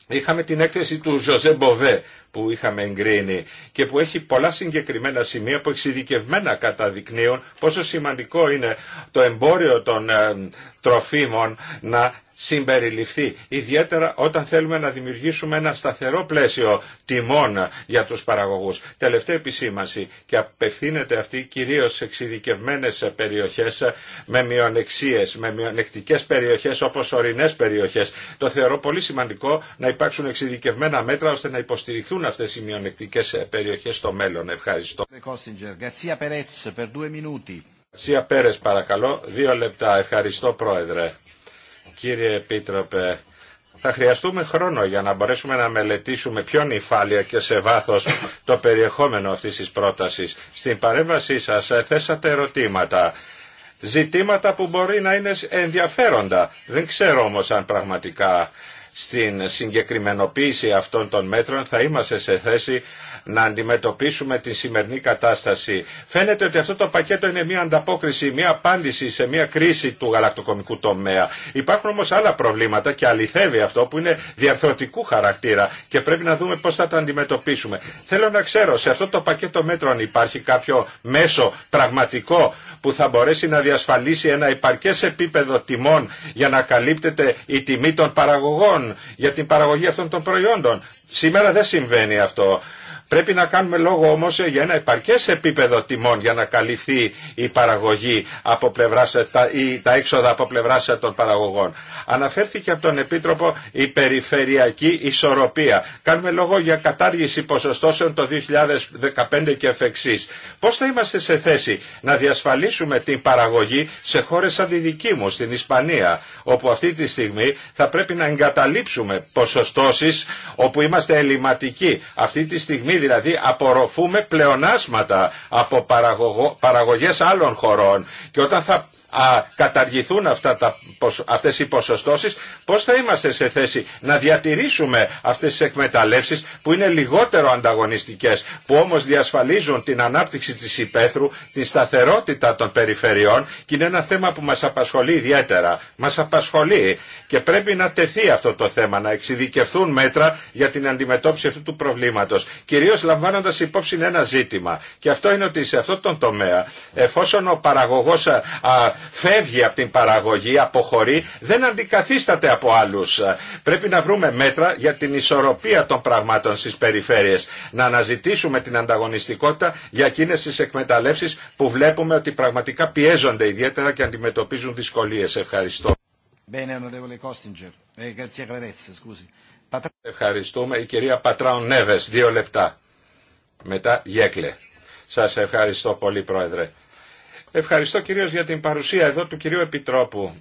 Είχαμε την έκθεση του Ζωζέ Μποβέ που είχαμε εγκρίνει και που έχει πολλά συγκεκριμένα σημεία που εξειδικευμένα καταδεικνύουν πόσο σημαντικό είναι το εμπόριο των ε, τροφίμων να συμπεριληφθεί, ιδιαίτερα όταν θέλουμε να δημιουργήσουμε ένα σταθερό πλαίσιο τιμών για τους παραγωγούς. Τελευταία επισήμανση και απευθύνεται αυτή κυρίως σε εξειδικευμένες περιοχές με μειονεξίες, με μειονεκτικές περιοχές όπως ορεινές περιοχές. Το θεωρώ πολύ σημαντικό να υπάρξουν εξειδικευμένα μέτρα ώστε να υποστηριχθούν αυτές οι μειονεκτικές περιοχές στο μέλλον. Ευχαριστώ. Γκαρσία Πέρες παρακαλώ, δύο λεπτά. Ευχαριστώ Πρόεδρε κύριε Επίτροπε. Θα χρειαστούμε χρόνο για να μπορέσουμε να μελετήσουμε πιο νυφάλια και σε βάθος το περιεχόμενο αυτής της πρότασης. Στην παρέμβασή σας ε, θέσατε ερωτήματα. Ζητήματα που μπορεί να είναι ενδιαφέροντα. Δεν ξέρω όμως αν πραγματικά στην συγκεκριμενοποίηση αυτών των μέτρων θα είμαστε σε θέση να αντιμετωπίσουμε την σημερινή κατάσταση. Φαίνεται ότι αυτό το πακέτο είναι μια ανταπόκριση, μια απάντηση σε μια κρίση του γαλακτοκομικού τομέα. Υπάρχουν όμως άλλα προβλήματα και αληθεύει αυτό που είναι διαρθρωτικού χαρακτήρα και πρέπει να δούμε πώς θα τα αντιμετωπίσουμε. Θέλω να ξέρω σε αυτό το πακέτο μέτρων υπάρχει κάποιο μέσο πραγματικό που θα μπορέσει να διασφαλίσει ένα υπαρκές επίπεδο τιμών για να καλύπτεται η τιμή των παραγωγών για την παραγωγή αυτών των προϊόντων. Σήμερα δεν συμβαίνει αυτό. Πρέπει να κάνουμε λόγο όμως ε, για ένα επαρκές επίπεδο τιμών για να καλυφθεί η παραγωγή από πλευράς, ε, τα, ή τα έξοδα από πλευράς ε, των παραγωγών. Αναφέρθηκε από τον Επίτροπο η περιφερειακή ισορροπία. Κάνουμε λόγο για κατάργηση ποσοστώσεων το 2015 και εφ' εξής. Πώς θα είμαστε σε θέση να διασφαλίσουμε την παραγωγή σε χώρες σαν τη δική μου, στην Ισπανία, όπου αυτή τη στιγμή θα πρέπει να εγκαταλείψουμε ποσοστώσεις όπου είμαστε ελληματικοί. Αυτή τη στιγμή δηλαδή απορροφούμε πλεονάσματα από παραγωγές άλλων χωρών και όταν θα α, καταργηθούν αυτά τα, αυτές οι ποσοστώσεις, πώς θα είμαστε σε θέση να διατηρήσουμε αυτές τις εκμεταλλεύσεις που είναι λιγότερο ανταγωνιστικές, που όμως διασφαλίζουν την ανάπτυξη της υπαίθρου, την σταθερότητα των περιφερειών και είναι ένα θέμα που μας απασχολεί ιδιαίτερα. Μας απασχολεί και πρέπει να τεθεί αυτό το θέμα, να εξειδικευθούν μέτρα για την αντιμετώπιση αυτού του προβλήματος, κυρίως λαμβάνοντας υπόψη ένα ζήτημα. Και αυτό είναι ότι σε αυτό τον τομέα, εφόσον ο παραγωγός φεύγει από την παραγωγή, αποχωρεί, δεν αντικαθίσταται από άλλους. Πρέπει να βρούμε μέτρα για την ισορροπία των πραγμάτων στις περιφέρειες. Να αναζητήσουμε την ανταγωνιστικότητα για εκείνες τις εκμεταλλεύσεις που βλέπουμε ότι πραγματικά πιέζονται ιδιαίτερα και αντιμετωπίζουν δυσκολίες. Ευχαριστώ. Eh, Ευχαριστούμε. Η κυρία Πατράων Νέβες, δύο λεπτά. Μετά Γέκλε. Σας ευχαριστώ πολύ Πρόεδρε. Ευχαριστώ κυρίως για την παρουσία εδώ του κυρίου Επιτρόπου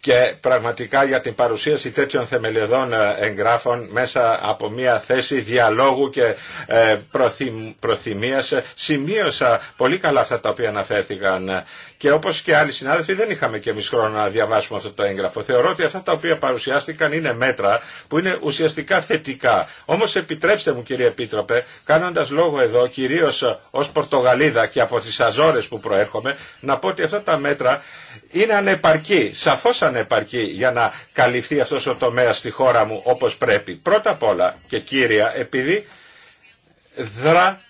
και πραγματικά για την παρουσίαση τέτοιων θεμελιωδών ε, εγγράφων μέσα από μια θέση διαλόγου και ε, προθυμίας ε, σημείωσα πολύ καλά αυτά τα οποία αναφέρθηκαν και όπως και άλλοι συνάδελφοι δεν είχαμε και εμείς χρόνο να διαβάσουμε αυτό το έγγραφο. Θεωρώ ότι αυτά τα οποία παρουσιάστηκαν είναι μέτρα που είναι ουσιαστικά θετικά. Όμως επιτρέψτε μου κύριε Επίτροπε, κάνοντας λόγο εδώ κυρίως ως Πορτογαλίδα και από τις Αζόρες που προέρχομαι, να πω ότι αυτά τα μέτρα είναι ανεπαρκή, σαφώς ανεπαρκή για να καλυφθεί αυτός ο τομέας στη χώρα μου όπως πρέπει. Πρώτα απ' όλα και κύρια, επειδή δρά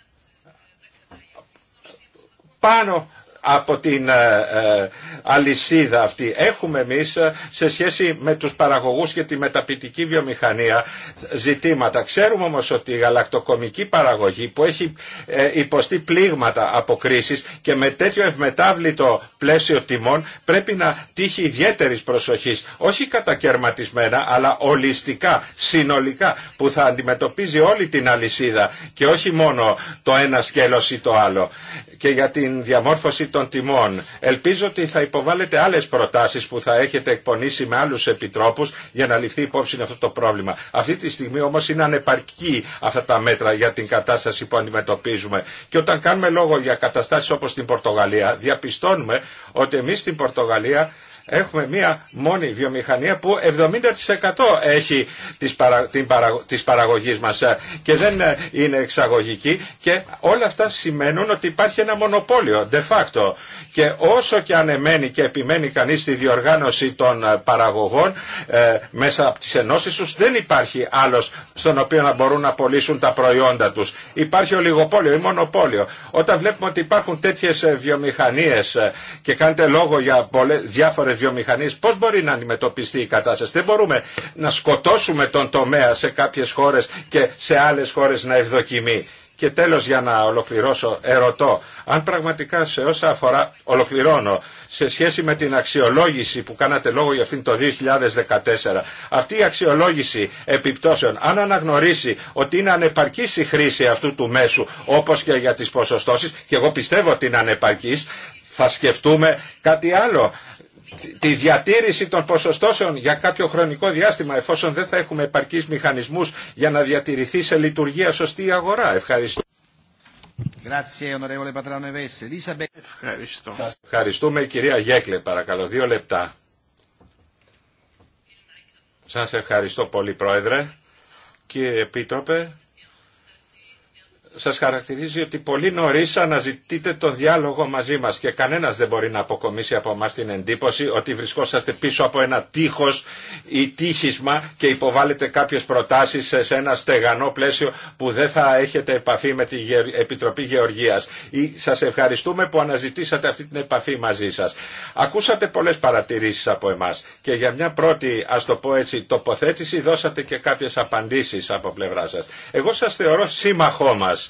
πάνω από την ε, ε, αλυσίδα αυτή. Έχουμε εμείς ε, σε σχέση με τους παραγωγούς και τη μεταπητική βιομηχανία ζητήματα. Ξέρουμε όμως ότι η γαλακτοκομική παραγωγή που έχει ε, υποστεί πλήγματα από κρίσεις και με τέτοιο ευμετάβλητο πλαίσιο τιμών πρέπει να τύχει ιδιαίτερη προσοχής. Όχι κατακαιρματισμένα αλλά ολιστικά, συνολικά που θα αντιμετωπίζει όλη την αλυσίδα και όχι μόνο το ένα σκέλος ή το άλλο. Και για την διαμόρφωση των τιμών. Ελπίζω ότι θα υποβάλλετε άλλες προτάσεις που θα έχετε εκπονήσει με άλλους επιτρόπους για να ληφθεί υπόψη αυτό το πρόβλημα. Αυτή τη στιγμή όμως είναι ανεπαρκή αυτά τα μέτρα για την κατάσταση που αντιμετωπίζουμε. Και όταν κάνουμε λόγο για καταστάσεις όπως στην Πορτογαλία, διαπιστώνουμε ότι εμείς στην Πορτογαλία έχουμε μία μόνη βιομηχανία που 70% έχει τις, παρα, την παραγωγής μας ε, και δεν ε, είναι εξαγωγική και όλα αυτά σημαίνουν ότι υπάρχει ένα μονοπόλιο de facto και όσο και ανεμένει και επιμένει κανείς στη διοργάνωση των ε, παραγωγών μέσα από τις ενώσεις τους δεν υπάρχει άλλος στον οποίο να μπορούν να πωλήσουν τα προϊόντα τους. Υπάρχει ολιγοπόλιο ή μονοπόλιο. Όταν βλέπουμε ότι υπάρχουν τέτοιες βιομηχανίες και κάνετε λόγο για πολλές, διάφορες βιομηχανίες. Πώς μπορεί να αντιμετωπιστεί η κατάσταση. Δεν μπορούμε να σκοτώσουμε τον τομέα σε κάποιες χώρες και σε άλλες χώρες να ευδοκιμεί. Και τέλος για να ολοκληρώσω, ερωτώ, αν πραγματικά σε όσα αφορά, ολοκληρώνω, σε σχέση με την αξιολόγηση που κάνατε λόγο για αυτήν το 2014, αυτή η αξιολόγηση επιπτώσεων, αν αναγνωρίσει ότι είναι ανεπαρκής η χρήση αυτού του μέσου, όπως και για τις ποσοστώσεις, και εγώ πιστεύω ότι είναι ανεπαρκής, θα σκεφτούμε κάτι άλλο τη διατήρηση των ποσοστώσεων για κάποιο χρονικό διάστημα εφόσον δεν θα έχουμε επαρκείς μηχανισμούς για να διατηρηθεί σε λειτουργία σωστή η αγορά. Ευχαριστώ. Ευχαριστώ. Σας ευχαριστούμε κυρία Γέκλε παρακαλώ. Δύο λεπτά. Σας ευχαριστώ πολύ πρόεδρε. Κύριε Επίτροπε, σας χαρακτηρίζει ότι πολύ νωρίς αναζητείτε τον διάλογο μαζί μας και κανένας δεν μπορεί να αποκομίσει από εμά την εντύπωση ότι βρισκόσαστε πίσω από ένα τείχος ή τείχισμα και υποβάλλετε κάποιες προτάσεις σε ένα στεγανό πλαίσιο που δεν θα έχετε επαφή με την Επιτροπή Γεωργίας. Ή σας ευχαριστούμε που αναζητήσατε αυτή την επαφή μαζί σας. Ακούσατε πολλές παρατηρήσεις από εμάς και για μια πρώτη, α το πω έτσι, τοποθέτηση δώσατε και κάποιες απαντήσεις από πλευρά σας. Εγώ σας θεωρώ σύμμαχό μας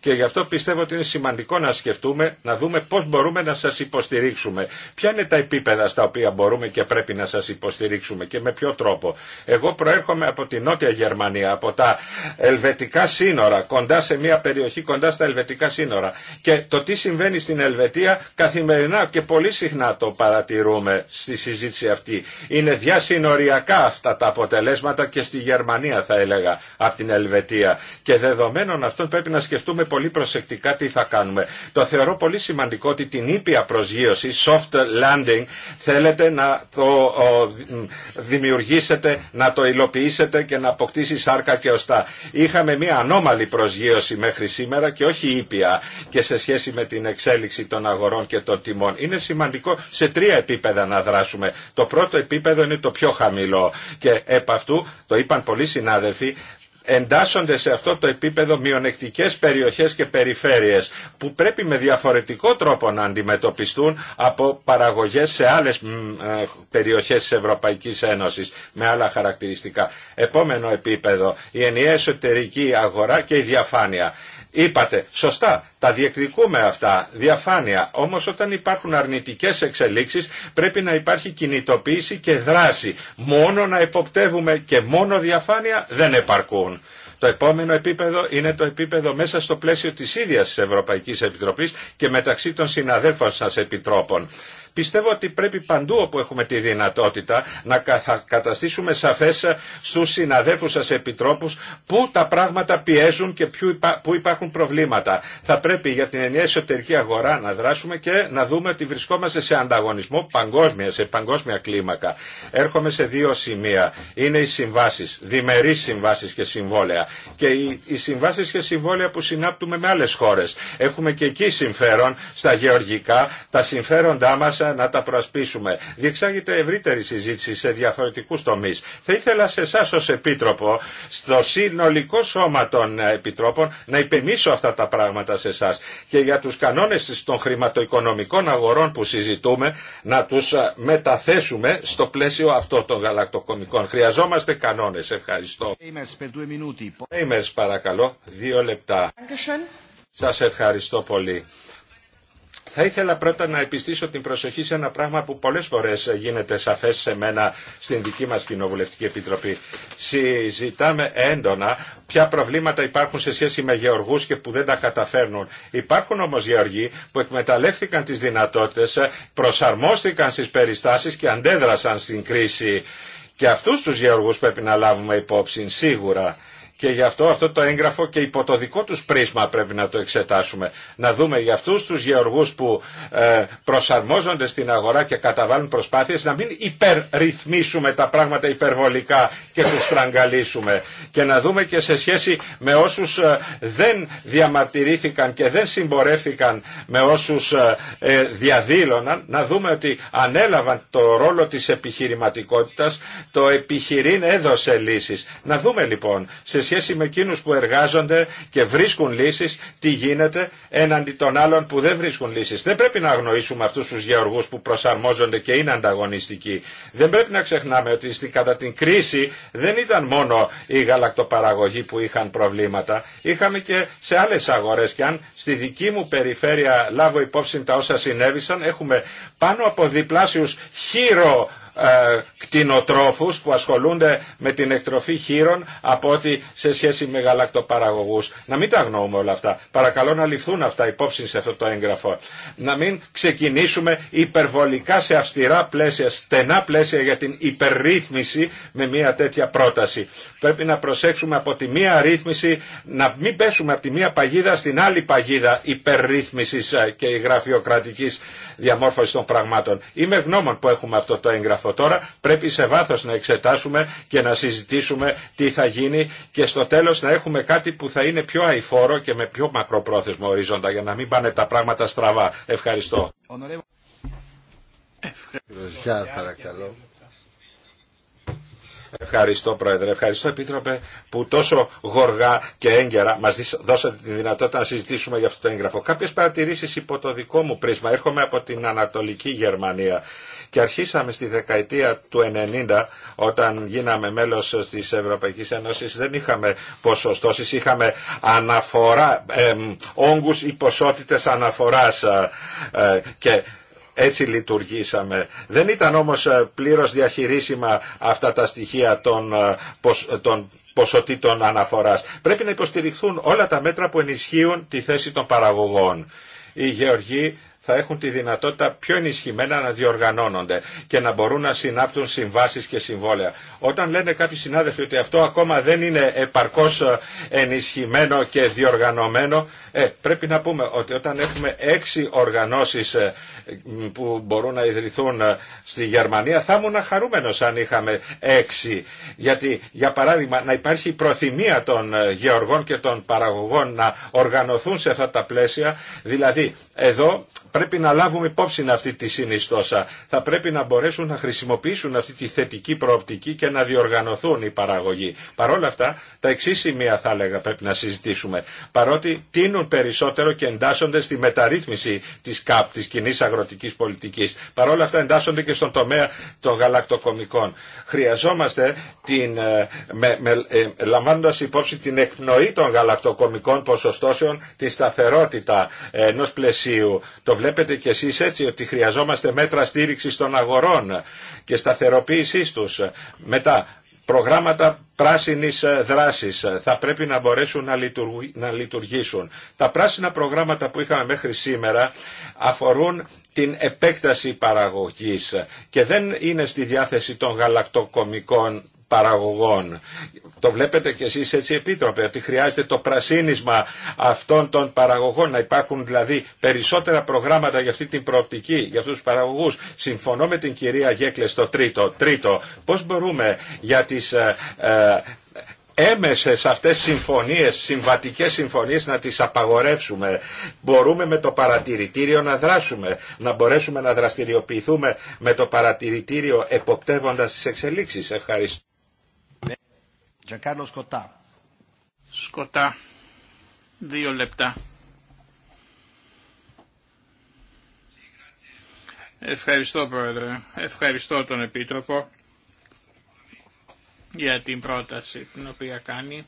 και γι' αυτό πιστεύω ότι είναι σημαντικό να σκεφτούμε, να δούμε πώς μπορούμε να σας υποστηρίξουμε. Ποια είναι τα επίπεδα στα οποία μπορούμε και πρέπει να σας υποστηρίξουμε και με ποιο τρόπο. Εγώ προέρχομαι από τη Νότια Γερμανία, από τα ελβετικά σύνορα, κοντά σε μια περιοχή κοντά στα ελβετικά σύνορα. Και το τι συμβαίνει στην Ελβετία καθημερινά και πολύ συχνά το παρατηρούμε στη συζήτηση αυτή. Είναι διασυνοριακά αυτά τα αποτελέσματα και στη Γερμανία θα έλεγα από την Ελβετία. Και δεδομένων αυτών πρέπει να σκεφτούμε πολύ προσεκτικά τι θα κάνουμε. Το θεωρώ πολύ σημαντικό ότι την ήπια προσγείωση, soft landing, θέλετε να το δημιουργήσετε, να το υλοποιήσετε και να αποκτήσει σάρκα και οστά. Είχαμε μια ανώμαλη προσγείωση μέχρι σήμερα και όχι ήπια και σε σχέση με την εξέλιξη των αγορών και των τιμών. Είναι σημαντικό σε τρία επίπεδα να δράσουμε. Το πρώτο επίπεδο είναι το πιο χαμηλό και επ' αυτού, το είπαν πολλοί συνάδελφοι, εντάσσονται σε αυτό το επίπεδο μειονεκτικές περιοχές και περιφέρειες που πρέπει με διαφορετικό τρόπο να αντιμετωπιστούν από παραγωγές σε άλλες ε, περιοχές της Ευρωπαϊκής Ένωσης με άλλα χαρακτηριστικά. Επόμενο επίπεδο, η ενιαία εσωτερική αγορά και η διαφάνεια. Είπατε, σωστά, τα διεκδικούμε αυτά, διαφάνεια. Όμως όταν υπάρχουν αρνητικές εξελίξεις πρέπει να υπάρχει κινητοποίηση και δράση. Μόνο να υποπτεύουμε και μόνο διαφάνεια δεν επαρκούν. Το επόμενο επίπεδο είναι το επίπεδο μέσα στο πλαίσιο της ίδιας της Ευρωπαϊκής Επιτροπής και μεταξύ των συναδέλφων σας επιτρόπων. Πιστεύω ότι πρέπει παντού όπου έχουμε τη δυνατότητα να καταστήσουμε σαφές ε, στους συναδέλφους σας επιτρόπους πού τα πράγματα πιέζουν και πού υπάρχουν προβλήματα. Θα πρέπει για την ενιαία εσωτερική αγορά να δράσουμε και να δούμε ότι βρισκόμαστε σε ανταγωνισμό παγκόσμια, σε παγκόσμια κλίμακα. Έρχομαι σε δύο σημεία. Είναι οι συμβάσεις, διμερείς συμβάσεις και συμβόλαια. Και οι συμβάσεις και συμβόλαια που συνάπτουμε με άλλες χώρες. Έχουμε και εκεί συμφέρον στα γεωργικά, τα συμφέροντά μα. Ε, να τα προασπίσουμε. Διεξάγεται ευρύτερη συζήτηση σε διαφορετικούς τομείς. Θα ήθελα σε εσά ως Επίτροπο, στο συνολικό σώμα των ε, Επιτρόπων, να υπενήσω αυτά τα πράγματα σε εσά και για τους κανόνες των χρηματοοικονομικών αγορών που συζητούμε να τους ε, μεταθέσουμε στο πλαίσιο αυτό των γαλακτοκομικών. Χρειαζόμαστε κανόνες. Ευχαριστώ. παρακαλώ, δύο λεπτά. Σας ευχαριστώ πολύ. Θα ήθελα πρώτα να επιστήσω την προσοχή σε ένα πράγμα που πολλές φορές γίνεται σαφές σε μένα στην δική μας Κοινοβουλευτική Επιτροπή. Συζητάμε έντονα ποια προβλήματα υπάρχουν σε σχέση με γεωργούς και που δεν τα καταφέρνουν. Υπάρχουν όμως γεωργοί που εκμεταλλεύτηκαν τις δυνατότητες, προσαρμόστηκαν στις περιστάσεις και αντέδρασαν στην κρίση. Και αυτούς τους γεωργούς πρέπει να λάβουμε υπόψη σίγουρα. Και γι' αυτό αυτό το έγγραφο και υπό το δικό τους πρίσμα πρέπει να το εξετάσουμε. Να δούμε για αυτούς τους γεωργούς που ε, προσαρμόζονται στην αγορά και καταβάλουν προσπάθειες να μην υπερρυθμίσουμε τα πράγματα υπερβολικά και τους στραγγαλίσουμε. Και να δούμε και σε σχέση με όσους ε, δεν διαμαρτυρήθηκαν και δεν συμπορεύθηκαν με όσους ε, διαδήλωναν, να δούμε ότι ανέλαβαν το ρόλο της επιχειρηματικότητας, το επιχειρήν έδωσε λύσεις. Να δούμε λοιπόν σχέση με εκείνους που εργάζονται και βρίσκουν λύσεις, τι γίνεται έναντι των άλλων που δεν βρίσκουν λύσεις. Δεν πρέπει να αγνοήσουμε αυτούς τους γεωργούς που προσαρμόζονται και είναι ανταγωνιστικοί. Δεν πρέπει να ξεχνάμε ότι κατά την κρίση δεν ήταν μόνο οι γαλακτοπαραγωγοί που είχαν προβλήματα. Είχαμε και σε άλλες αγορές και αν στη δική μου περιφέρεια λάβω υπόψη τα όσα συνέβησαν έχουμε πάνω από διπλάσιους χείρο ε, κτηνοτρόφους που ασχολούνται με την εκτροφή χείρων από ότι σε σχέση με γαλακτοπαραγωγούς. Να μην τα αγνοούμε όλα αυτά. Παρακαλώ να ληφθούν αυτά υπόψη σε αυτό το έγγραφο. Να μην ξεκινήσουμε υπερβολικά σε αυστηρά πλαίσια, στενά πλαίσια για την υπερρύθμιση με μια τέτοια πρόταση. Πρέπει να προσέξουμε από τη μία ρύθμιση, να μην πέσουμε από τη μία παγίδα στην άλλη παγίδα υπερρύθμισης ε, και γραφειοκρατικής διαμόρφωσης των πραγμάτων. Είμαι γνώμων που έχουμε αυτό το έγγραφο Τώρα πρέπει σε βάθος να εξετάσουμε και να συζητήσουμε τι θα γίνει και στο τέλος να έχουμε κάτι που θα είναι πιο αηφόρο και με πιο μακροπρόθεσμο ορίζοντα για να μην πάνε τα πράγματα στραβά. Ευχαριστώ. Ευχαριστώ. Ευχαριστώ Πρόεδρε, ευχαριστώ Επίτροπε που τόσο γοργά και έγκαιρα μας δώσατε τη δυνατότητα να συζητήσουμε για αυτό το έγγραφο. Κάποιες παρατηρήσεις υπό το δικό μου πρίσμα. Έρχομαι από την Ανατολική Γερμανία και αρχίσαμε στη δεκαετία του 90 όταν γίναμε μέλος της Ευρωπαϊκής Ένωσης δεν είχαμε ποσοστώσεις, είχαμε αναφορά, ε, όγκους ή ποσότητες αναφοράς ε, ε, και έτσι λειτουργήσαμε. Δεν ήταν όμως ε, πλήρως διαχειρίσιμα αυτά τα στοιχεία των, ποσοτήτων αναφοράς. Πρέπει να υποστηριχθούν όλα τα μέτρα που ενισχύουν τη θέση των παραγωγών. Οι γεωργοί θα έχουν τη δυνατότητα πιο ενισχυμένα να διοργανώνονται και να μπορούν να συνάπτουν συμβάσεις και συμβόλαια. Όταν λένε κάποιοι συνάδελφοι ότι αυτό ακόμα δεν είναι επαρκώς ε, ενισχυμένο και διοργανωμένο, ε, πρέπει να πούμε ότι όταν έχουμε έξι οργανώσεις ε, που μπορούν να ιδρυθούν ε, στη Γερμανία θα ήμουν χαρούμενος αν είχαμε έξι. Γιατί για παράδειγμα να υπάρχει προθυμία των ε, γεωργών και των παραγωγών να οργανωθούν σε αυτά τα πλαίσια. Δηλαδή εδώ πρέπει να λάβουμε υπόψη αυτή τη συνιστόσα. Θα πρέπει να μπορέσουν να χρησιμοποιήσουν αυτή τη θετική προοπτική και να διοργανωθούν οι παραγωγοί. Παρ' όλα αυτά, τα εξή σημεία θα έλεγα πρέπει να συζητήσουμε. Παρότι τίνουν περισσότερο και εντάσσονται στη μεταρρύθμιση της ΚΑΠ, της κοινή αγροτικής πολιτικής. Παρ' όλα αυτά εντάσσονται και στον τομέα των γαλακτοκομικών. Χρειαζόμαστε, την, ε, ε, λαμβάνοντας υπόψη την εκπνοή των γαλακτοκομικών ποσοστώσεων, τη σταθερότητα ε, ενός πλαισίου. Το βλέπετε κι εσείς έτσι ότι χρειαζόμαστε μέτρα στήριξης των αγορών και σταθεροποίησής τους. Μετά, προγράμματα πράσινης ε, δράσης ε, θα πρέπει να μπορέσουν να λειτουργήσουν. Τα πράσινα προγράμματα που είχαμε μέχρι σήμερα αφορούν την επέκταση παραγωγής και δεν είναι στη διάθεση των γαλακτοκομικών παραγωγών. Το βλέπετε κι εσείς έτσι επίτροπε ότι χρειάζεται το πρασίνισμα αυτών των παραγωγών να υπάρχουν δηλαδή περισσότερα προγράμματα για αυτή την προοπτική, για αυτούς τους παραγωγούς. Συμφωνώ με την κυρία Γέκλε στο τρίτο. Τρίτο, πώς μπορούμε για τις... Ε, ε, έμεσες αυτές συμφωνίες, συμβατικές συμφωνίες να τις απαγορεύσουμε. Μπορούμε με το παρατηρητήριο να δράσουμε, να μπορέσουμε να δραστηριοποιηθούμε με το παρατηρητήριο εποπτεύοντας τις εξελίξεις. Ευχαριστώ. Σκοτά. Σκοτά. Δύο λεπτά. Ευχαριστώ Πρόεδρε. Ευχαριστώ τον Επίτροπο για την πρόταση την οποία κάνει.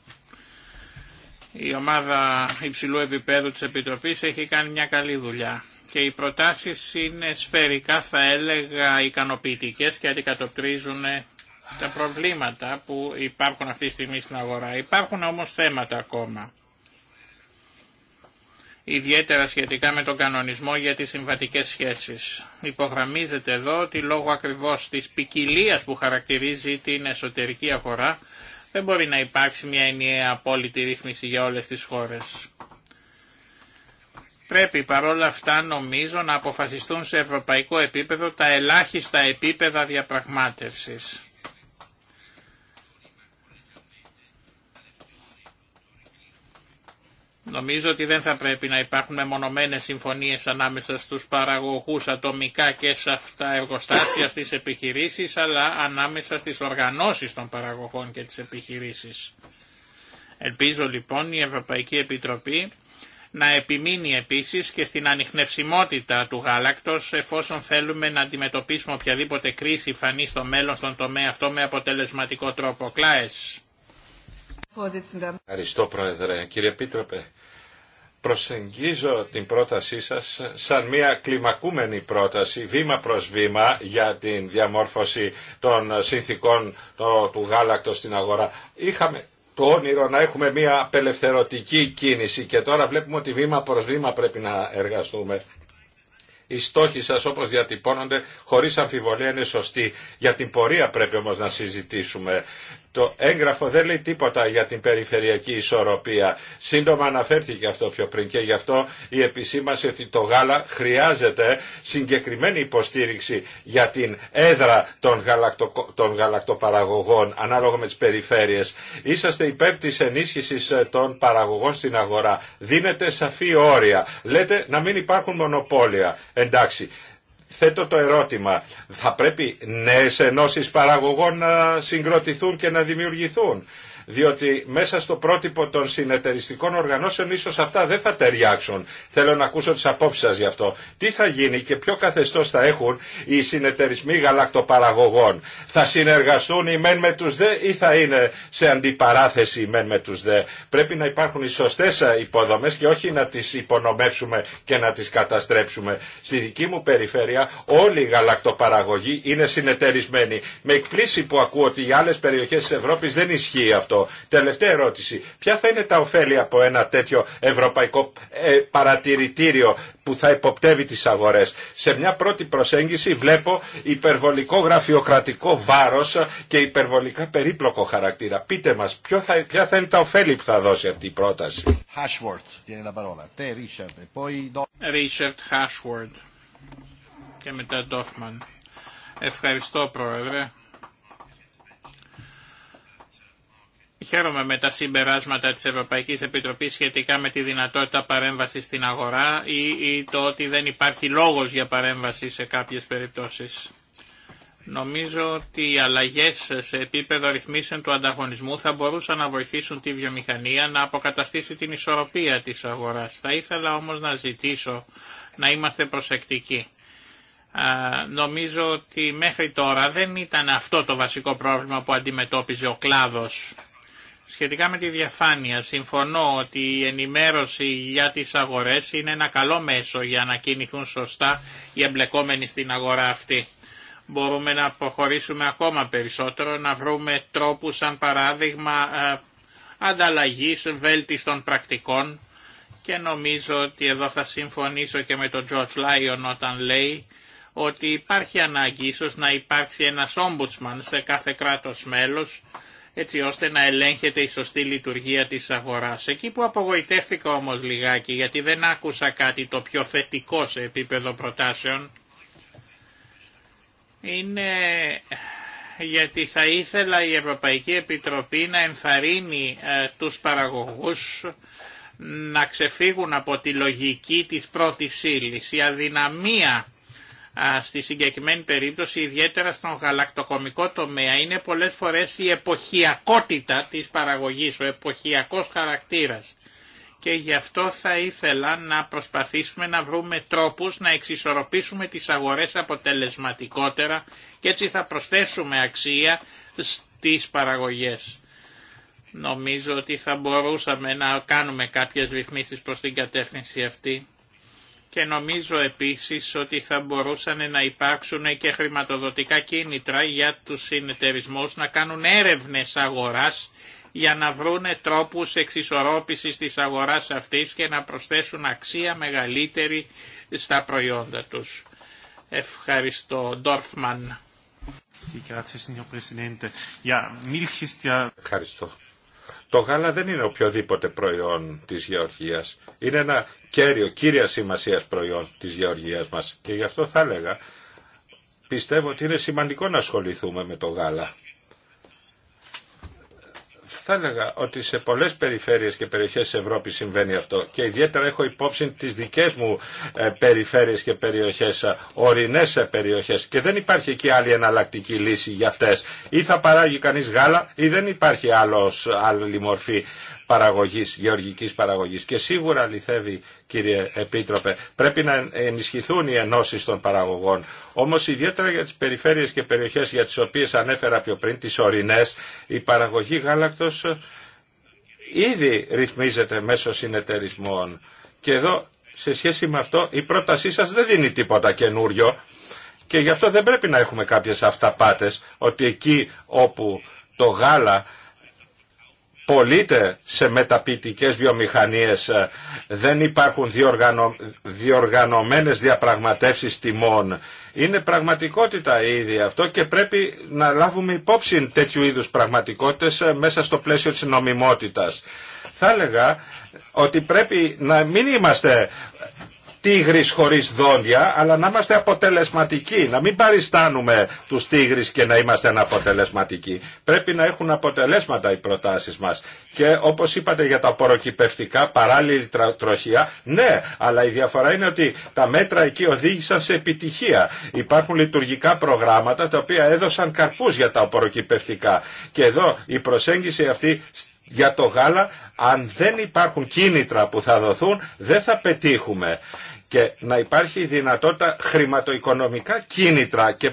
Η ομάδα υψηλού επίπεδου της Επιτροπής έχει κάνει μια καλή δουλειά και οι προτάσεις είναι σφαιρικά θα έλεγα ικανοποιητικές και αντικατοπτρίζουν τα προβλήματα που υπάρχουν αυτή τη στιγμή στην αγορά. Υπάρχουν όμως θέματα ακόμα. Ιδιαίτερα σχετικά με τον κανονισμό για τις συμβατικές σχέσεις. Υπογραμμίζεται εδώ ότι λόγω ακριβώς της ποικιλία που χαρακτηρίζει την εσωτερική αγορά δεν μπορεί να υπάρξει μια ενιαία απόλυτη ρύθμιση για όλες τις χώρες. Πρέπει παρόλα αυτά νομίζω να αποφασιστούν σε ευρωπαϊκό επίπεδο τα ελάχιστα επίπεδα διαπραγμάτευσης. Νομίζω ότι δεν θα πρέπει να υπάρχουν μεμονωμένες συμφωνίες ανάμεσα στους παραγωγούς ατομικά και σε αυτά εργοστάσια στις επιχειρήσεις, αλλά ανάμεσα στις οργανώσεις των παραγωγών και τις επιχειρήσεις. Ελπίζω λοιπόν η Ευρωπαϊκή Επιτροπή να επιμείνει επίσης και στην ανιχνευσιμότητα του γάλακτος εφόσον θέλουμε να αντιμετωπίσουμε οποιαδήποτε κρίση φανεί στο μέλλον στον τομέα αυτό με αποτελεσματικό τρόπο. Κλάες. Ευχαριστώ Πρόεδρε. Κύριε Πίτροπε, προσεγγίζω την πρότασή σας σαν μια κλιμακούμενη πρόταση βήμα προς βήμα για την διαμόρφωση των συνθήκων του γάλακτος στην αγορά. Είχαμε το όνειρο να έχουμε μια απελευθερωτική κίνηση και τώρα βλέπουμε ότι βήμα προς βήμα πρέπει να εργαστούμε οι στόχοι σας όπως διατυπώνονται χωρίς αμφιβολία είναι σωστοί. Για την πορεία πρέπει όμως να συζητήσουμε. Το έγγραφο δεν λέει τίποτα για την περιφερειακή ισορροπία. Σύντομα αναφέρθηκε αυτό πιο πριν και γι' αυτό η επισήμαση ότι το γάλα χρειάζεται συγκεκριμένη υποστήριξη για την έδρα των, γαλακτο, των γαλακτοπαραγωγών ανάλογα με τις περιφέρειες. Είσαστε υπέρ της ενίσχυσης ε, των παραγωγών στην αγορά. Δίνετε σαφή όρια. Λέτε να μην υπάρχουν μονοπόλια. Εντάξει, θέτω το ερώτημα, θα πρέπει νέες ενώσεις παραγωγών να συγκροτηθούν και να δημιουργηθούν διότι μέσα στο πρότυπο των συνεταιριστικών οργανώσεων ίσως αυτά δεν θα ταιριάξουν. Θέλω να ακούσω τις απόψεις σας γι' αυτό. Τι θα γίνει και ποιο καθεστώς θα έχουν οι συνεταιρισμοί γαλακτοπαραγωγών. Θα συνεργαστούν οι μεν με τους δε ή θα είναι σε αντιπαράθεση οι μεν με τους δε. Πρέπει να υπάρχουν οι σωστές υποδομές και όχι να τις υπονομεύσουμε και να τις καταστρέψουμε. Στη δική μου περιφέρεια όλοι οι γαλακτοπαραγωγοί είναι συνεταιρισμένοι. Με εκπλήσει που ακούω ότι οι άλλες περιοχές της Ευρώπης δεν ισχύει αυτό. Τελευταία ερώτηση. Ποια θα είναι τα ωφέλη από ένα τέτοιο ευρωπαϊκό ε, παρατηρητήριο που θα υποπτεύει τις αγορές. Σε μια πρώτη προσέγγιση βλέπω υπερβολικό γραφειοκρατικό βάρος και υπερβολικά περίπλοκο χαρακτήρα. Πείτε μας, ποια θα είναι τα ωφέλη που θα δώσει αυτή η πρόταση. Richard Hashword και μετά Ευχαριστώ Πρόεδρε. Χαίρομαι με τα συμπεράσματα της Ευρωπαϊκής Επιτροπής σχετικά με τη δυνατότητα παρέμβασης στην αγορά ή, το ότι δεν υπάρχει λόγος για παρέμβαση σε κάποιες περιπτώσεις. Νομίζω ότι οι αλλαγές σε επίπεδο ρυθμίσεων του ανταγωνισμού θα μπορούσαν να βοηθήσουν τη βιομηχανία να αποκαταστήσει την ισορροπία της αγοράς. Θα ήθελα όμως να ζητήσω να είμαστε προσεκτικοί. Νομίζω ότι μέχρι τώρα δεν ήταν αυτό το βασικό πρόβλημα που αντιμετώπιζε ο κλάδος Σχετικά με τη διαφάνεια, συμφωνώ ότι η ενημέρωση για τις αγορές είναι ένα καλό μέσο για να κινηθούν σωστά οι εμπλεκόμενοι στην αγορά αυτή. Μπορούμε να προχωρήσουμε ακόμα περισσότερο, να βρούμε τρόπους σαν παράδειγμα ε, ανταλλαγής βέλτιστων πρακτικών και νομίζω ότι εδώ θα συμφωνήσω και με τον George Lyon όταν λέει ότι υπάρχει ανάγκη ίσως να υπάρξει ένας ombudsman σε κάθε κράτος μέλος έτσι ώστε να ελέγχεται η σωστή λειτουργία της αγοράς. Εκεί που απογοητεύτηκα όμως λιγάκι, γιατί δεν άκουσα κάτι το πιο θετικό σε επίπεδο προτάσεων, είναι γιατί θα ήθελα η Ευρωπαϊκή Επιτροπή να ενθαρρύνει ε, τους παραγωγούς να ξεφύγουν από τη λογική της πρώτης ύλης. Η αδυναμία στη συγκεκριμένη περίπτωση ιδιαίτερα στον γαλακτοκομικό τομέα είναι πολλές φορές η εποχιακότητα της παραγωγής, ο εποχιακός χαρακτήρας. Και γι' αυτό θα ήθελα να προσπαθήσουμε να βρούμε τρόπους να εξισορροπήσουμε τις αγορές αποτελεσματικότερα και έτσι θα προσθέσουμε αξία στις παραγωγές. Νομίζω ότι θα μπορούσαμε να κάνουμε κάποιες ρυθμίσεις προς την κατεύθυνση αυτή και νομίζω επίσης ότι θα μπορούσαν να υπάρξουν και χρηματοδοτικά κίνητρα για τους συνεταιρισμούς να κάνουν έρευνες αγοράς για να βρουν τρόπους εξισορρόπησης της αγοράς αυτής και να προσθέσουν αξία μεγαλύτερη στα προϊόντα τους. Ευχαριστώ. Ντόρφμαν. Ευχαριστώ. Το γάλα δεν είναι οποιοδήποτε προϊόν της γεωργίας. Είναι ένα κέριο, κύρια σημασίας προϊόν της γεωργίας μας. Και γι' αυτό θα έλεγα, πιστεύω ότι είναι σημαντικό να ασχοληθούμε με το γάλα. Θα έλεγα ότι σε πολλές περιφέρειες και περιοχές της Ευρώπης συμβαίνει αυτό και ιδιαίτερα έχω υπόψη τις δικές μου ε, περιφέρειες και περιοχές, ε, ορεινές ε, περιοχές και δεν υπάρχει εκεί άλλη εναλλακτική λύση για αυτές. Ή θα παράγει κανείς γάλα ή δεν υπάρχει άλλος, άλλη μορφή παραγωγής, γεωργικής παραγωγής. Και σίγουρα αληθεύει κύριε Επίτροπε, πρέπει να ενισχυθούν οι ενώσεις των παραγωγών. Όμως ιδιαίτερα για τις περιφέρειες και περιοχές για τις οποίες ανέφερα πιο πριν, τις ορεινές, η παραγωγή γάλακτος ήδη ρυθμίζεται μέσω συνεταιρισμών. Και εδώ σε σχέση με αυτό η πρότασή σας δεν δίνει τίποτα καινούριο και γι' αυτό δεν πρέπει να έχουμε κάποιες αυταπάτες ότι εκεί όπου το γάλα πωλείται σε μεταποιητικές βιομηχανίες. Ε, δεν υπάρχουν διοργανω... διοργανωμένες διαπραγματεύσεις τιμών. Είναι πραγματικότητα ήδη αυτό και πρέπει να λάβουμε υπόψη τέτοιου είδους πραγματικότητες ε, μέσα στο πλαίσιο της νομιμότητας. Θα έλεγα ότι πρέπει να μην είμαστε τίγρης χωρίς δόντια, αλλά να είμαστε αποτελεσματικοί, να μην παριστάνουμε τους τίγρης και να είμαστε αναποτελεσματικοί. Πρέπει να έχουν αποτελέσματα οι προτάσεις μας. Και όπως είπατε για τα ποροκυπευτικά, παράλληλη τροχιά, ναι, αλλά η διαφορά είναι ότι τα μέτρα εκεί οδήγησαν σε επιτυχία. Υπάρχουν λειτουργικά προγράμματα τα οποία έδωσαν καρπούς για τα ποροκυπευτικά. Και εδώ η προσέγγιση αυτή για το γάλα, αν δεν υπάρχουν κίνητρα που θα δοθούν, δεν θα πετύχουμε και να υπάρχει δυνατότητα χρηματοοικονομικά κίνητρα και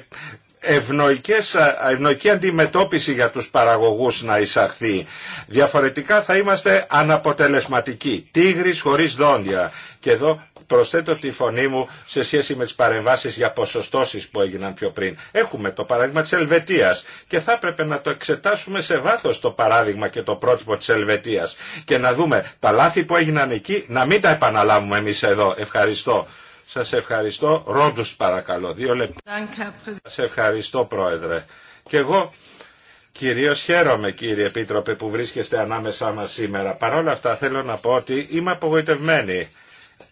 ευνοϊκές, ευνοϊκή αντιμετώπιση για τους παραγωγούς να εισαχθεί. Διαφορετικά θα είμαστε αναποτελεσματικοί. Τίγρης χωρίς δόντια. Και εδώ προσθέτω τη φωνή μου σε σχέση με τις παρεμβάσεις για ποσοστώσεις που έγιναν πιο πριν. Έχουμε το παράδειγμα της Ελβετίας και θα έπρεπε να το εξετάσουμε σε βάθος το παράδειγμα και το πρότυπο της Ελβετίας και να δούμε τα λάθη που έγιναν εκεί να μην τα επαναλάβουμε εμείς εδώ. Ευχαριστώ. Σας ευχαριστώ. Ρόντους παρακαλώ. Δύο λεπτά. Σας ευχαριστώ Πρόεδρε. Και εγώ Κυρίως χαίρομαι κύριε Επίτροπε που βρίσκεστε ανάμεσά μας σήμερα. Παρ' όλα αυτά θέλω να πω ότι είμαι απογοητευμένη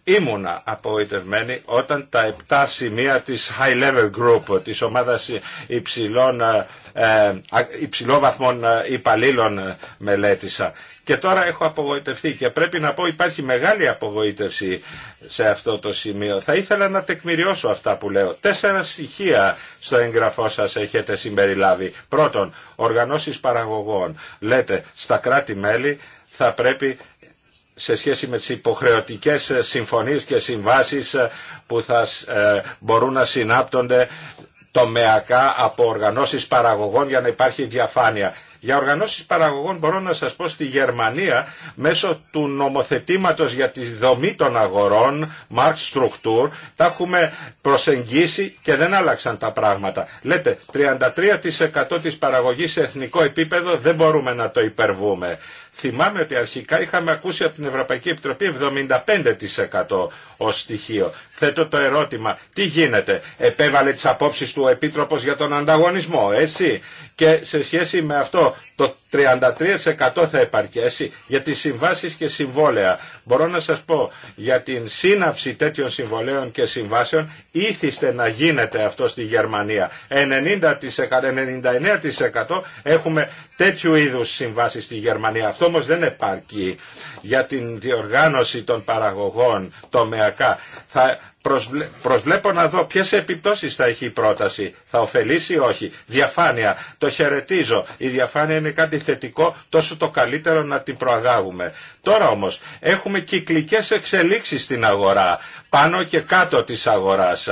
ήμουνα απογοητευμένη όταν τα επτά σημεία της High Level Group, της ομάδας υψηλών, ε, ε, υψηλών βαθμών ε, υπαλλήλων μελέτησα. Και τώρα έχω απογοητευτεί και πρέπει να πω υπάρχει μεγάλη απογοήτευση σε αυτό το σημείο. Θα ήθελα να τεκμηριώσω αυτά που λέω. Τέσσερα στοιχεία στο έγγραφό σας έχετε συμπεριλάβει. Πρώτον, οργανώσεις παραγωγών. Λέτε, στα κράτη-μέλη θα πρέπει σε σχέση με τις υποχρεωτικές ε, συμφωνίες και συμβάσεις ε, που θα ε, μπορούν να συνάπτονται τομεακά από οργανώσεις παραγωγών για να υπάρχει διαφάνεια. Για οργανώσεις παραγωγών μπορώ να σας πω στη Γερμανία μέσω του νομοθετήματος για τη δομή των αγορών, Mark Structure, τα έχουμε προσεγγίσει και δεν άλλαξαν τα πράγματα. Λέτε, 33% της παραγωγής σε εθνικό επίπεδο δεν μπορούμε να το υπερβούμε. Θυμάμαι ότι αρχικά είχαμε ακούσει από την Ευρωπαϊκή Επιτροπή 75% ως στοιχείο. Θέτω το ερώτημα, τι γίνεται, επέβαλε τις απόψεις του ο Επίτροπος για τον ανταγωνισμό, έτσι. Και σε σχέση με αυτό, το 33% θα επαρκέσει για τις συμβάσεις και συμβόλαια. Μπορώ να σας πω για την σύναψη τέτοιων συμβολέων και συμβάσεων ήθιστε να γίνεται αυτό στη Γερμανία. 90%, 99% έχουμε τέτοιου είδους συμβάσεις στη Γερμανία. Αυτό όμως δεν επαρκεί για την διοργάνωση των παραγωγών τομεακά. Θα Προσβλέπω να δω ποιες επιπτώσεις θα έχει η πρόταση. Θα ωφελήσει ή όχι. Διαφάνεια. Το χαιρετίζω. Η διαφάνεια είναι είναι κάτι θετικό, τόσο το καλύτερο να την προαγάγουμε. Τώρα όμως έχουμε κυκλικές εξελίξεις στην αγορά, πάνω και κάτω της αγοράς,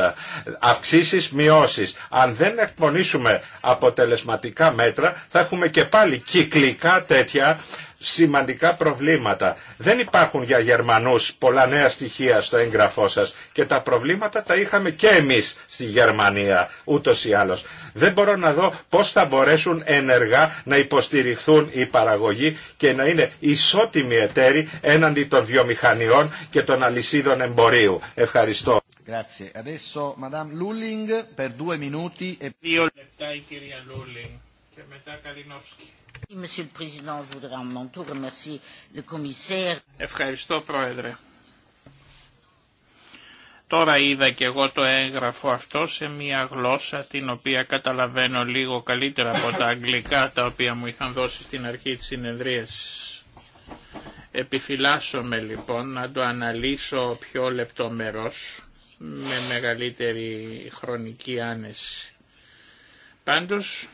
αυξήσεις, μειώσεις. Αν δεν εκπονήσουμε αποτελεσματικά μέτρα θα έχουμε και πάλι κυκλικά τέτοια σημαντικά προβλήματα. Δεν υπάρχουν για Γερμανούς πολλά νέα στοιχεία στο έγγραφό σας και τα προβλήματα τα είχαμε και εμείς στη Γερμανία ούτως ή άλλως. Δεν μπορώ να δω πώς θα μπορέσουν ενεργά να υποστηριχθούν οι παραγωγοί και να είναι ισότιμοι εταίροι έναντι των βιομηχανιών και των αλυσίδων εμπορίου. Ευχαριστώ. Grazie. Adesso Madame Lulling per due minuti e... Δύο λεπτά Ευχαριστώ Πρόεδρε. Τώρα είδα και εγώ το έγγραφο αυτό σε μια γλώσσα την οποία καταλαβαίνω λίγο καλύτερα από τα αγγλικά τα οποία μου είχαν δώσει στην αρχή της συνεδρίας. Επιφυλάσσομαι λοιπόν να το αναλύσω πιο λεπτομερώς με μεγαλύτερη χρονική άνεση. Πάντως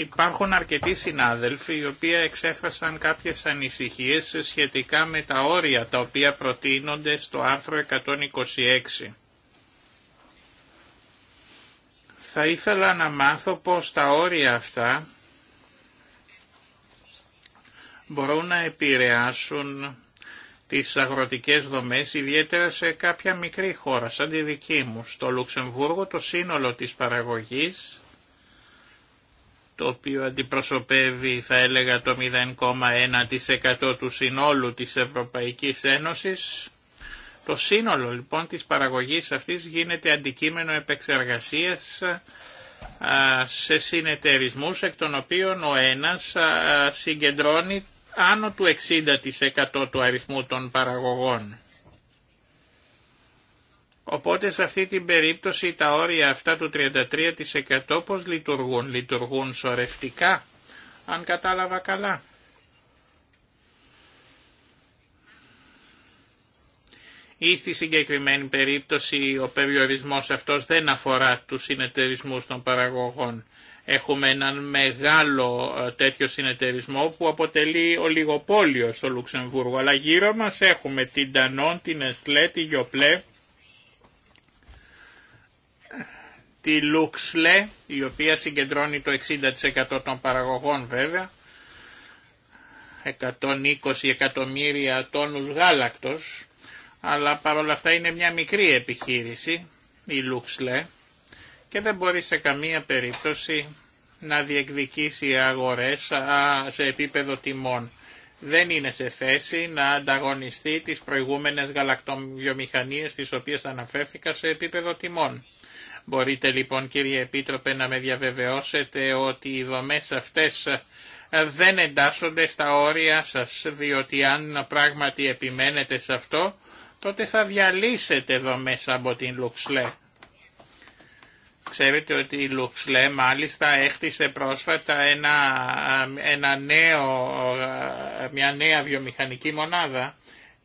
Υπάρχουν αρκετοί συνάδελφοι οι οποίοι εξέφασαν κάποιες ανησυχίες σχετικά με τα όρια τα οποία προτείνονται στο άρθρο 126. Θα ήθελα να μάθω πως τα όρια αυτά μπορούν να επηρεάσουν τις αγροτικές δομές, ιδιαίτερα σε κάποια μικρή χώρα, σαν τη δική μου. Στο Λουξεμβούργο το σύνολο της παραγωγής το οποίο αντιπροσωπεύει θα έλεγα το 0,1% του συνόλου της Ευρωπαϊκής Ένωσης. Το σύνολο λοιπόν της παραγωγής αυτής γίνεται αντικείμενο επεξεργασίας σε συνεταιρισμούς εκ των οποίων ο ένας συγκεντρώνει άνω του 60% του αριθμού των παραγωγών. Οπότε σε αυτή την περίπτωση τα όρια αυτά του 33% πώς λειτουργούν, λειτουργούν σωρευτικά, αν κατάλαβα καλά. Ή στη συγκεκριμένη περίπτωση ο περιορισμός αυτός δεν αφορά τους συνεταιρισμούς των παραγωγών. Έχουμε έναν μεγάλο ε, τέτοιο συνεταιρισμό που αποτελεί ολιγοπόλιο στο Λουξεμβούργο, αλλά γύρω μας έχουμε την Τανόν, την Εστλέ, τη Γιοπλέ, τη Λουξλέ, η οποία συγκεντρώνει το 60% των παραγωγών βέβαια, 120 εκατομμύρια τόνους γάλακτος, αλλά παρόλα αυτά είναι μια μικρή επιχείρηση, η Λουξλέ, και δεν μπορεί σε καμία περίπτωση να διεκδικήσει αγορές σε επίπεδο τιμών. Δεν είναι σε θέση να ανταγωνιστεί τις προηγούμενες γαλακτοβιομηχανίες τις οποίες αναφέρθηκα σε επίπεδο τιμών. Μπορείτε λοιπόν κύριε Επίτροπε να με διαβεβαιώσετε ότι οι δομές αυτές ε, δεν εντάσσονται στα όρια σας, διότι αν πράγματι επιμένετε σε αυτό, τότε θα διαλύσετε δομές από την Λουξλέ. Ξέρετε ότι η Λουξλέ μάλιστα έχτισε πρόσφατα ένα, ε, ένα νέο, ε, μια νέα βιομηχανική μονάδα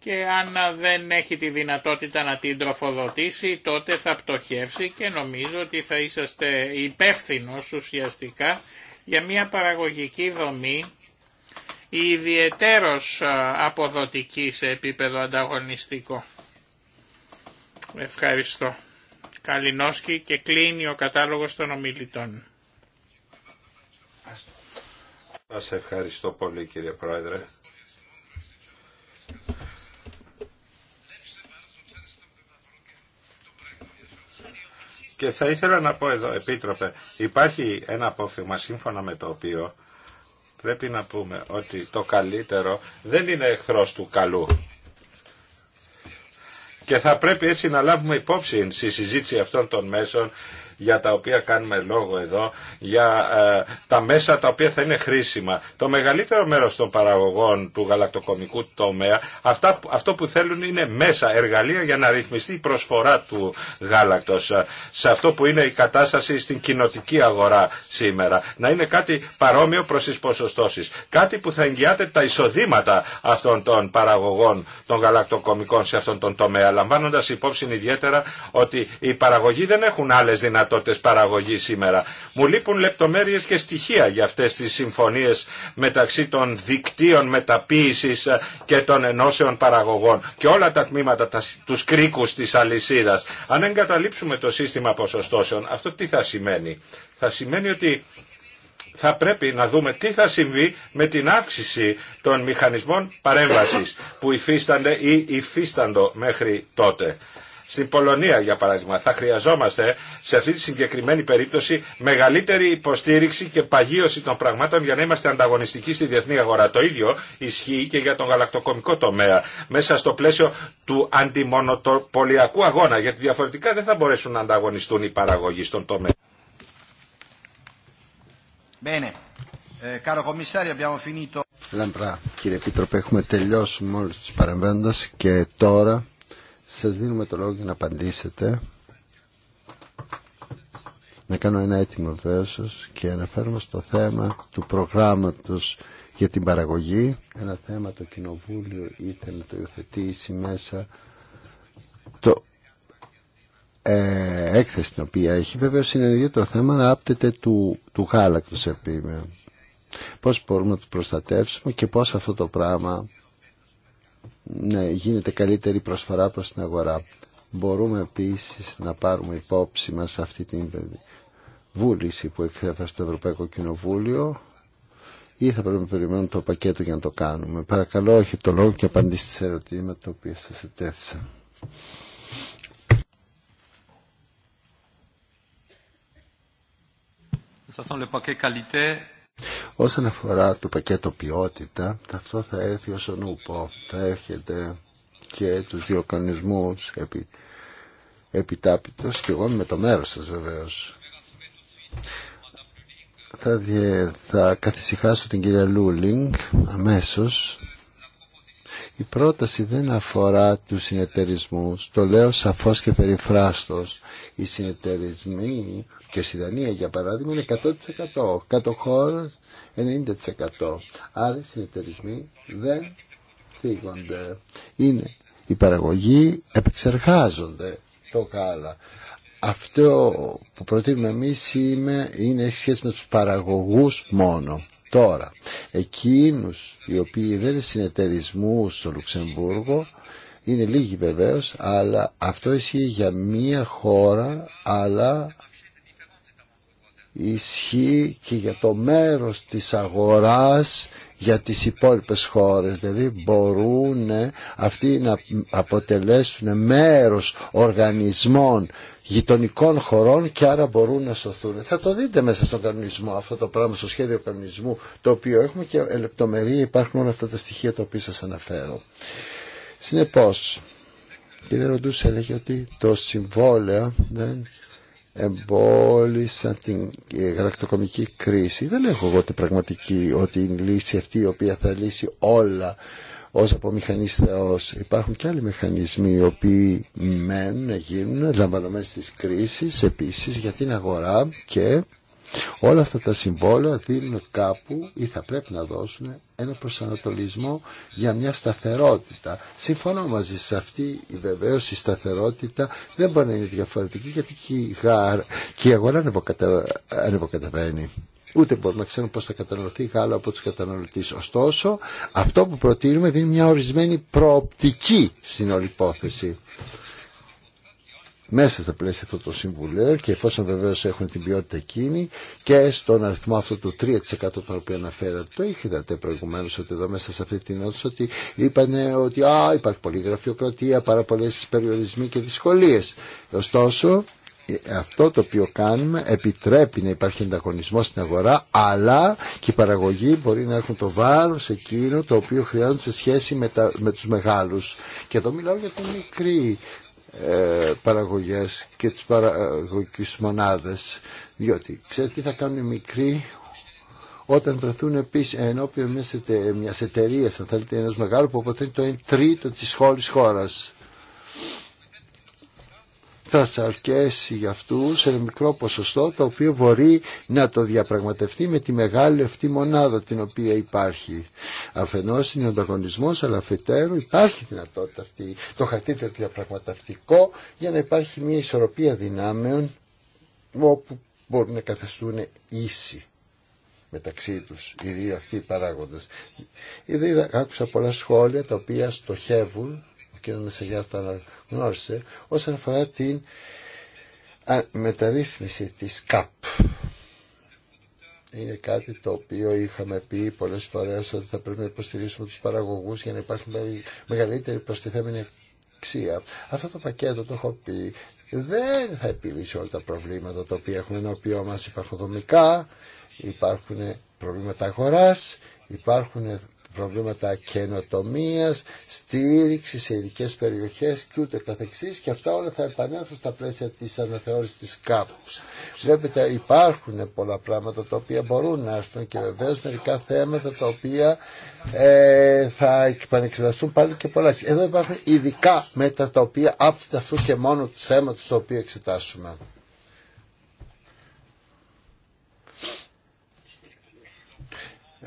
και αν δεν έχει τη δυνατότητα να την τροφοδοτήσει τότε θα πτωχεύσει και νομίζω ότι θα είσαστε υπεύθυνο ουσιαστικά για μια παραγωγική δομή ιδιαιτέρως αποδοτική σε επίπεδο ανταγωνιστικό. Ευχαριστώ. Καλινόσκι και κλείνει ο κατάλογος των ομιλητών. Σας ευχαριστώ πολύ κύριε Πρόεδρε. Και θα ήθελα να πω εδώ, Επίτροπε, υπάρχει ένα απόφημα σύμφωνα με το οποίο πρέπει να πούμε ότι το καλύτερο δεν είναι εχθρός του καλού. Και θα πρέπει έτσι να λάβουμε υπόψη στη συζήτηση αυτών των μέσων για τα οποία κάνουμε λόγο εδώ, για ε, τα μέσα τα οποία θα είναι χρήσιμα. Το μεγαλύτερο μέρος των παραγωγών του γαλακτοκομικού τομέα, αυτά, αυτό που θέλουν είναι μέσα, εργαλεία για να ρυθμιστεί η προσφορά του γάλακτος ε, σε αυτό που είναι η κατάσταση στην κοινοτική αγορά σήμερα. Να είναι κάτι παρόμοιο προς τις ποσοστώσεις. Κάτι που θα εγγυάται τα εισοδήματα αυτών των παραγωγών των γαλακτοκομικών σε αυτόν τον τομέα, λαμβάνοντας υπόψη ιδιαίτερα ότι οι παραγωγοί δεν έχουν άλλες δυνατότητες δυνατότητες παραγωγής σήμερα. Μου λείπουν λεπτομέρειες και στοιχεία για αυτές τις συμφωνίες μεταξύ των δικτύων μεταποίησης ε, και των ενώσεων παραγωγών και όλα τα τμήματα, τους κρίκους της αλυσίδας. Αν εγκαταλείψουμε το σύστημα ποσοστώσεων, αυτό τι θα σημαίνει. Θα σημαίνει ότι θα πρέπει να δούμε τι θα συμβεί με την αύξηση των μηχανισμών παρέμβασης που υφίστανται ή υφίσταντο μέχρι τότε. Στην Πολωνία, για παράδειγμα, θα χρειαζόμαστε σε αυτή τη συγκεκριμένη περίπτωση μεγαλύτερη υποστήριξη και παγίωση των πραγμάτων για να είμαστε ανταγωνιστικοί στη διεθνή αγορά. Το ίδιο ισχύει και για τον γαλακτοκομικό τομέα, μέσα στο πλαίσιο του αντιμονοπολιακού αγώνα, γιατί διαφορετικά δεν θα μπορέσουν να ανταγωνιστούν οι παραγωγοί στον τομέα. Ε, κύριε Επίτροπε, έχουμε τελειώσει μόλις τις παρεμβαίνοντας και τώρα σας δίνουμε το λόγο για να απαντήσετε. Να κάνω ένα έτοιμο βέβαια και αναφέρουμε στο θέμα του προγράμματος για την παραγωγή. Ένα θέμα το Κοινοβούλιο ήθελε να το υιοθετήσει μέσα το ε, έκθεση την οποία έχει. Βέβαια είναι ιδιαίτερο θέμα να άπτεται του, του γάλακτος Πώ Πώς μπορούμε να το προστατεύσουμε και πώς αυτό το πράγμα να γίνεται καλύτερη προσφορά προς την αγορά. Μπορούμε επίσης να πάρουμε υπόψη μας αυτή την βούληση που εκέφερα στο Ευρωπαϊκό Κοινοβούλιο ή θα πρέπει να περιμένουμε το πακέτο για να το κάνουμε. Παρακαλώ, έχει το λόγο και απαντήστε σε ερωτήματα τα οποία σας ετέθησα. De le paquet Όσον αφορά το πακέτο ποιότητα, αυτό θα έρθει ως ούπο. Θα έρχεται και τους δύο κανονισμούς επί, επιτάπητος και εγώ με το μέρος σας βεβαίως. Θα, διε, θα καθησυχάσω την κυρία Λούλινγκ αμέσως. Η πρόταση δεν αφορά τους συνεταιρισμούς, το λέω σαφώς και περιφράστος. Οι συνεταιρισμοί και στη Δανία για παράδειγμα είναι 100% κάτω χώρο 90% άρα οι συνεταιρισμοί δεν θίγονται είναι οι παραγωγοί επεξεργάζονται το γάλα αυτό που προτείνουμε εμείς είναι, είναι σχέση με τους παραγωγούς μόνο τώρα εκείνους οι οποίοι δεν είναι συνεταιρισμού στο Λουξεμβούργο είναι λίγοι βεβαίω, αλλά αυτό ισχύει για μία χώρα, αλλά ισχύει και για το μέρος της αγοράς για τις υπόλοιπες χώρες δηλαδή μπορούν αυτοί να αποτελέσουν μέρος οργανισμών γειτονικών χωρών και άρα μπορούν να σωθούν θα το δείτε μέσα στον κανονισμό αυτό το πράγμα στο σχέδιο κανονισμού το οποίο έχουμε και ελεπτομερή υπάρχουν όλα αυτά τα στοιχεία τα οποία σας αναφέρω συνεπώς κύριε Ροντούς έλεγε ότι το συμβόλαιο δεν σαν την ε, γαλακτοκομική κρίση. Δεν έχω εγώ την πραγματική ότι η λύση αυτή η οποία θα λύσει όλα ως απομηχανής θεός. Υπάρχουν και άλλοι μηχανισμοί οι οποίοι μένουν, να γίνουν λαμβανωμένες της κρίσης επίσης για την αγορά και Όλα αυτά τα συμβόλαια δίνουν κάπου ή θα πρέπει να δώσουν ένα προσανατολισμό για μια σταθερότητα. Συμφωνώ μαζί σε αυτή η βεβαίωση, η σταθερότητα δεν μπορεί να είναι διαφορετική γιατί και η αγορά ανεβοκαταβαίνει. Ούτε μπορούμε να ξέρουμε πώ θα καταναλωθεί γάλα από του καταναλωτέ. Ωστόσο, αυτό που προτείνουμε δίνει μια ορισμένη προοπτική στην όλη υπόθεση μέσα στα πλαίσια αυτό το συμβουλίο και εφόσον βεβαίως έχουν την ποιότητα εκείνη και στον αριθμό αυτό του 3% τον οποίο αναφέρατε το είχατε προηγουμένω ότι εδώ μέσα σε αυτή την νόση ότι είπανε ότι α, υπάρχει πολλή γραφειοκρατία, πάρα πολλέ περιορισμοί και δυσκολίες. Ωστόσο ε, αυτό το οποίο κάνουμε επιτρέπει να υπάρχει ανταγωνισμό στην αγορά αλλά και οι παραγωγοί μπορεί να έχουν το βάρος εκείνο το οποίο χρειάζονται σε σχέση με, τα, με τους μεγάλους και εδώ μιλάω για την μικρή ε, παραγωγές και τις παραγωγικές μονάδες διότι ξέρετε τι θα κάνουν οι μικροί όταν βρεθούν επίση ενώπιον μια εταιρεία, αν θέλετε, ενό μεγάλου που αποθέτει το τρίτο τη χώρη χώρα θα αρκέσει για αυτού σε ένα μικρό ποσοστό το οποίο μπορεί να το διαπραγματευτεί με τη μεγάλη αυτή μονάδα την οποία υπάρχει. Αφενός είναι ο ανταγωνισμός αλλά αφετέρου υπάρχει δυνατότητα αυτή, το χαρτί το διαπραγματευτικό για να υπάρχει μια ισορροπία δυνάμεων όπου μπορούν να καθεστούν ίσοι μεταξύ τους οι δύο αυτοί οι παράγοντες. Ήδη άκουσα πολλά σχόλια τα οποία στοχεύουν και για το αναγνώρισε όσον αφορά την μεταρρύθμιση της ΚΑΠ. Είναι κάτι το οποίο είχαμε πει πολλές φορές ότι θα πρέπει να υποστηρίσουμε τους παραγωγούς για να υπάρχει μεγαλύτερη προστιθέμενη αξία. Αυτό το πακέτο το έχω πει δεν θα επιλύσει όλα τα προβλήματα τα οποία έχουμε ενώπιό μας υπάρχουν δομικά, υπάρχουν προβλήματα αγοράς, υπάρχουν προβλήματα καινοτομία, στήριξη σε ειδικέ περιοχέ και ούτε καθεξή. και αυτά όλα θα επανέλθουν στα πλαίσια τη αναθεώρηση τη ΚΑΠ. Βλέπετε υπάρχουν πολλά πράγματα τα οποία μπορούν να έρθουν και βεβαίω μερικά θέματα τα οποία ε, θα επανεξεταστούν πάλι και πολλά. Εδώ υπάρχουν ειδικά μέτρα τα οποία άπτονται αυτού και μόνο του θέματο το οποίο εξετάσουμε.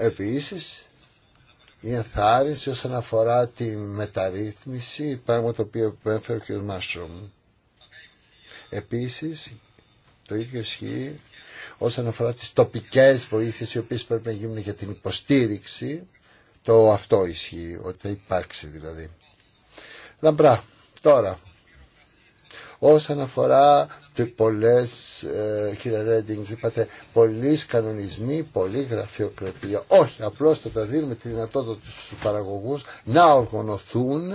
Επίσης, η ενθάρρυνση όσον αφορά τη μεταρρύθμιση, πράγμα το οποίο έφερε ο κ. Επίσης, το ίδιο ισχύει όσον αφορά τις τοπικές βοήθειες οι οποίες πρέπει να γίνουν για την υποστήριξη, το αυτό ισχύει, ότι θα υπάρξει δηλαδή. Λαμπρά, τώρα, Όσον αφορά πολλές, ε, κύριε Ρέντινγκ, είπατε πολλοί κανονισμοί, πολλή γραφειοκρατία. Όχι, απλώ θα τα δίνουμε τη δυνατότητα στους παραγωγούς να οργανωθούν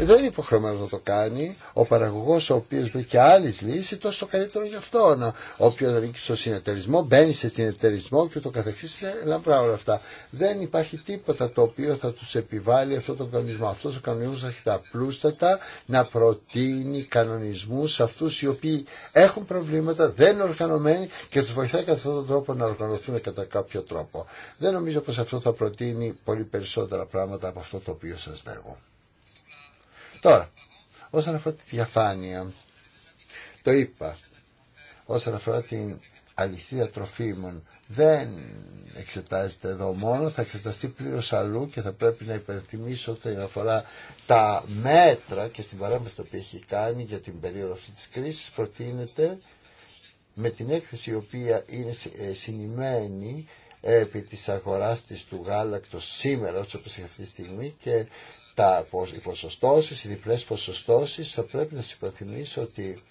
ε, δεν είναι υποχρεωμένο να το κάνει. Ο παραγωγό, ο οποίο βρήκε άλλη λύση, τόσο το καλύτερο για αυτόν. Όποιο ανήκει στο συνεταιρισμό, μπαίνει σε συνεταιρισμό και το καθεξή λαμπρά όλα αυτά. Δεν υπάρχει τίποτα το οποίο θα του επιβάλλει αυτό τον κανονισμό. Αυτό ο κανονισμό θα έχει τα πλούστατα να προτείνει κανονισμού σε αυτού οι οποίοι έχουν προβλήματα, δεν είναι οργανωμένοι και του βοηθάει κατά αυτόν τον τρόπο να οργανωθούν κατά κάποιο τρόπο. Δεν νομίζω πω αυτό θα προτείνει πολύ περισσότερα πράγματα από αυτό το οποίο σα λέγω. Τώρα, όσον αφορά τη διαφάνεια, το είπα, όσον αφορά την αληθεία τροφίμων, δεν εξετάζεται εδώ μόνο, θα εξεταστεί πλήρως αλλού και θα πρέπει να υπενθυμίσω ότι αφορά τα μέτρα και στην παρέμβαση που έχει κάνει για την περίοδο αυτή της κρίσης προτείνεται με την έκθεση η οποία είναι ε, συνημένη επί της αγοράς του γάλακτος σήμερα όπως έχει αυτή τη στιγμή και τα, οι ποσοστώσεις, οι διπλές ποσοστώσεις θα πρέπει να συμπαθυνήσω ότι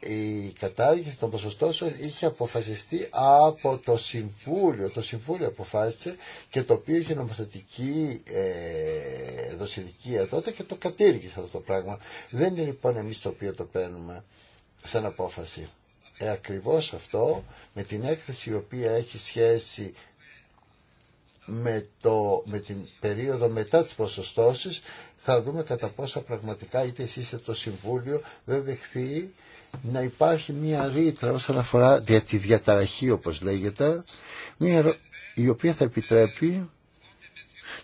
η, κατάργηση των ποσοστώσεων είχε αποφασιστεί από το Συμβούλιο. Το Συμβούλιο αποφάσισε και το οποίο είχε νομοθετική ε, δοσηδικία τότε και το κατήργησε αυτό το πράγμα. Δεν είναι λοιπόν εμείς το οποίο το παίρνουμε σαν απόφαση. Ε, ακριβώς αυτό με την έκθεση η οποία έχει σχέση με, το, με την περίοδο μετά τις ποσοστώσεις θα δούμε κατά πόσα πραγματικά είτε εσείς είτε το Συμβούλιο δεν δεχθεί να υπάρχει μια ρήτρα όσον αφορά τη διαταραχή όπως λέγεται μια, η οποία θα επιτρέπει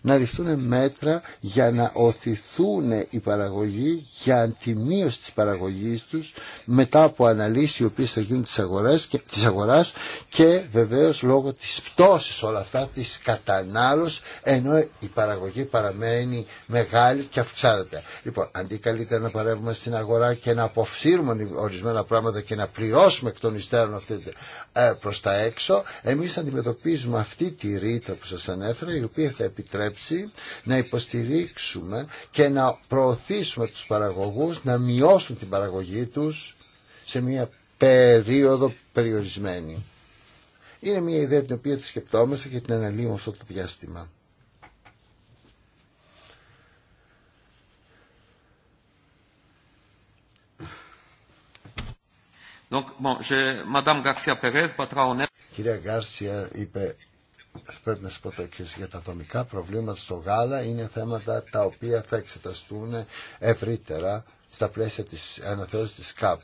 να ληφθούν μέτρα για να οθηθούν οι παραγωγοί για τη μείωση της παραγωγής τους μετά από αναλύσεις οι οποίες θα γίνουν της αγοράς και, της αγοράς και βεβαίως λόγω της πτώσης όλα αυτά της κατανάλωσης ενώ η παραγωγή παραμένει μεγάλη και αυξάνεται. Λοιπόν, αντί καλύτερα να παρεύουμε στην αγορά και να αποφύρουμε ορισμένα πράγματα και να πληρώσουμε εκ των υστέρων αυτή, ε, προς τα έξω, εμείς αντιμετωπίζουμε αυτή τη ρήτρα που σας ανέφερα η οποία θα επιτρέπει να υποστηρίξουμε και να προωθήσουμε τους παραγωγούς να μειώσουν την παραγωγή τους σε μια περίοδο περιορισμένη. Είναι μια ιδέα την οποία τη σκεπτόμαστε και την αναλύουμε αυτό το διάστημα. Donc, bon, je, Garcia Perez, Κυρία Γκάρσια είπε πρέπει να σας πω το για τα δομικά προβλήματα στο γάλα είναι θέματα τα οποία θα εξεταστούν ευρύτερα στα πλαίσια της αναθεώρησης της ΚΑΠ.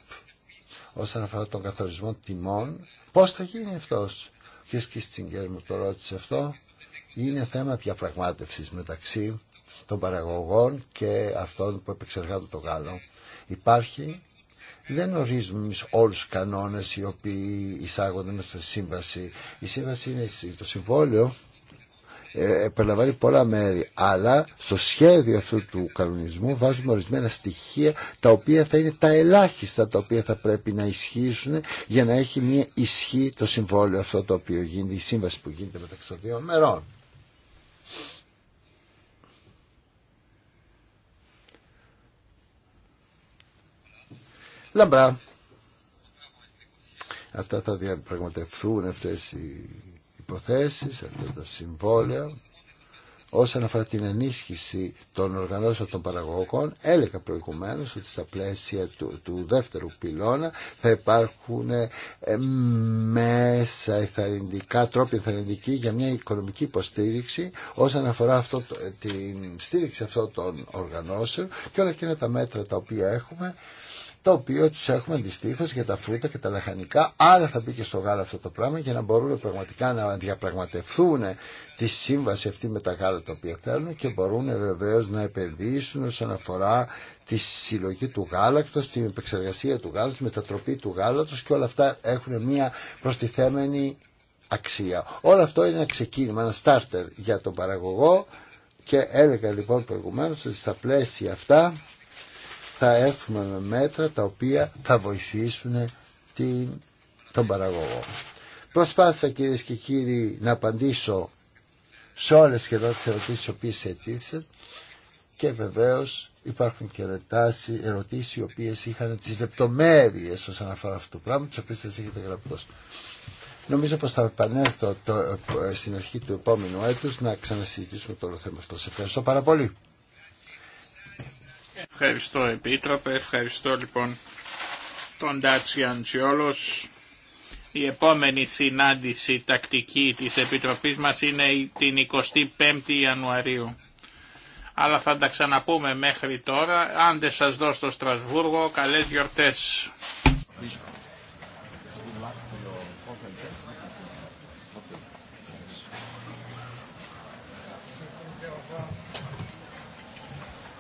Όσον αφορά τον καθορισμό τιμών, πώς θα γίνει αυτός. Και Κίστιγκερ μου το ρώτησε αυτό. Είναι θέμα διαπραγμάτευσης μεταξύ των παραγωγών και αυτών που επεξεργάζονται το γάλα. Υπάρχει δεν ορίζουμε εμεί όλου του κανόνε οι οποίοι εισάγονται μέσα στη σύμβαση. Η σύμβαση είναι το συμβόλαιο ε, περιλαμβάνει πολλά μέρη αλλά στο σχέδιο αυτού του κανονισμού βάζουμε ορισμένα στοιχεία τα οποία θα είναι τα ελάχιστα τα οποία θα πρέπει να ισχύσουν για να έχει μια ισχύ το συμβόλαιο αυτό το οποίο γίνεται η σύμβαση που γίνεται μεταξύ των δύο μερών λαμπρά. Αυτά θα διαπραγματευτούν αυτές οι υποθέσεις, αυτά τα συμβόλαια. Όσον αφορά την ενίσχυση των οργανώσεων των παραγωγών, έλεγα προηγουμένω ότι στα πλαίσια του, δεύτερου πυλώνα θα υπάρχουν ε, μέσα εθαρρυντικά, τρόποι εθαρρυντικοί για μια οικονομική υποστήριξη όσον αφορά αυτό, ε, την στήριξη αυτών των οργανώσεων και όλα εκείνα τα μέτρα τα οποία έχουμε το οποίο τους έχουμε αντιστοίχω για τα φρούτα και τα λαχανικά, άρα θα μπει και στο γάλα αυτό το πράγμα για να μπορούν πραγματικά να διαπραγματευτούν τη σύμβαση αυτή με τα γάλα τα οποία θέλουν και μπορούν βεβαίως να επενδύσουν όσον αφορά τη συλλογή του γάλακτο, την επεξεργασία του γάλα, τη μετατροπή του γάλακτος και όλα αυτά έχουν μια προστιθέμενη αξία. Όλο αυτό είναι ένα ξεκίνημα, ένα starter για τον παραγωγό και έλεγα λοιπόν προηγουμένως ότι στα πλαίσια αυτά θα έρθουμε με μέτρα τα οποία θα βοηθήσουν την, τον παραγωγό. Προσπάθησα κυρίε και κύριοι να απαντήσω σε όλες και τις ερωτήσεις οι οποίες αιτήθησαν και βεβαίως υπάρχουν και ερωτάσεις, ερωτήσεις οι οποίες είχαν τις λεπτομέρειε όσον αφορά αυτό το πράγμα, τις οποίες δεν έχετε γραπτώσει. Νομίζω πως θα επανέλθω ε, ε, στην αρχή του επόμενου έτους να ξανασυζητήσουμε το θέμα αυτό. Σε ευχαριστώ πάρα πολύ. Ευχαριστώ Επίτροπε, ευχαριστώ λοιπόν τον Τάτσι Αντσιόλος. Η επόμενη συνάντηση τακτική της Επιτροπής μας είναι την 25η Ιανουαρίου. Αλλά θα τα ξαναπούμε μέχρι τώρα. Αν δεν σας δω στο Στρασβούργο, καλές γιορτές.